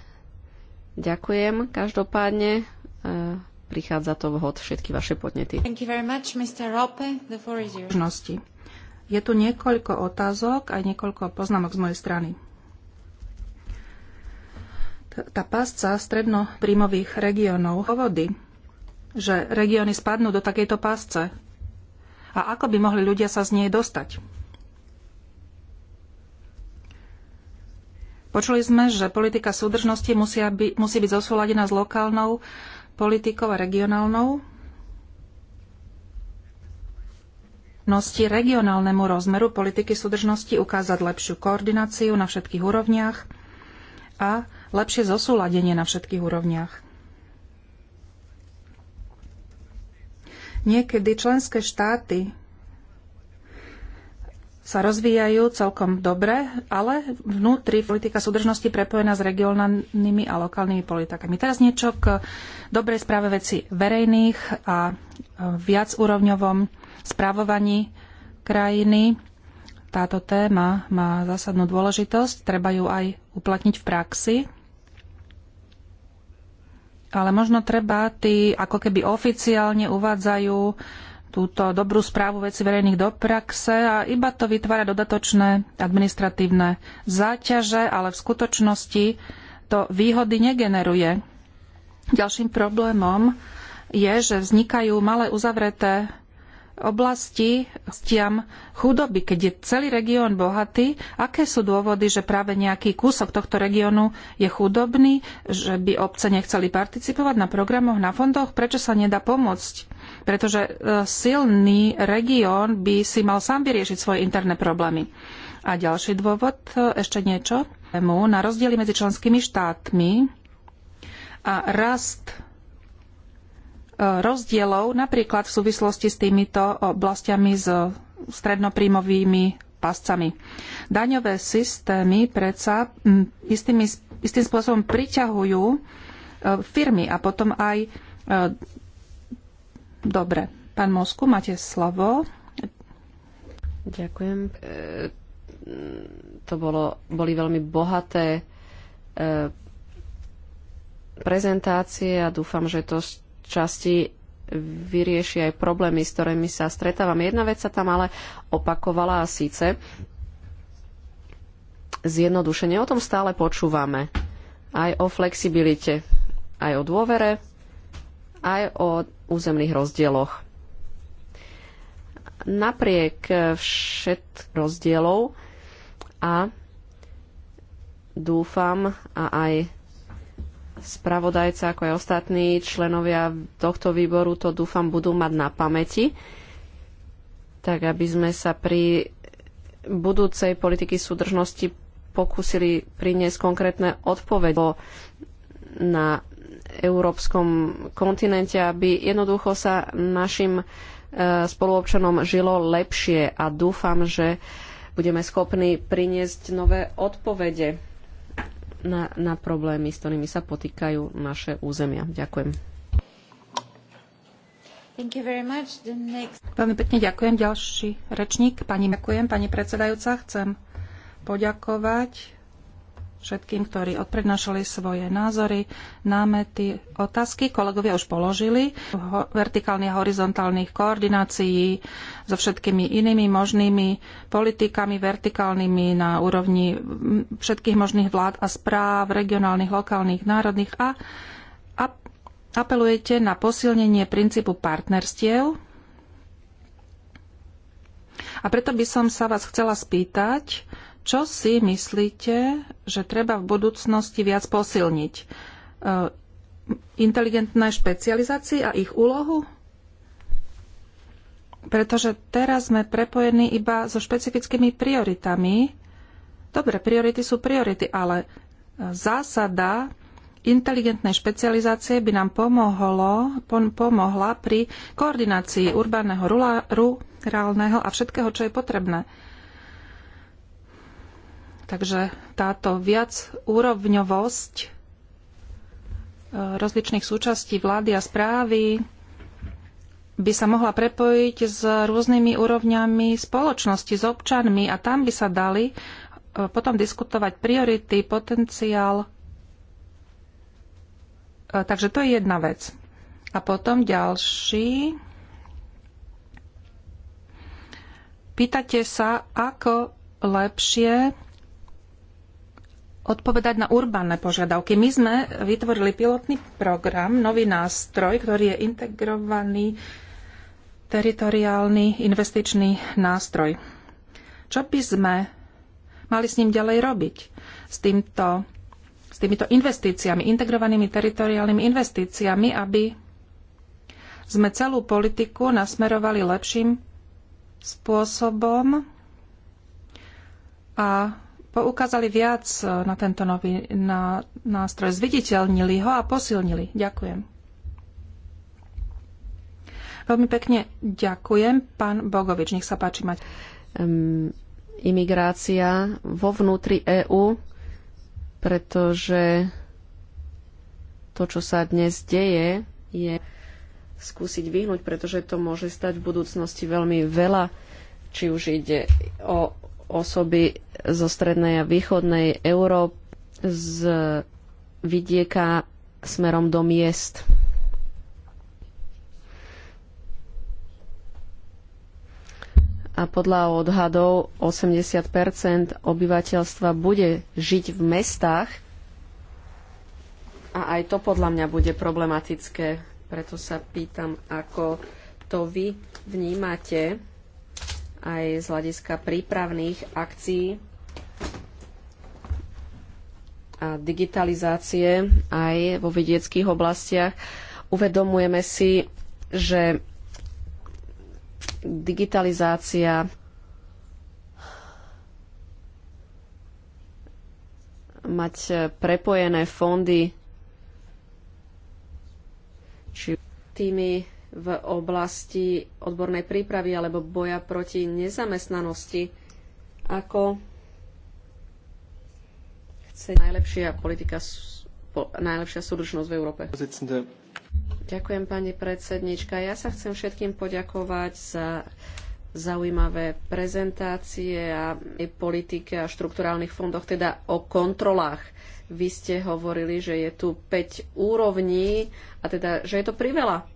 Ďakujem každopádne. E, prichádza to vhod všetky vaše podnety. Much, Je tu niekoľko otázok a niekoľko poznámok z mojej strany tá stredno prímových regiónov. Povody že regióny spadnú do takejto pásce? A ako by mohli ľudia sa z nej dostať? Počuli sme, že politika súdržnosti musia by, musí byť zosúladená s lokálnou politikou a regionálnou. Nosti regionálnemu rozmeru politiky súdržnosti ukázať lepšiu koordináciu na všetkých úrovniach a lepšie zosúladenie na všetkých úrovniach. Niekedy členské štáty sa rozvíjajú celkom dobre, ale vnútri politika súdržnosti prepojená s regionálnymi a lokálnymi politikami. Teraz niečo k dobrej správe veci verejných a e, viacúrovňovom správovaní krajiny. Táto téma má zásadnú dôležitosť, treba ju aj uplatniť v praxi ale možno treba, tí ako keby oficiálne uvádzajú túto dobrú správu veci verejných do praxe a iba to vytvára dodatočné administratívne záťaže, ale v skutočnosti to výhody negeneruje. Ďalším problémom je, že vznikajú malé uzavreté oblasti stiam chudoby, keď je celý región bohatý, aké sú dôvody, že práve nejaký kúsok tohto regiónu je chudobný, že by obce nechceli participovať na programoch, na fondoch, prečo sa nedá pomôcť? Pretože e, silný región by si mal sám vyriešiť svoje interné problémy. A ďalší dôvod, e, ešte niečo, na rozdiely medzi členskými štátmi a rast rozdielov napríklad v súvislosti s týmito oblastiami s strednopríjmovými pascami. Daňové systémy predsa mm, istým, istým spôsobom priťahujú e, firmy a potom aj e, dobre. Pán Mosku, máte slovo. Ďakujem. E, to bolo, boli veľmi bohaté prezentácie a dúfam, že to časti vyrieši aj problémy, s ktorými sa stretávame. Jedna vec sa tam ale opakovala a síce zjednodušenie. O tom stále počúvame. Aj o flexibilite, aj o dôvere, aj o územných rozdieloch. Napriek všet rozdielov a dúfam a aj spravodajca, ako aj ostatní členovia tohto výboru to dúfam budú mať na pamäti, tak aby sme sa pri budúcej politiky súdržnosti pokúsili priniesť konkrétne odpovede na európskom kontinente, aby jednoducho sa našim e, spoluobčanom žilo lepšie a dúfam, že budeme schopní priniesť nové odpovede na, na problémy, s ktorými sa potýkajú naše územia. Ďakujem. Thank you very much. The Next... Veľmi pekne ďakujem. Ďalší rečník. Pani, ďakujem, pani predsedajúca. Chcem poďakovať všetkým, ktorí odprednášali svoje názory, námety, otázky. Kolegovia už položili ho- vertikálnych a horizontálnych koordinácií so všetkými inými možnými politikami vertikálnymi na úrovni všetkých možných vlád a správ, regionálnych, lokálnych, národných a, a apelujete na posilnenie princípu partnerstiev. A preto by som sa vás chcela spýtať, čo si myslíte, že treba v budúcnosti viac posilniť? E, inteligentné špecializácie a ich úlohu? Pretože teraz sme prepojení iba so špecifickými prioritami. Dobre, priority sú priority, ale zásada inteligentnej špecializácie by nám pomohlo, pomohla pri koordinácii urbaného, rurálneho a všetkého, čo je potrebné. Takže táto viacúrovňovosť e, rozličných súčastí vlády a správy by sa mohla prepojiť s rôznymi úrovňami spoločnosti, s občanmi a tam by sa dali e, potom diskutovať priority, potenciál. E, takže to je jedna vec. A potom ďalší. Pýtate sa, ako lepšie odpovedať na urbánne požiadavky. My sme vytvorili pilotný program, nový nástroj, ktorý je integrovaný teritoriálny investičný nástroj. Čo by sme mali s ním ďalej robiť? S, týmto, s týmito investíciami, integrovanými teritoriálnymi investíciami, aby sme celú politiku nasmerovali lepším spôsobom a poukázali viac e, na tento nový na, nástroj, zviditeľnili ho a posilnili. Ďakujem. Veľmi pekne ďakujem. Pán Bogovič, nech sa páči mať. Um, imigrácia vo vnútri EÚ, pretože to, čo sa dnes deje, je skúsiť vyhnúť, pretože to môže stať v budúcnosti veľmi veľa, či už ide o osoby zo strednej a východnej Európy z vidieka smerom do miest. A podľa odhadov 80 obyvateľstva bude žiť v mestách. A aj to podľa mňa bude problematické. Preto sa pýtam, ako to vy vnímate aj z hľadiska prípravných akcií a digitalizácie aj vo vidieckých oblastiach. Uvedomujeme si, že digitalizácia mať prepojené fondy či tými v oblasti odbornej prípravy alebo boja proti nezamestnanosti, ako chce najlepšia politika, najlepšia súdržnosť v Európe. Ďakujem, pani predsednička. Ja sa chcem všetkým poďakovať za zaujímavé prezentácie a politike a štruktúrálnych fondoch, teda o kontrolách. Vy ste hovorili, že je tu 5 úrovní a teda, že je to priveľa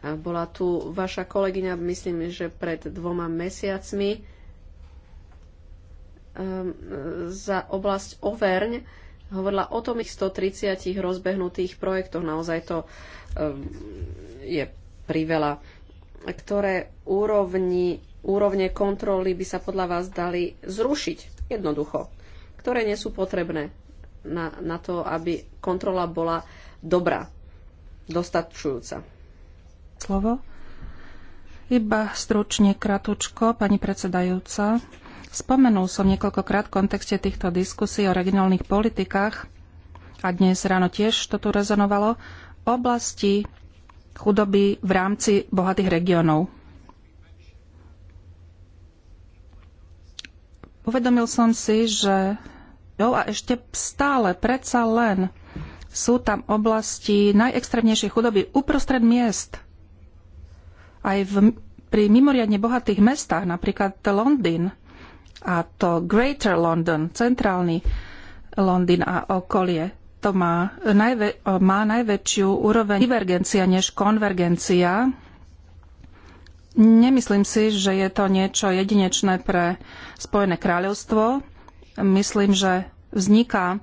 bola tu vaša kolegyňa, myslím, že pred dvoma mesiacmi um, za oblasť Overň hovorila o tom ich 130 rozbehnutých projektoch. Naozaj to um, je priveľa. Ktoré úrovni, úrovne kontroly by sa podľa vás dali zrušiť jednoducho? Ktoré nie sú potrebné na, na to, aby kontrola bola dobrá, dostačujúca? slovo. Iba stručne, kratučko, pani predsedajúca. Spomenul som niekoľkokrát v kontexte týchto diskusí o regionálnych politikách a dnes ráno tiež to tu rezonovalo, oblasti chudoby v rámci bohatých regiónov. Uvedomil som si, že jo, a ešte stále, predsa len sú tam oblasti najextrémnejšej chudoby uprostred miest – aj v, pri mimoriadne bohatých mestách, napríklad Londýn a to Greater London, centrálny Londýn a okolie, to má, najvä, má najväčšiu úroveň divergencia než konvergencia. Nemyslím si, že je to niečo jedinečné pre Spojené kráľovstvo. Myslím, že vzniká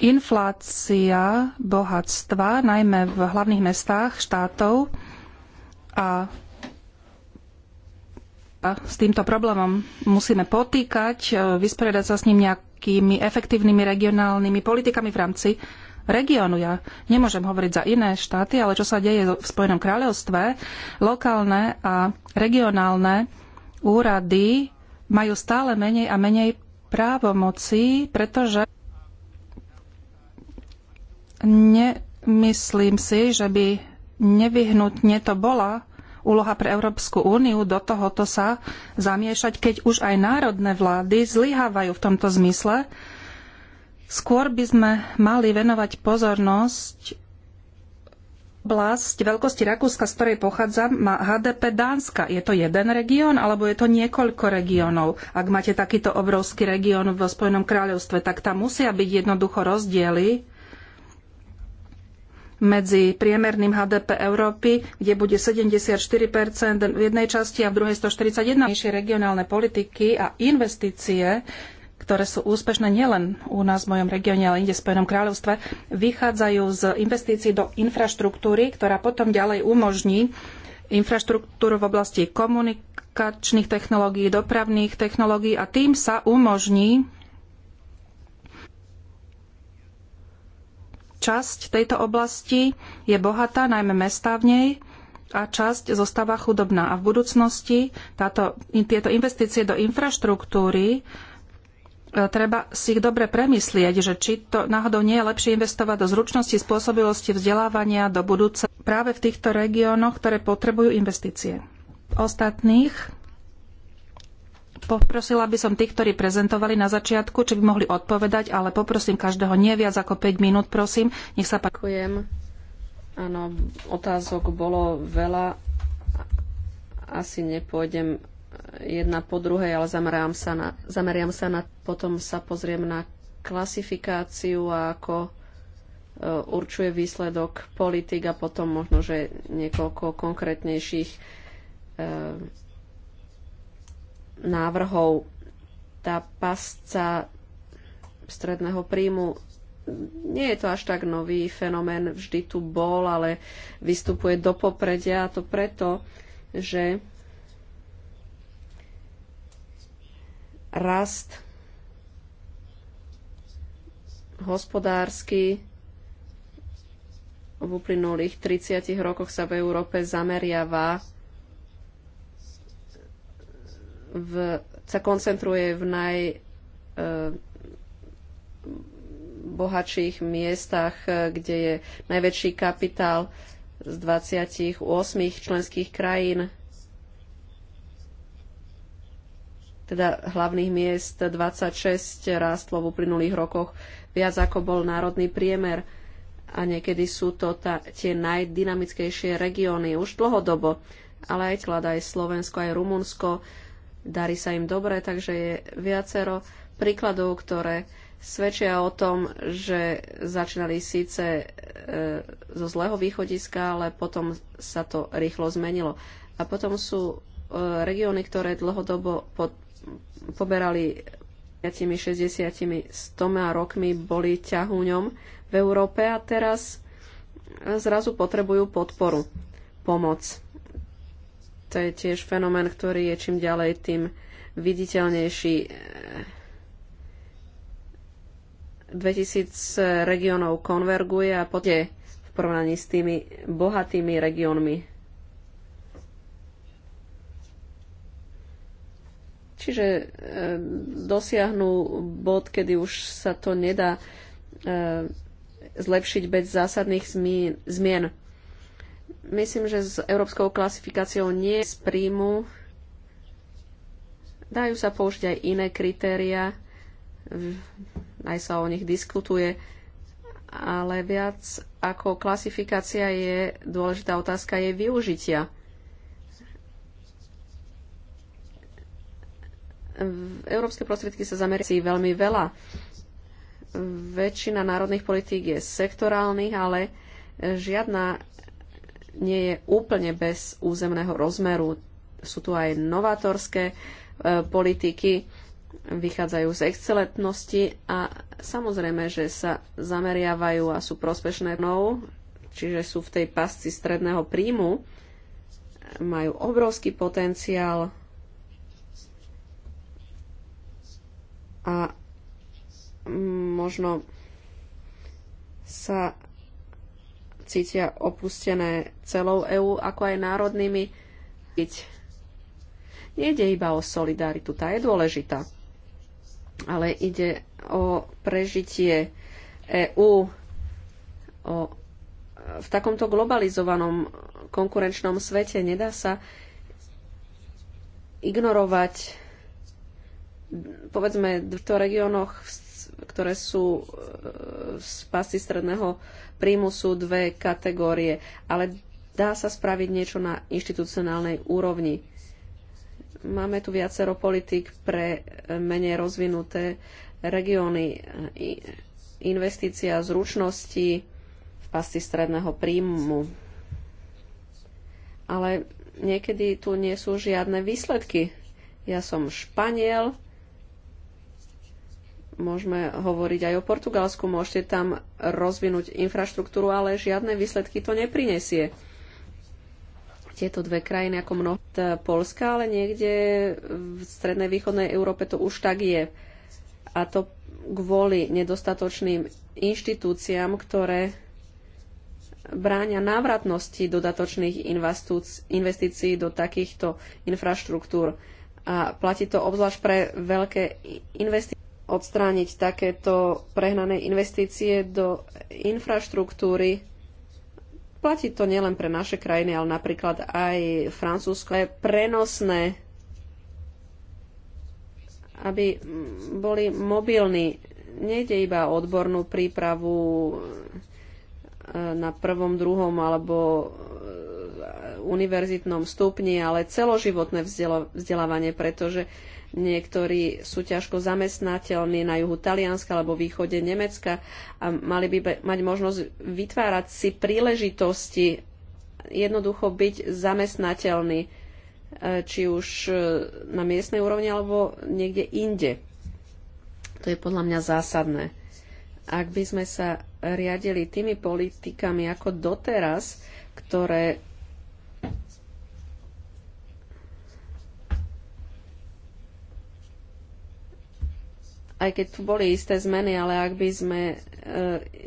inflácia bohatstva, najmä v hlavných mestách štátov a a s týmto problémom musíme potýkať, e, vysporiadať sa s ním nejakými efektívnymi regionálnymi politikami v rámci regiónu. Ja nemôžem hovoriť za iné štáty, ale čo sa deje v Spojenom kráľovstve, lokálne a regionálne úrady majú stále menej a menej právomocí, pretože nemyslím si, že by nevyhnutne to bola úloha pre Európsku úniu do tohoto sa zamiešať, keď už aj národné vlády zlyhávajú v tomto zmysle. Skôr by sme mali venovať pozornosť oblasť veľkosti Rakúska, z ktorej pochádzam, má HDP Dánska. Je to jeden región alebo je to niekoľko regiónov? Ak máte takýto obrovský región vo Spojenom kráľovstve, tak tam musia byť jednoducho rozdiely medzi priemerným HDP Európy, kde bude 74 v jednej časti a v druhej 141 Nejšie regionálne politiky a investície, ktoré sú úspešné nielen u nás v mojom regióne, ale inde v Spojenom kráľovstve, vychádzajú z investícií do infraštruktúry, ktorá potom ďalej umožní infraštruktúru v oblasti komunikačných technológií, dopravných technológií a tým sa umožní Časť tejto oblasti je bohatá, najmä mestá v nej, a časť zostáva chudobná. A v budúcnosti táto, tieto investície do infraštruktúry e, treba si ich dobre premyslieť, že či to náhodou nie je lepšie investovať do zručnosti, spôsobilosti vzdelávania do budúce práve v týchto regiónoch, ktoré potrebujú investície. Ostatných Poprosila by som tých, ktorí prezentovali na začiatku, či by mohli odpovedať, ale poprosím každého nie viac ako 5 minút, prosím. Nech sa pakujem. Áno, otázok bolo veľa. Asi nepôjdem jedna po druhej, ale zameriam sa na, zameriam sa na potom sa pozriem na klasifikáciu a ako e, určuje výsledok politik a potom možno, že niekoľko konkrétnejších e, návrhov. Tá pasca stredného príjmu nie je to až tak nový fenomén, vždy tu bol, ale vystupuje do popredia a to preto, že rast hospodársky v uplynulých 30 rokoch sa v Európe zameriava v, sa koncentruje v naj e, bohatších miestach, e, kde je najväčší kapitál z 28 členských krajín, teda hlavných miest 26 rástlo v uplynulých rokoch viac ako bol národný priemer a niekedy sú to tá, tie najdynamickejšie regióny už dlhodobo, ale aj Tlada, aj Slovensko, aj Rumunsko darí sa im dobre, takže je viacero príkladov, ktoré svedčia o tom, že začínali síce e, zo zlého východiska, ale potom sa to rýchlo zmenilo. A potom sú e, regióny, ktoré dlhodobo pod, poberali 50, 60, 100 rokmi boli ťahúňom v Európe a teraz zrazu potrebujú podporu, pomoc. To je tiež fenomén, ktorý je čím ďalej tým viditeľnejší. 2000 regiónov konverguje a poďte v porovnaní s tými bohatými regiónmi. Čiže e, dosiahnu bod, kedy už sa to nedá e, zlepšiť bez zásadných zmien. zmien. Myslím, že s európskou klasifikáciou nie z príjmu. Dajú sa použiť aj iné kritéria, aj sa o nich diskutuje, ale viac ako klasifikácia je dôležitá otázka jej využitia. Európske prostriedky sa zameriavajú veľmi veľa. Väčšina národných politík je sektorálnych, ale žiadna nie je úplne bez územného rozmeru. Sú tu aj novátorské e, politiky, vychádzajú z excelentnosti a samozrejme, že sa zameriavajú a sú prospešné mnou, čiže sú v tej pasci stredného príjmu, majú obrovský potenciál a možno sa cítia opustené celou EÚ, ako aj národnými. Nejde iba o solidaritu, tá je dôležitá, ale ide o prežitie EÚ o, v takomto globalizovanom konkurenčnom svete. Nedá sa ignorovať povedzme v týchto regiónoch ktoré sú e, z pasy stredného príjmu, sú dve kategórie. Ale dá sa spraviť niečo na inštitucionálnej úrovni. Máme tu viacero politik pre e, menej rozvinuté regióny. Investícia zručnosti v pasti stredného príjmu. Ale niekedy tu nie sú žiadne výsledky. Ja som Španiel, Môžeme hovoriť aj o Portugalsku, môžete tam rozvinúť infraštruktúru, ale žiadne výsledky to neprinesie. Tieto dve krajiny ako mnoho Polska, ale niekde v strednej východnej Európe to už tak je. A to kvôli nedostatočným inštitúciám, ktoré bráňa návratnosti dodatočných investícií do takýchto infraštruktúr. A platí to obzvlášť pre veľké investície odstrániť takéto prehnané investície do infraštruktúry. Platí to nielen pre naše krajiny, ale napríklad aj Francúzsko je prenosné, aby boli mobilní. Nejde iba o odbornú prípravu e, na prvom, druhom alebo e, univerzitnom stupni, ale celoživotné vzdelávanie, pretože Niektorí sú ťažko zamestnateľní na juhu Talianska alebo východe Nemecka a mali by mať možnosť vytvárať si príležitosti, jednoducho byť zamestnateľní, e, či už e, na miestnej úrovni alebo niekde inde. To je podľa mňa zásadné. Ak by sme sa riadili tými politikami ako doteraz, ktoré aj keď tu boli isté zmeny, ale ak by sme e,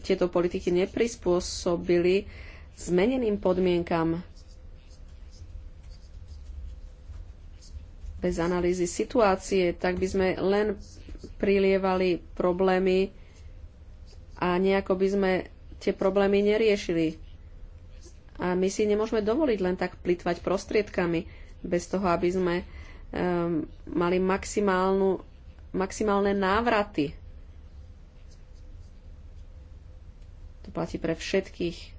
tieto politiky neprispôsobili zmeneným podmienkam bez analýzy situácie, tak by sme len prilievali problémy a nejako by sme tie problémy neriešili. A my si nemôžeme dovoliť len tak plitvať prostriedkami, bez toho, aby sme um, mali maximálnu maximálne návraty. To platí pre všetkých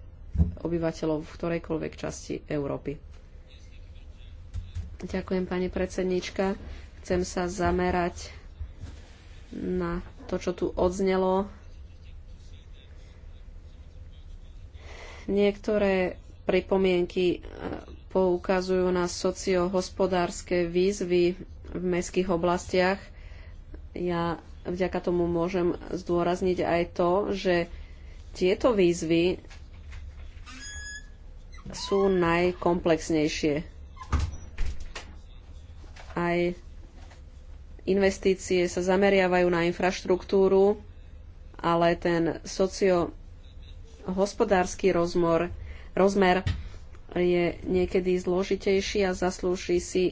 obyvateľov v ktorejkoľvek časti Európy. Ďakujem, pani predsednička. Chcem sa zamerať na to, čo tu odznelo. Niektoré pripomienky e, poukazujú na sociohospodárske výzvy v mestských oblastiach – ja vďaka tomu môžem zdôrazniť aj to, že tieto výzvy sú najkomplexnejšie. Aj investície sa zameriavajú na infraštruktúru, ale ten sociohospodársky rozmer, rozmer je niekedy zložitejší a zaslúži si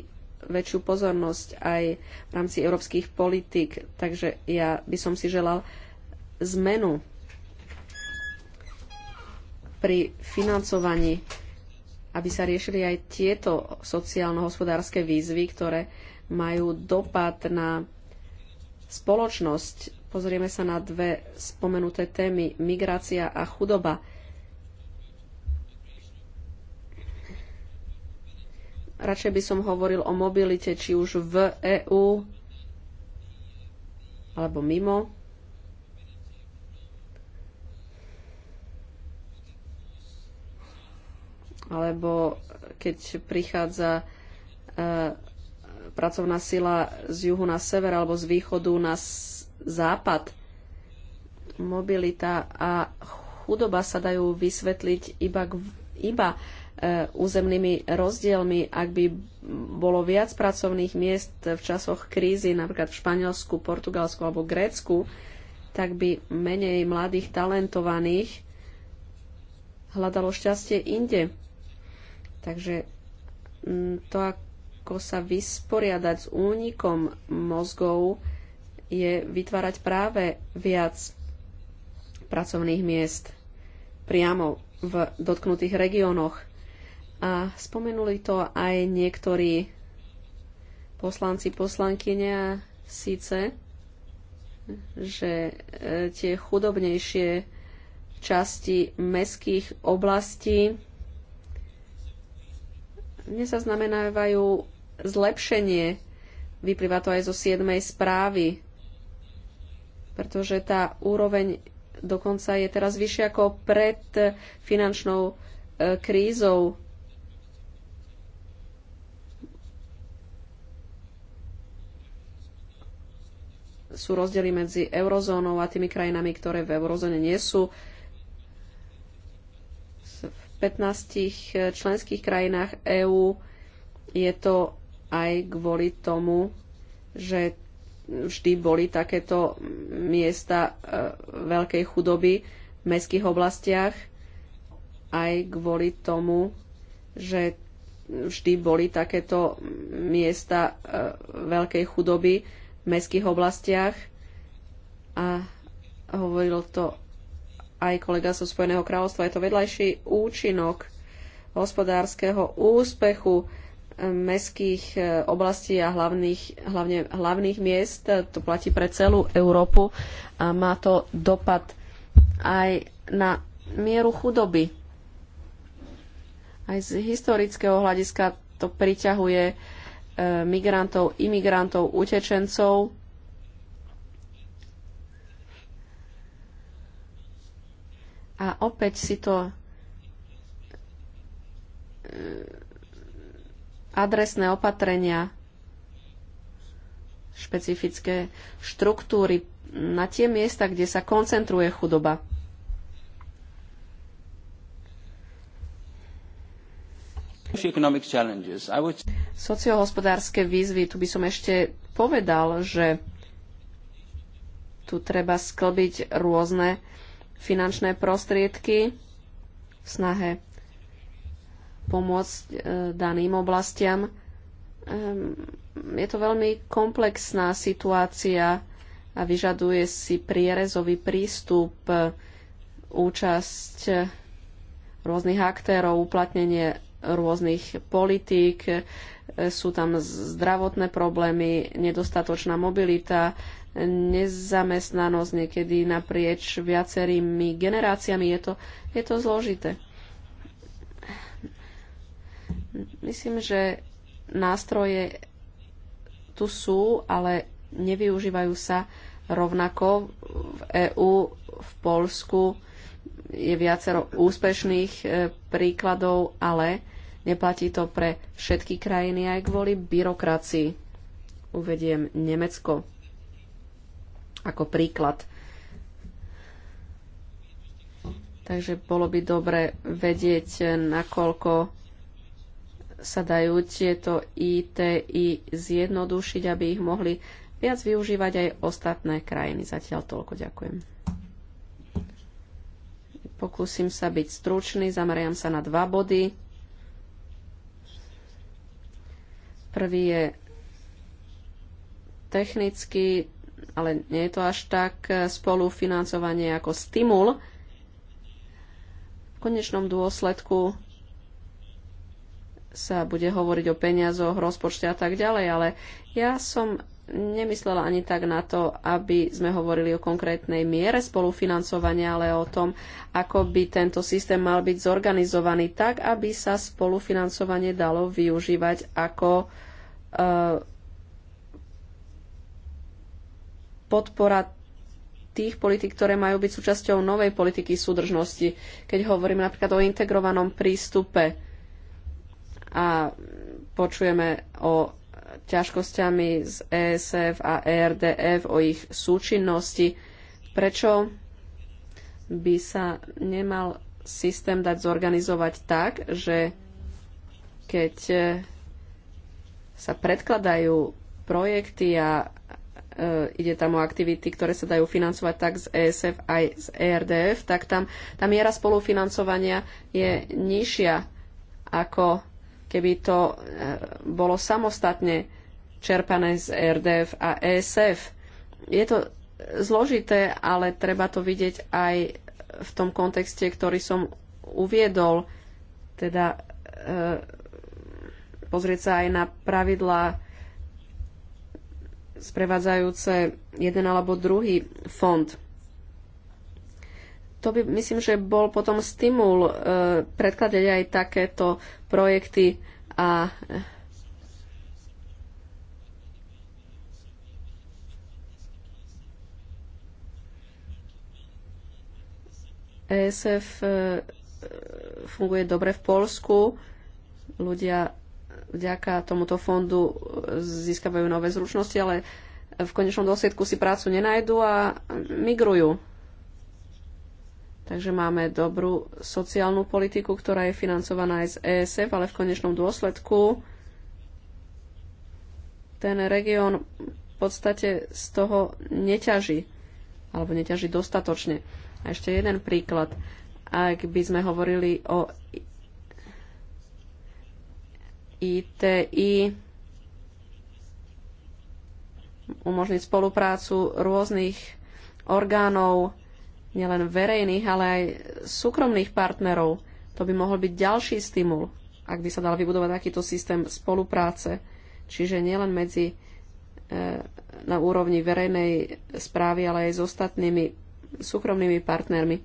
väčšiu pozornosť aj v rámci európskych politík. Takže ja by som si želal zmenu pri financovaní, aby sa riešili aj tieto sociálno-hospodárske výzvy, ktoré majú dopad na spoločnosť. Pozrieme sa na dve spomenuté témy, migrácia a chudoba. Radšej by som hovoril o mobilite, či už v EÚ alebo mimo. Alebo keď prichádza e, pracovná sila z juhu na sever alebo z východu na západ. Mobilita a chudoba sa dajú vysvetliť iba, iba E, územnými rozdielmi. Ak by bolo viac pracovných miest v časoch krízy, napríklad v Španielsku, Portugalsku alebo Grécku, tak by menej mladých talentovaných hľadalo šťastie inde. Takže to, ako sa vysporiadať s únikom mozgov, je vytvárať práve viac pracovných miest priamo v dotknutých regiónoch. A spomenuli to aj niektorí poslanci, poslankyňa síce, že e, tie chudobnejšie časti mestských oblastí nezaznamenávajú zlepšenie. Vyplýva to aj zo 7. správy, pretože tá úroveň dokonca je teraz vyššia ako pred finančnou e, krízou sú rozdiely medzi eurozónou a tými krajinami, ktoré v eurozóne nie sú. V 15 členských krajinách EÚ je to aj kvôli tomu, že vždy boli takéto miesta e, veľkej chudoby v mestských oblastiach, aj kvôli tomu, že vždy boli takéto miesta e, veľkej chudoby mestských oblastiach a hovoril to aj kolega zo Spojeného kráľovstva. Je to vedľajší účinok hospodárskeho úspechu eh, mestských eh, oblastí a hlavných, hlavne, hlavných miest. To platí pre celú Európu a má to dopad aj na mieru chudoby. Aj z historického hľadiska to priťahuje E, migrantov, imigrantov, utečencov. A opäť si to e, adresné opatrenia, špecifické štruktúry na tie miesta, kde sa koncentruje chudoba. Sociohospodárske výzvy, tu by som ešte povedal, že tu treba sklbiť rôzne finančné prostriedky v snahe pomôcť e, daným oblastiam. Ehm, je to veľmi komplexná situácia a vyžaduje si prierezový prístup, e, účasť e, rôznych aktérov, uplatnenie rôznych politík, e, sú tam zdravotné problémy, nedostatočná mobilita, nezamestnanosť niekedy naprieč viacerými generáciami. Je to, je to zložité. Myslím, že nástroje tu sú, ale nevyužívajú sa rovnako v EÚ, v Polsku, je viacero úspešných e, príkladov, ale neplatí to pre všetky krajiny aj kvôli byrokracii. Uvediem Nemecko ako príklad. Takže bolo by dobre vedieť, e, nakoľko sa dajú tieto ITI zjednodušiť, aby ich mohli viac využívať aj ostatné krajiny. Zatiaľ toľko ďakujem. Pokúsim sa byť stručný, zameriam sa na dva body. Prvý je technicky, ale nie je to až tak e, spolufinancovanie ako stimul. V konečnom dôsledku sa bude hovoriť o peniazoch, rozpočte a tak ďalej, ale ja som nemyslela ani tak na to, aby sme hovorili o konkrétnej miere spolufinancovania, ale o tom, ako by tento systém mal byť zorganizovaný tak, aby sa spolufinancovanie dalo využívať ako uh, podpora tých politik, ktoré majú byť súčasťou novej politiky súdržnosti. Keď hovoríme napríklad o integrovanom prístupe a počujeme o ťažkosťami z ESF a ERDF, o ich súčinnosti. Prečo by sa nemal systém dať zorganizovať tak, že keď sa predkladajú projekty a e, ide tam o aktivity, ktoré sa dajú financovať tak z ESF aj z ERDF, tak tam tá miera spolufinancovania je nižšia ako keby to e, bolo samostatne čerpané z RDF a ESF. Je to zložité, ale treba to vidieť aj v tom kontexte, ktorý som uviedol, teda e, pozrieť sa aj na pravidlá sprevádzajúce jeden alebo druhý fond. To by, myslím, že bol potom stimul e, predkladať aj takéto projekty a e, ESF e, funguje dobre v Polsku. Ľudia vďaka tomuto fondu e, získavajú nové zručnosti, ale v konečnom dôsledku si prácu nenajdu a migrujú. Takže máme dobrú sociálnu politiku, ktorá je financovaná aj z ESF, ale v konečnom dôsledku ten región v podstate z toho neťaží alebo neťaží dostatočne. A ešte jeden príklad. Ak by sme hovorili o ITI, umožniť spoluprácu rôznych orgánov, nielen verejných, ale aj súkromných partnerov. To by mohol byť ďalší stimul, ak by sa dal vybudovať takýto systém spolupráce. Čiže nielen medzi e, na úrovni verejnej správy, ale aj s ostatnými súkromnými partnermi.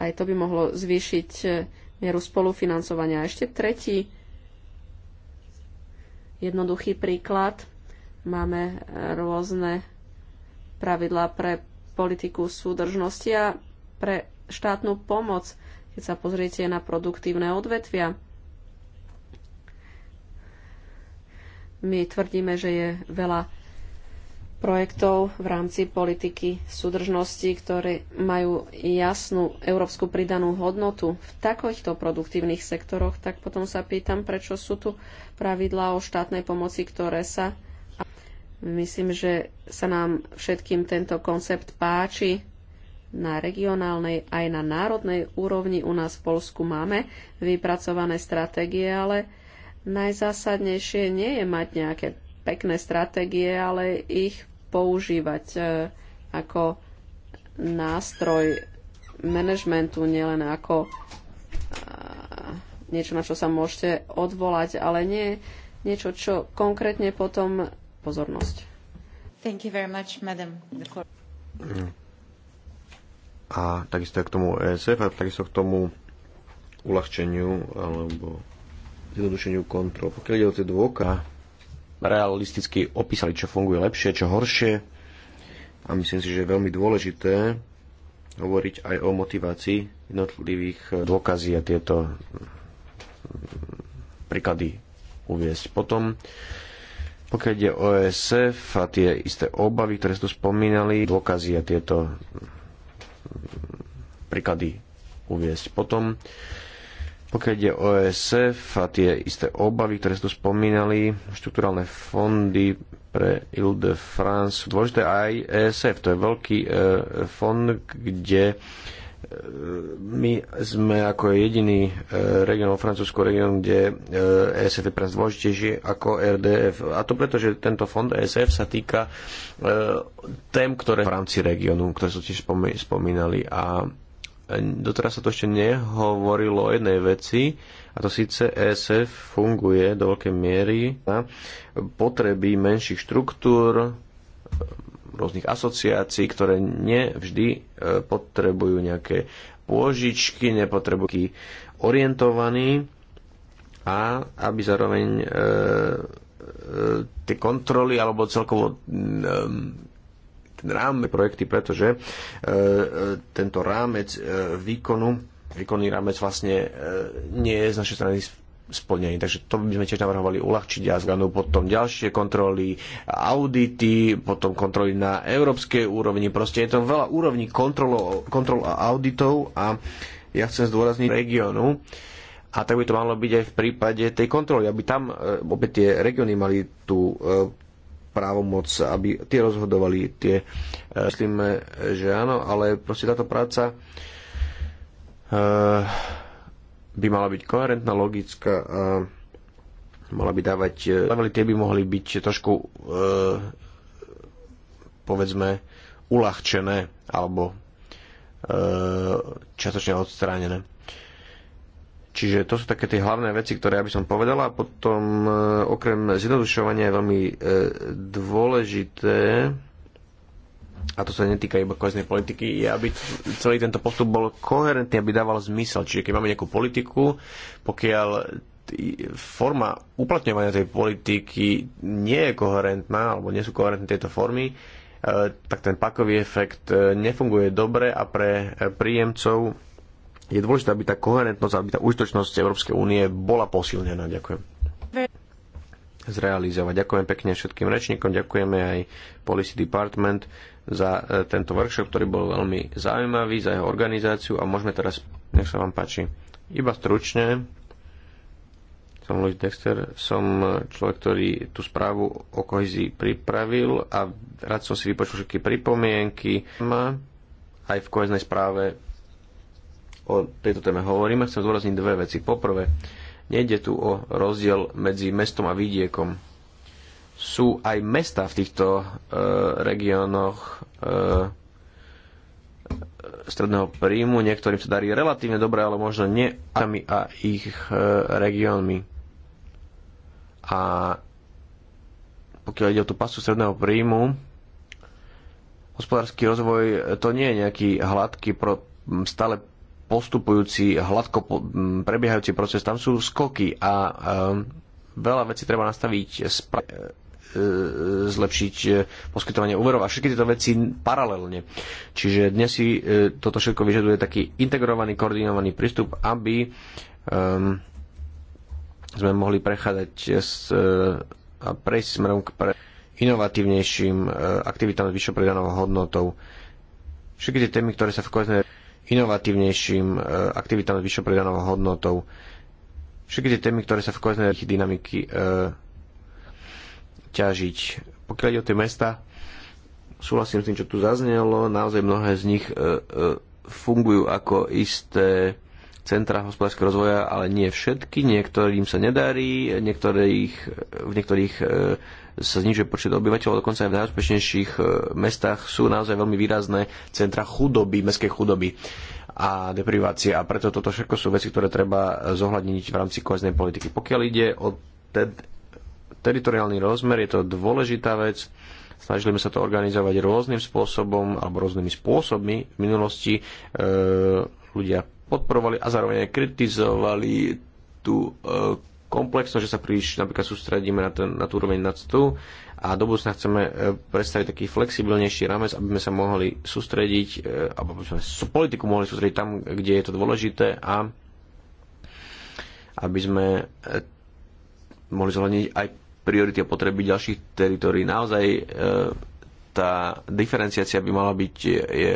Aj to by mohlo zvýšiť e, mieru spolufinancovania. A ešte tretí jednoduchý príklad. Máme e, rôzne pravidlá pre politiku súdržnosti a pre štátnu pomoc, keď sa pozriete na produktívne odvetvia. My tvrdíme, že je veľa projektov v rámci politiky súdržnosti, ktoré majú jasnú európsku pridanú hodnotu v takýchto produktívnych sektoroch, tak potom sa pýtam, prečo sú tu pravidlá o štátnej pomoci, ktoré sa. Myslím, že sa nám všetkým tento koncept páči na regionálnej aj na národnej úrovni. U nás v Polsku máme vypracované stratégie, ale najzásadnejšie nie je mať nejaké pekné stratégie, ale ich používať e, ako nástroj manažmentu, nielen ako e, niečo, na čo sa môžete odvolať, ale nie niečo, čo konkrétne potom pozornosť. Thank you very much, madam. A takisto k tomu ESF a takisto k tomu uľahčeniu alebo zjednodušeniu kontrol. Pokiaľ ide o tie dôka, realisticky opísali, čo funguje lepšie, čo horšie. A myslím si, že je veľmi dôležité hovoriť aj o motivácii jednotlivých eh, dôkazy a tieto mm, príklady uviesť. Potom, pokiaľ ide o ESF a tie isté obavy, ktoré ste spomínali, dôkazy a tieto mm, príklady uviesť. Potom, pokiaľ ide o ESF a tie isté obavy, ktoré ste spomínali, štruktúralne fondy pre Ile de France, dôležité aj ESF, to je veľký e, fond, kde e, my sme ako jediný e, region vo Francúzsku, region, kde e, ESF je pre nás dôležitejšie ako RDF. A to preto, že tento fond ESF sa týka e, tém, ktoré v rámci regionu, ktoré sú tiež spomínali a doteraz sa to ešte nehovorilo o jednej veci, a to síce ESF funguje do veľkej miery na potreby menších štruktúr, rôznych asociácií, ktoré nevždy e, potrebujú nejaké pôžičky, nepotrebujú orientovaní a aby zároveň e, e, tie kontroly alebo celkovo e, rámec projekty, pretože e, e, tento rámec e, výkonu, výkonný rámec vlastne nie je z našej strany splnený. Takže to by sme tiež navrhovali uľahčiť a zgľadnú potom ďalšie kontroly, audity, potom kontroly na európskej úrovni. Proste je to veľa úrovní kontrolo, kontrol a auditov a ja chcem zdôrazniť regiónu. A tak by to malo byť aj v prípade tej kontroly, aby tam opäť tie regióny mali tú právomoc, aby tie rozhodovali tie. E, myslíme, že áno, ale proste táto práca e, by mala byť koherentná, logická a mala by dávať... E, Levely tie by mohli byť trošku povedzme uľahčené alebo čiastočne odstránené. Čiže to sú také tie hlavné veci, ktoré ja by som povedala a potom e, okrem zjednodušovania je veľmi e, dôležité a to sa netýka iba koheznej politiky, je, aby celý tento postup bol koherentný, aby dával zmysel. Čiže keď máme nejakú politiku, pokiaľ forma uplatňovania tej politiky nie je koherentná, alebo nie sú koherentné tieto formy, e, tak ten pakový efekt nefunguje dobre a pre príjemcov je dôležité, aby tá koherentnosť, aby tá užitočnosť Európskej únie bola posilnená. Ďakujem. Zrealizovať. Ďakujem pekne všetkým rečníkom, ďakujeme aj Policy Department za e, tento workshop, ktorý bol veľmi zaujímavý, za jeho organizáciu a môžeme teraz, nech sa vám páči, iba stručne. Som Louis Dexter, som e, človek, ktorý tú správu o kohezii pripravil a rád som si vypočul všetky pripomienky. Aj v koheznej správe o tejto téme hovoríme, chcem zdôrazniť dve veci. Poprvé, nejde tu o rozdiel medzi mestom a vidiekom. Sú aj mesta v týchto e, regiónoch e, stredného príjmu, niektorým sa darí relatívne dobre, ale možno nie a ich e, regiónmi. A pokiaľ ide o tú pasu stredného príjmu, hospodársky rozvoj e, to nie je nejaký hladký, pro, stále postupujúci, hladko prebiehajúci proces, tam sú skoky a e, veľa vecí treba nastaviť, e, e, zlepšiť poskytovanie úverov a všetky tieto veci paralelne. Čiže dnes si toto všetko vyžaduje taký integrovaný, koordinovaný prístup, aby sme mohli prechádzať s, a prejsť smerom k pre inovatívnejším aktivitám s vyššou pridanou hodnotou. Všetky tie témy, ktoré sa v koheznej inovatívnejším e, aktivitám s vyššou pridanou hodnotou. Všetky tie témy, ktoré sa v koheznej dynamiky e, ťažiť. Pokiaľ ide o tie mesta, súhlasím s tým, čo tu zaznelo, naozaj mnohé z nich e, e, fungujú ako isté centra hospodárskeho rozvoja, ale nie všetky. Niektorým sa nedarí, niektorých, v niektorých e, sa znižuje počet obyvateľov, dokonca aj v najúspešnejších e, mestách sú naozaj veľmi výrazné centra chudoby, mestskej chudoby a deprivácie. A preto toto všetko sú veci, ktoré treba zohľadniť v rámci koheznej politiky. Pokiaľ ide o ten teritoriálny rozmer, je to dôležitá vec. Snažili sme sa to organizovať rôznym spôsobom alebo rôznymi spôsobmi. V minulosti e, ľudia podporovali a zároveň aj kritizovali tú e, komplexnosť, že sa príliš napríklad sústredíme na, ten, na tú úroveň nad 100 a do budúcna chceme e, predstaviť taký flexibilnejší rámec, aby sme sa mohli sústrediť, e, alebo aby sme politiku mohli sústrediť tam, kde je to dôležité a aby sme e, mohli zohľadniť aj priority a potreby ďalších teritórií. Naozaj tá diferenciácia by mala byť je,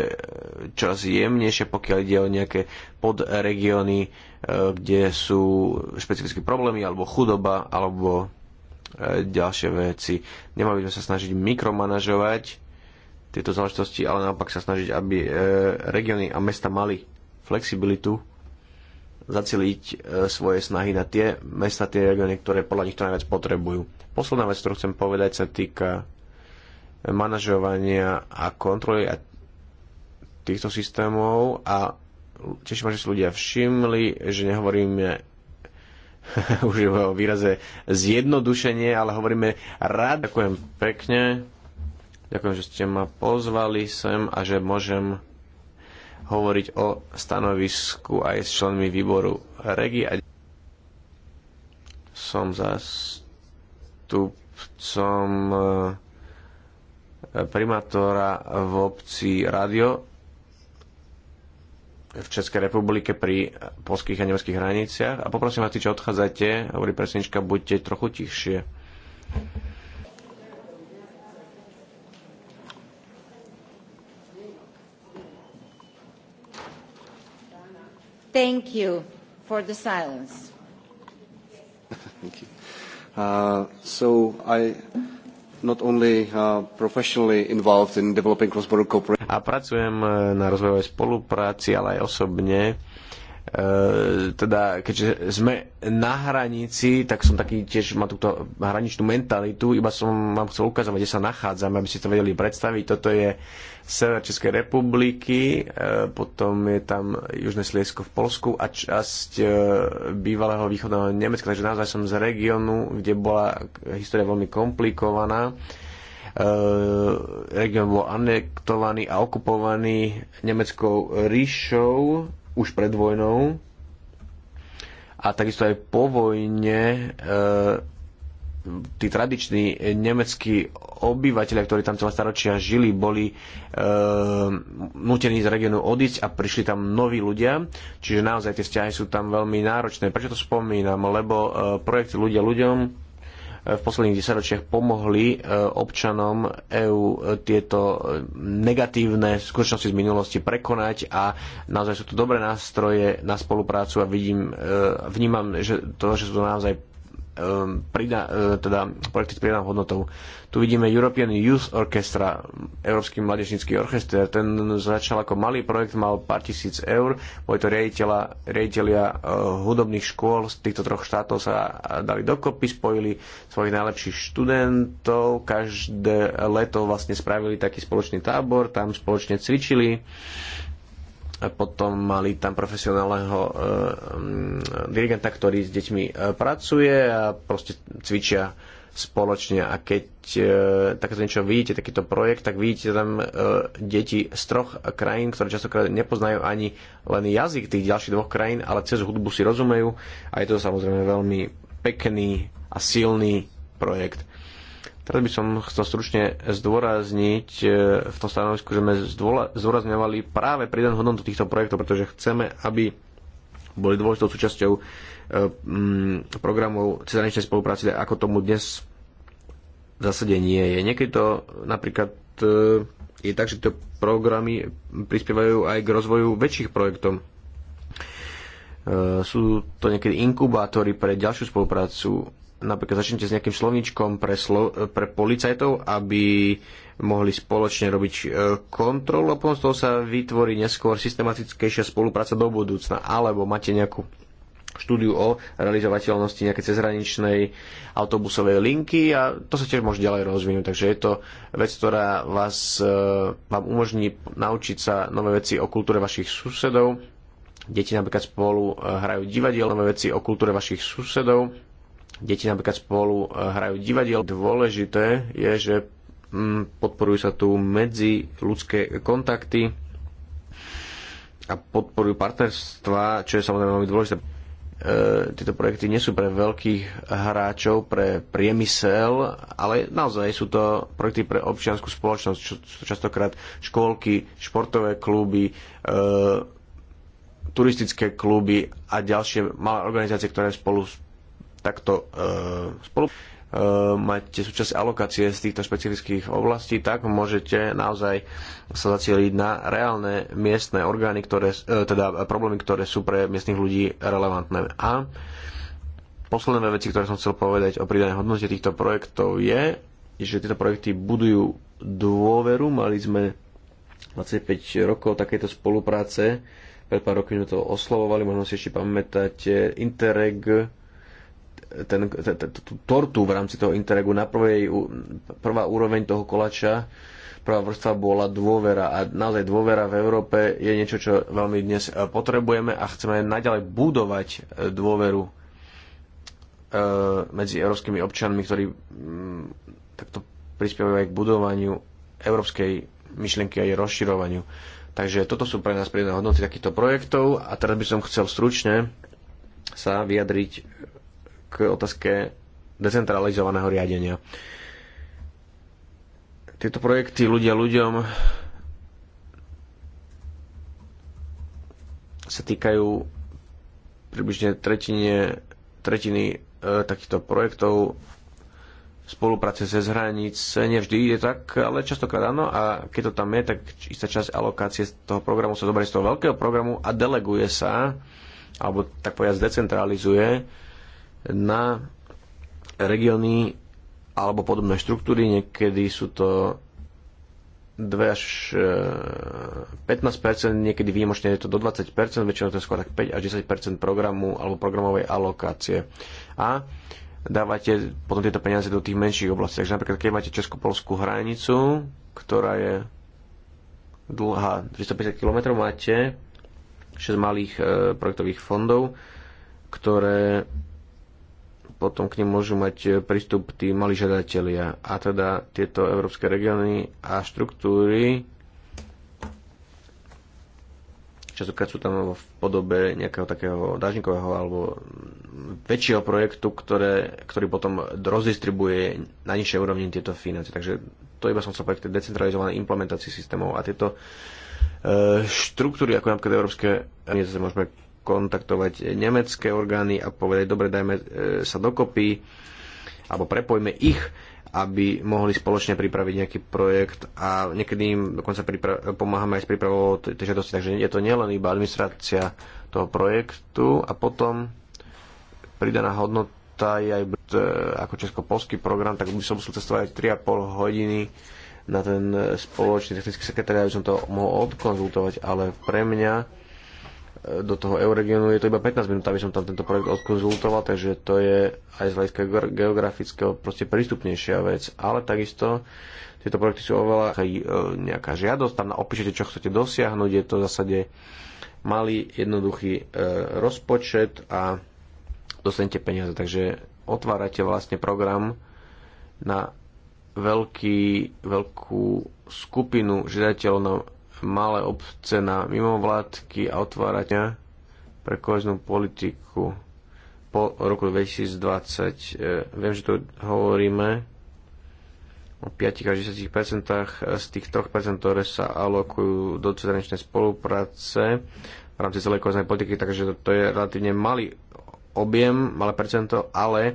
čoraz jemnejšia, pokiaľ ide o nejaké podregióny, e, kde sú špecifické problémy, alebo chudoba, alebo e, ďalšie veci. Nemali by sme sa snažiť mikromanažovať tieto záležitosti, ale naopak sa snažiť, aby e, regióny a mesta mali flexibilitu zaceliť svoje snahy na tie mesta, tie regióny, ktoré podľa nich to najviac potrebujú. Posledná vec, ktorú chcem povedať, sa týka manažovania a kontroly a týchto systémov a tiež ma, že si ľudia všimli, že nehovoríme už o výraze zjednodušenie, ale hovoríme rád. Ďakujem pekne, ďakujem, že ste ma pozvali sem a že môžem hovoriť o stanovisku aj s členmi výboru REGI. A som zastupcom. Eh, primátora v obci Radio v Českej republike pri polských a nemeckých hraniciach. A poprosím vás, tí, čo odchádzate, hovorí presnička, buďte trochu tichšie. Thank you for the silence. Thank you. Uh, so I not only uh, professionally involved in developing A pracujem uh, na rozvojovej spolupráci, ale aj osobne E, teda keďže sme na hranici, tak som taký tiež, má túto hraničnú mentalitu, iba som vám chcel ukázať, kde sa nachádzame, aby ste to vedeli predstaviť. Toto je sever Českej republiky, e, potom je tam Južné Sliesko v Polsku a časť e, bývalého východného Nemecka, takže naozaj som z regiónu, kde bola história veľmi komplikovaná. Región bol anektovaný a okupovaný Nemeckou ríšou už pred vojnou a takisto aj po vojne e, tí tradiční nemeckí obyvateľia, ktorí tam celé staročia žili, boli e, nutení z regiónu odísť a prišli tam noví ľudia, čiže naozaj tie vzťahy sú tam veľmi náročné. Prečo to spomínam? Lebo e, projekt Ľudia ľuďom v posledných desaťročiach pomohli e, občanom EÚ e, tieto negatívne skutočnosti z minulosti prekonať a naozaj sú to dobré nástroje na spoluprácu a vidím, e, vnímam že to, že sú to naozaj Ehm, prida, e, teda projekty s pridanou hodnotou. Tu vidíme European Youth Orchestra, Európsky mladežnícky orchester. Ten začal ako malý projekt, mal pár tisíc eur. Boli to riaditeľa, riaditeľia e, hudobných škôl z týchto troch štátov sa dali dokopy, spojili svojich najlepších študentov. Každé leto vlastne spravili taký spoločný tábor, tam spoločne cvičili potom mali tam profesionálneho e, mm, dirigenta, ktorý s deťmi e, pracuje a proste cvičia spoločne. A keď e, takéto niečo vidíte, takýto projekt, tak vidíte tam e, deti z troch krajín, ktoré častokrát nepoznajú ani len jazyk tých ďalších dvoch krajín, ale cez hudbu si rozumejú a je to samozrejme veľmi pekný a silný projekt. Teraz by som chcel stručne zdôrazniť e, v tom stanovisku, že sme zdôrazňovali práve pridanú hodnotu týchto projektov, pretože chceme, aby boli dôležitou súčasťou e, programov cezhraničnej spolupráce, ako tomu dnes v zásade nie je. Niekedy to napríklad e, je tak, že tieto programy prispievajú aj k rozvoju väčších projektov. Sú to niekedy inkubátory pre ďalšiu spoluprácu napríklad začnete s nejakým slovničkom pre, slo, pre policajtov, aby mohli spoločne robiť e, kontrolu a potom z toho sa vytvorí neskôr systematickejšia spolupráca do budúcna. Alebo máte nejakú štúdiu o realizovateľnosti nejakej cezhraničnej autobusovej linky a to sa tiež môže ďalej rozvinúť. Takže je to vec, ktorá vás, e, vám umožní naučiť sa nové veci o kultúre vašich susedov. Deti napríklad spolu e, hrajú divadielové veci o kultúre vašich susedov deti napríklad spolu eh, hrajú divadiel. Dôležité je, že mm, podporujú sa tu medzi ľudské kontakty a podporujú partnerstva, čo je samozrejme veľmi dôležité. E, tieto projekty nie sú pre veľkých hráčov, pre priemysel, ale naozaj sú to projekty pre občianskú spoločnosť, čo sú častokrát škôlky, športové kluby, e, turistické kluby a ďalšie malé organizácie, ktoré spolu takto e, spolu e, máte súčasť alokácie z týchto špecifických oblastí, tak môžete naozaj sa zacieliť na reálne miestne orgány, ktoré, e, teda problémy, ktoré sú pre miestnych ľudí relevantné. A posledné veci, ktoré som chcel povedať o pridanej hodnote týchto projektov je, že tieto projekty budujú dôveru. Mali sme 25 rokov takéto spolupráce. Pred pár rokmi sme to oslovovali, možno si ešte pamätáte Interreg, ten, tú tortu v rámci toho Interregu na prvej, prvá úroveň toho kolača prvá vrstva bola dôvera a naozaj dôvera v Európe je niečo, čo veľmi dnes e, potrebujeme a chceme naďalej budovať e, dôveru e, medzi európskymi občanmi, ktorí takto prispievajú aj k budovaniu európskej myšlienky a jej rozširovaniu. Takže toto sú pre nás príjemné hodnoty takýchto projektov a teraz by som chcel stručne sa vyjadriť k otázke decentralizovaného riadenia. Tieto projekty ľudia ľuďom sa týkajú približne tretine, tretiny e, takýchto projektov spolupráce cez hranice, nevždy je tak, ale častokrát áno a keď to tam je, tak istá časť alokácie z toho programu sa zoberie z toho veľkého programu a deleguje sa, alebo tak povedať zdecentralizuje na regióny alebo podobné štruktúry. Niekedy sú to 2 až 15 e, niekedy výjimočne je to do 20 väčšinou to je skôr tak 5 až 10 programu alebo programovej alokácie. A dávate potom tieto peniaze do tých menších oblastí. Takže napríklad, keď máte česko-polskú hranicu, ktorá je dlhá 350 km, máte 6 malých e, projektových fondov, ktoré potom k nim môžu mať e, prístup tí mali žiadatelia. A teda tieto európske regióny a štruktúry častokrát sú tam v podobe nejakého takého dážnikového alebo väčšieho projektu, ktoré, ktorý potom rozdistribuje na nižšie úrovni tieto financie. Takže to iba som chcel povedať k tej decentralizovanej implementácii systémov a tieto e, štruktúry, ako napríklad Európske, zase môžeme kontaktovať nemecké orgány a povedať, dobre, dajme e, sa dokopy alebo prepojme ich, aby mohli spoločne pripraviť nejaký projekt a niekedy im dokonca pomáhame aj s prípravou tej žiadosti. Takže je to nielen iba administrácia toho projektu a potom pridaná hodnota je aj e, ako českopolský program, tak by som musel cestovať 3,5 hodiny na ten spoločný technický sekretariat, aby som to mohol odkonzultovať, ale pre mňa do toho Euregionu je to iba 15 minút, aby som tam tento projekt odkonzultoval, takže to je aj z hľadiska geografického proste prístupnejšia vec, ale takisto tieto projekty sú oveľa e, nejaká žiadosť, tam opíšete, čo chcete dosiahnuť, je to v zásade malý, jednoduchý e, rozpočet a dostanete peniaze, takže otvárate vlastne program na veľký, veľkú skupinu žiadateľov na malé obce na mimovládky a otvárať pre kohezdnú politiku po roku 2020. E, viem, že tu hovoríme o 5 až 10 e, z tých 3 ktoré sa alokujú do cezhraničnej spolupráce v rámci celej kohezdnej politiky, takže to, to je relatívne malý objem, malé percento, ale e,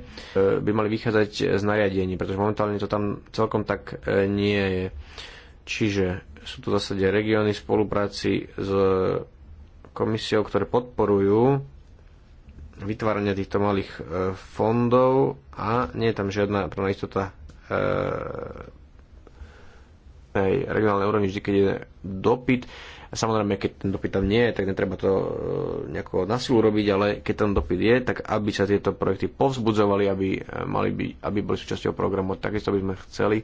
by mali vychádzať z nariadení, pretože momentálne to tam celkom tak nie je. Čiže sú tu zase zásade regióny v spolupráci s komisiou, ktoré podporujú vytváranie týchto malých e, fondov a nie je tam žiadna právna istota e, tej regionálnej úrovni vždy, keď je dopyt. samozrejme, keď ten dopyt tam nie je, tak netreba to e, nejako na silu robiť, ale keď ten dopyt je, tak aby sa tieto projekty povzbudzovali, aby, mali by, aby boli súčasťou programu. Takisto by sme chceli,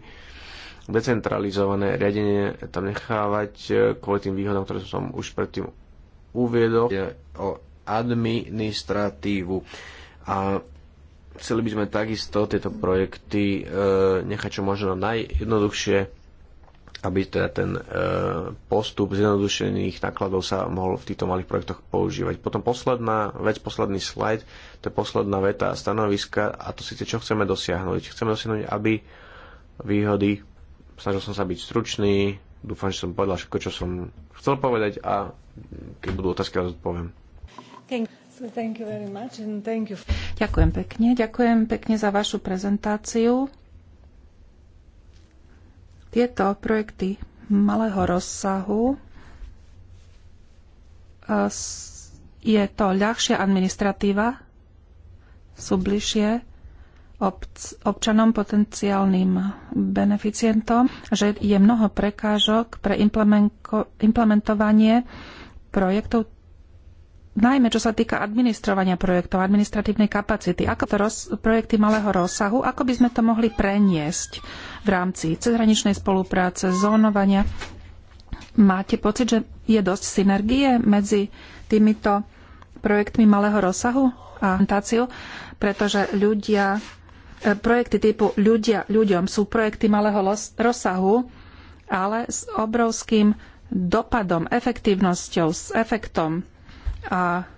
decentralizované riadenie tam nechávať e, kvôli tým výhodám, ktoré som už predtým uviedol. o administratívu. A chceli by sme takisto tieto projekty e, nechať čo možno najjednoduchšie, aby teda ten e, postup zjednodušených nákladov sa mohol v týchto malých projektoch používať. Potom posledná vec, posledný slide, to je posledná veta stanoviska a to síce čo chceme dosiahnuť. Chceme dosiahnuť, aby výhody Snažil som sa byť stručný, dúfam, že som povedal všetko, čo som chcel povedať a keď budú otázky, ja odpoviem. Ďakujem pekne. Ďakujem pekne za vašu prezentáciu. Tieto projekty malého rozsahu e, je to ľahšia administratíva, sú bližšie občanom, potenciálnym beneficientom, že je mnoho prekážok pre implementovanie projektov, najmä čo sa týka administrovania projektov, administratívnej kapacity. Ako to roz, projekty malého rozsahu, ako by sme to mohli preniesť v rámci cezhraničnej spolupráce, zónovania? Máte pocit, že je dosť synergie medzi týmito projektmi malého rozsahu a pretože ľudia E, projekty typu ľudia ľuďom sú projekty malého rozsahu, ale s obrovským dopadom, efektívnosťou, s efektom a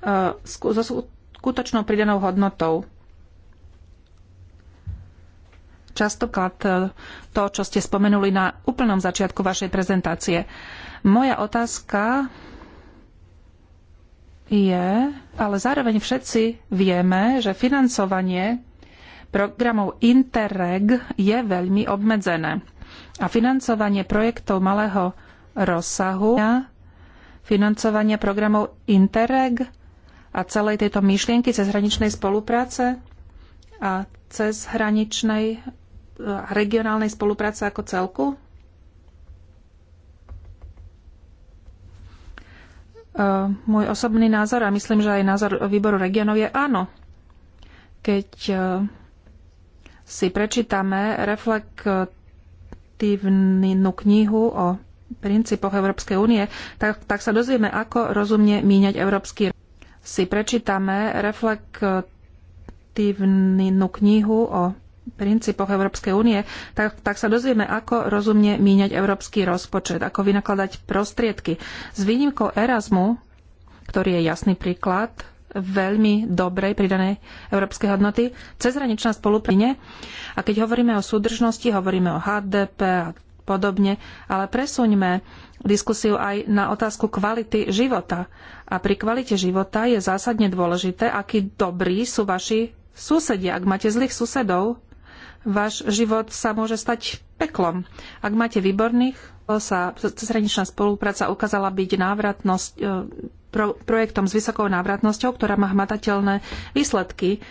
e, so skutočnou pridanou hodnotou. Častokrát e, to, čo ste spomenuli na úplnom začiatku vašej prezentácie. Moja otázka je, ale zároveň všetci vieme, že financovanie programov Interreg je veľmi obmedzené. A financovanie projektov malého rozsahu, financovanie programov Interreg a celej tejto myšlienky cezhraničnej spolupráce a cezhraničnej e, regionálnej spolupráce ako celku? E, môj osobný názor a myslím, že aj názor výboru regionov je áno. Keď e, si prečítame reflektívnu knihu o princípoch Európskej únie, tak, tak sa dozvieme, ako rozumne míňať európsky si prečítame reflektívnu knihu o princípoch Európskej únie, tak, tak sa dozvieme, ako rozumne míňať európsky rozpočet, ako vynakladať prostriedky. S výnimkou Erasmu, ktorý je jasný príklad veľmi dobrej pridanej európskej hodnoty cezhraničná spolupráca. A keď hovoríme o súdržnosti, hovoríme o HDP a podobne, ale presuňme diskusiu aj na otázku kvality života. A pri kvalite života je zásadne dôležité, akí dobrí sú vaši susedia. Ak máte zlých susedov, váš život sa môže stať peklom. Ak máte výborných, sa cezhraničná spolupráca ukázala byť návratnosť e, pro, projektom s vysokou návratnosťou, ktorá má hmatateľné výsledky.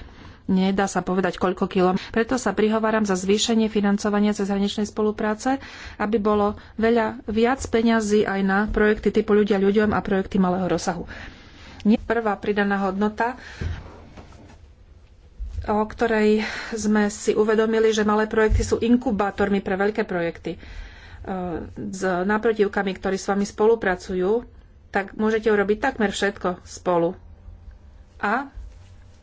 Nedá sa povedať, koľko kilom. Preto sa prihováram za zvýšenie financovania cez hraničnej spolupráce, aby bolo veľa viac peňazí aj na projekty typu ľudia ľuďom a projekty malého rozsahu. Nie prvá pridaná hodnota o ktorej sme si uvedomili, že malé projekty sú inkubátormi pre veľké projekty. E, s naprotivkami, ktorí s vami spolupracujú, tak môžete urobiť takmer všetko spolu. A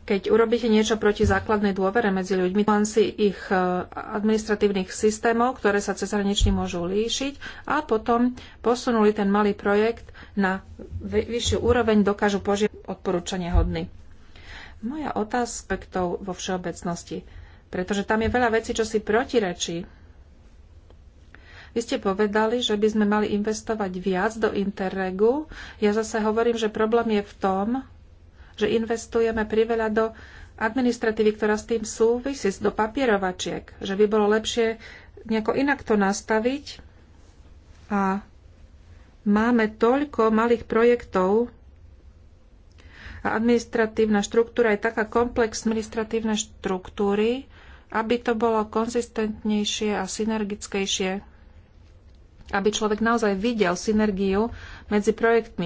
keď urobíte niečo proti základnej dôvere medzi ľuďmi, si ich e, administratívnych systémov, ktoré sa cezhranične môžu líšiť a potom posunuli ten malý projekt na vyššiu úroveň, dokážu požiadať odporúčania hodný. Moja otázka vo všeobecnosti, pretože tam je veľa vecí, čo si protirečí vy ste povedali, že by sme mali investovať viac do Interregu. Ja zase hovorím, že problém je v tom, že investujeme priveľa do administratívy, ktorá s tým súvisí, do papierovačiek. Že by bolo lepšie nejako inak to nastaviť. A máme toľko malých projektov a administratívna štruktúra je taká komplex administratívne štruktúry, aby to bolo konzistentnejšie a synergickejšie aby človek naozaj videl synergiu medzi projektmi.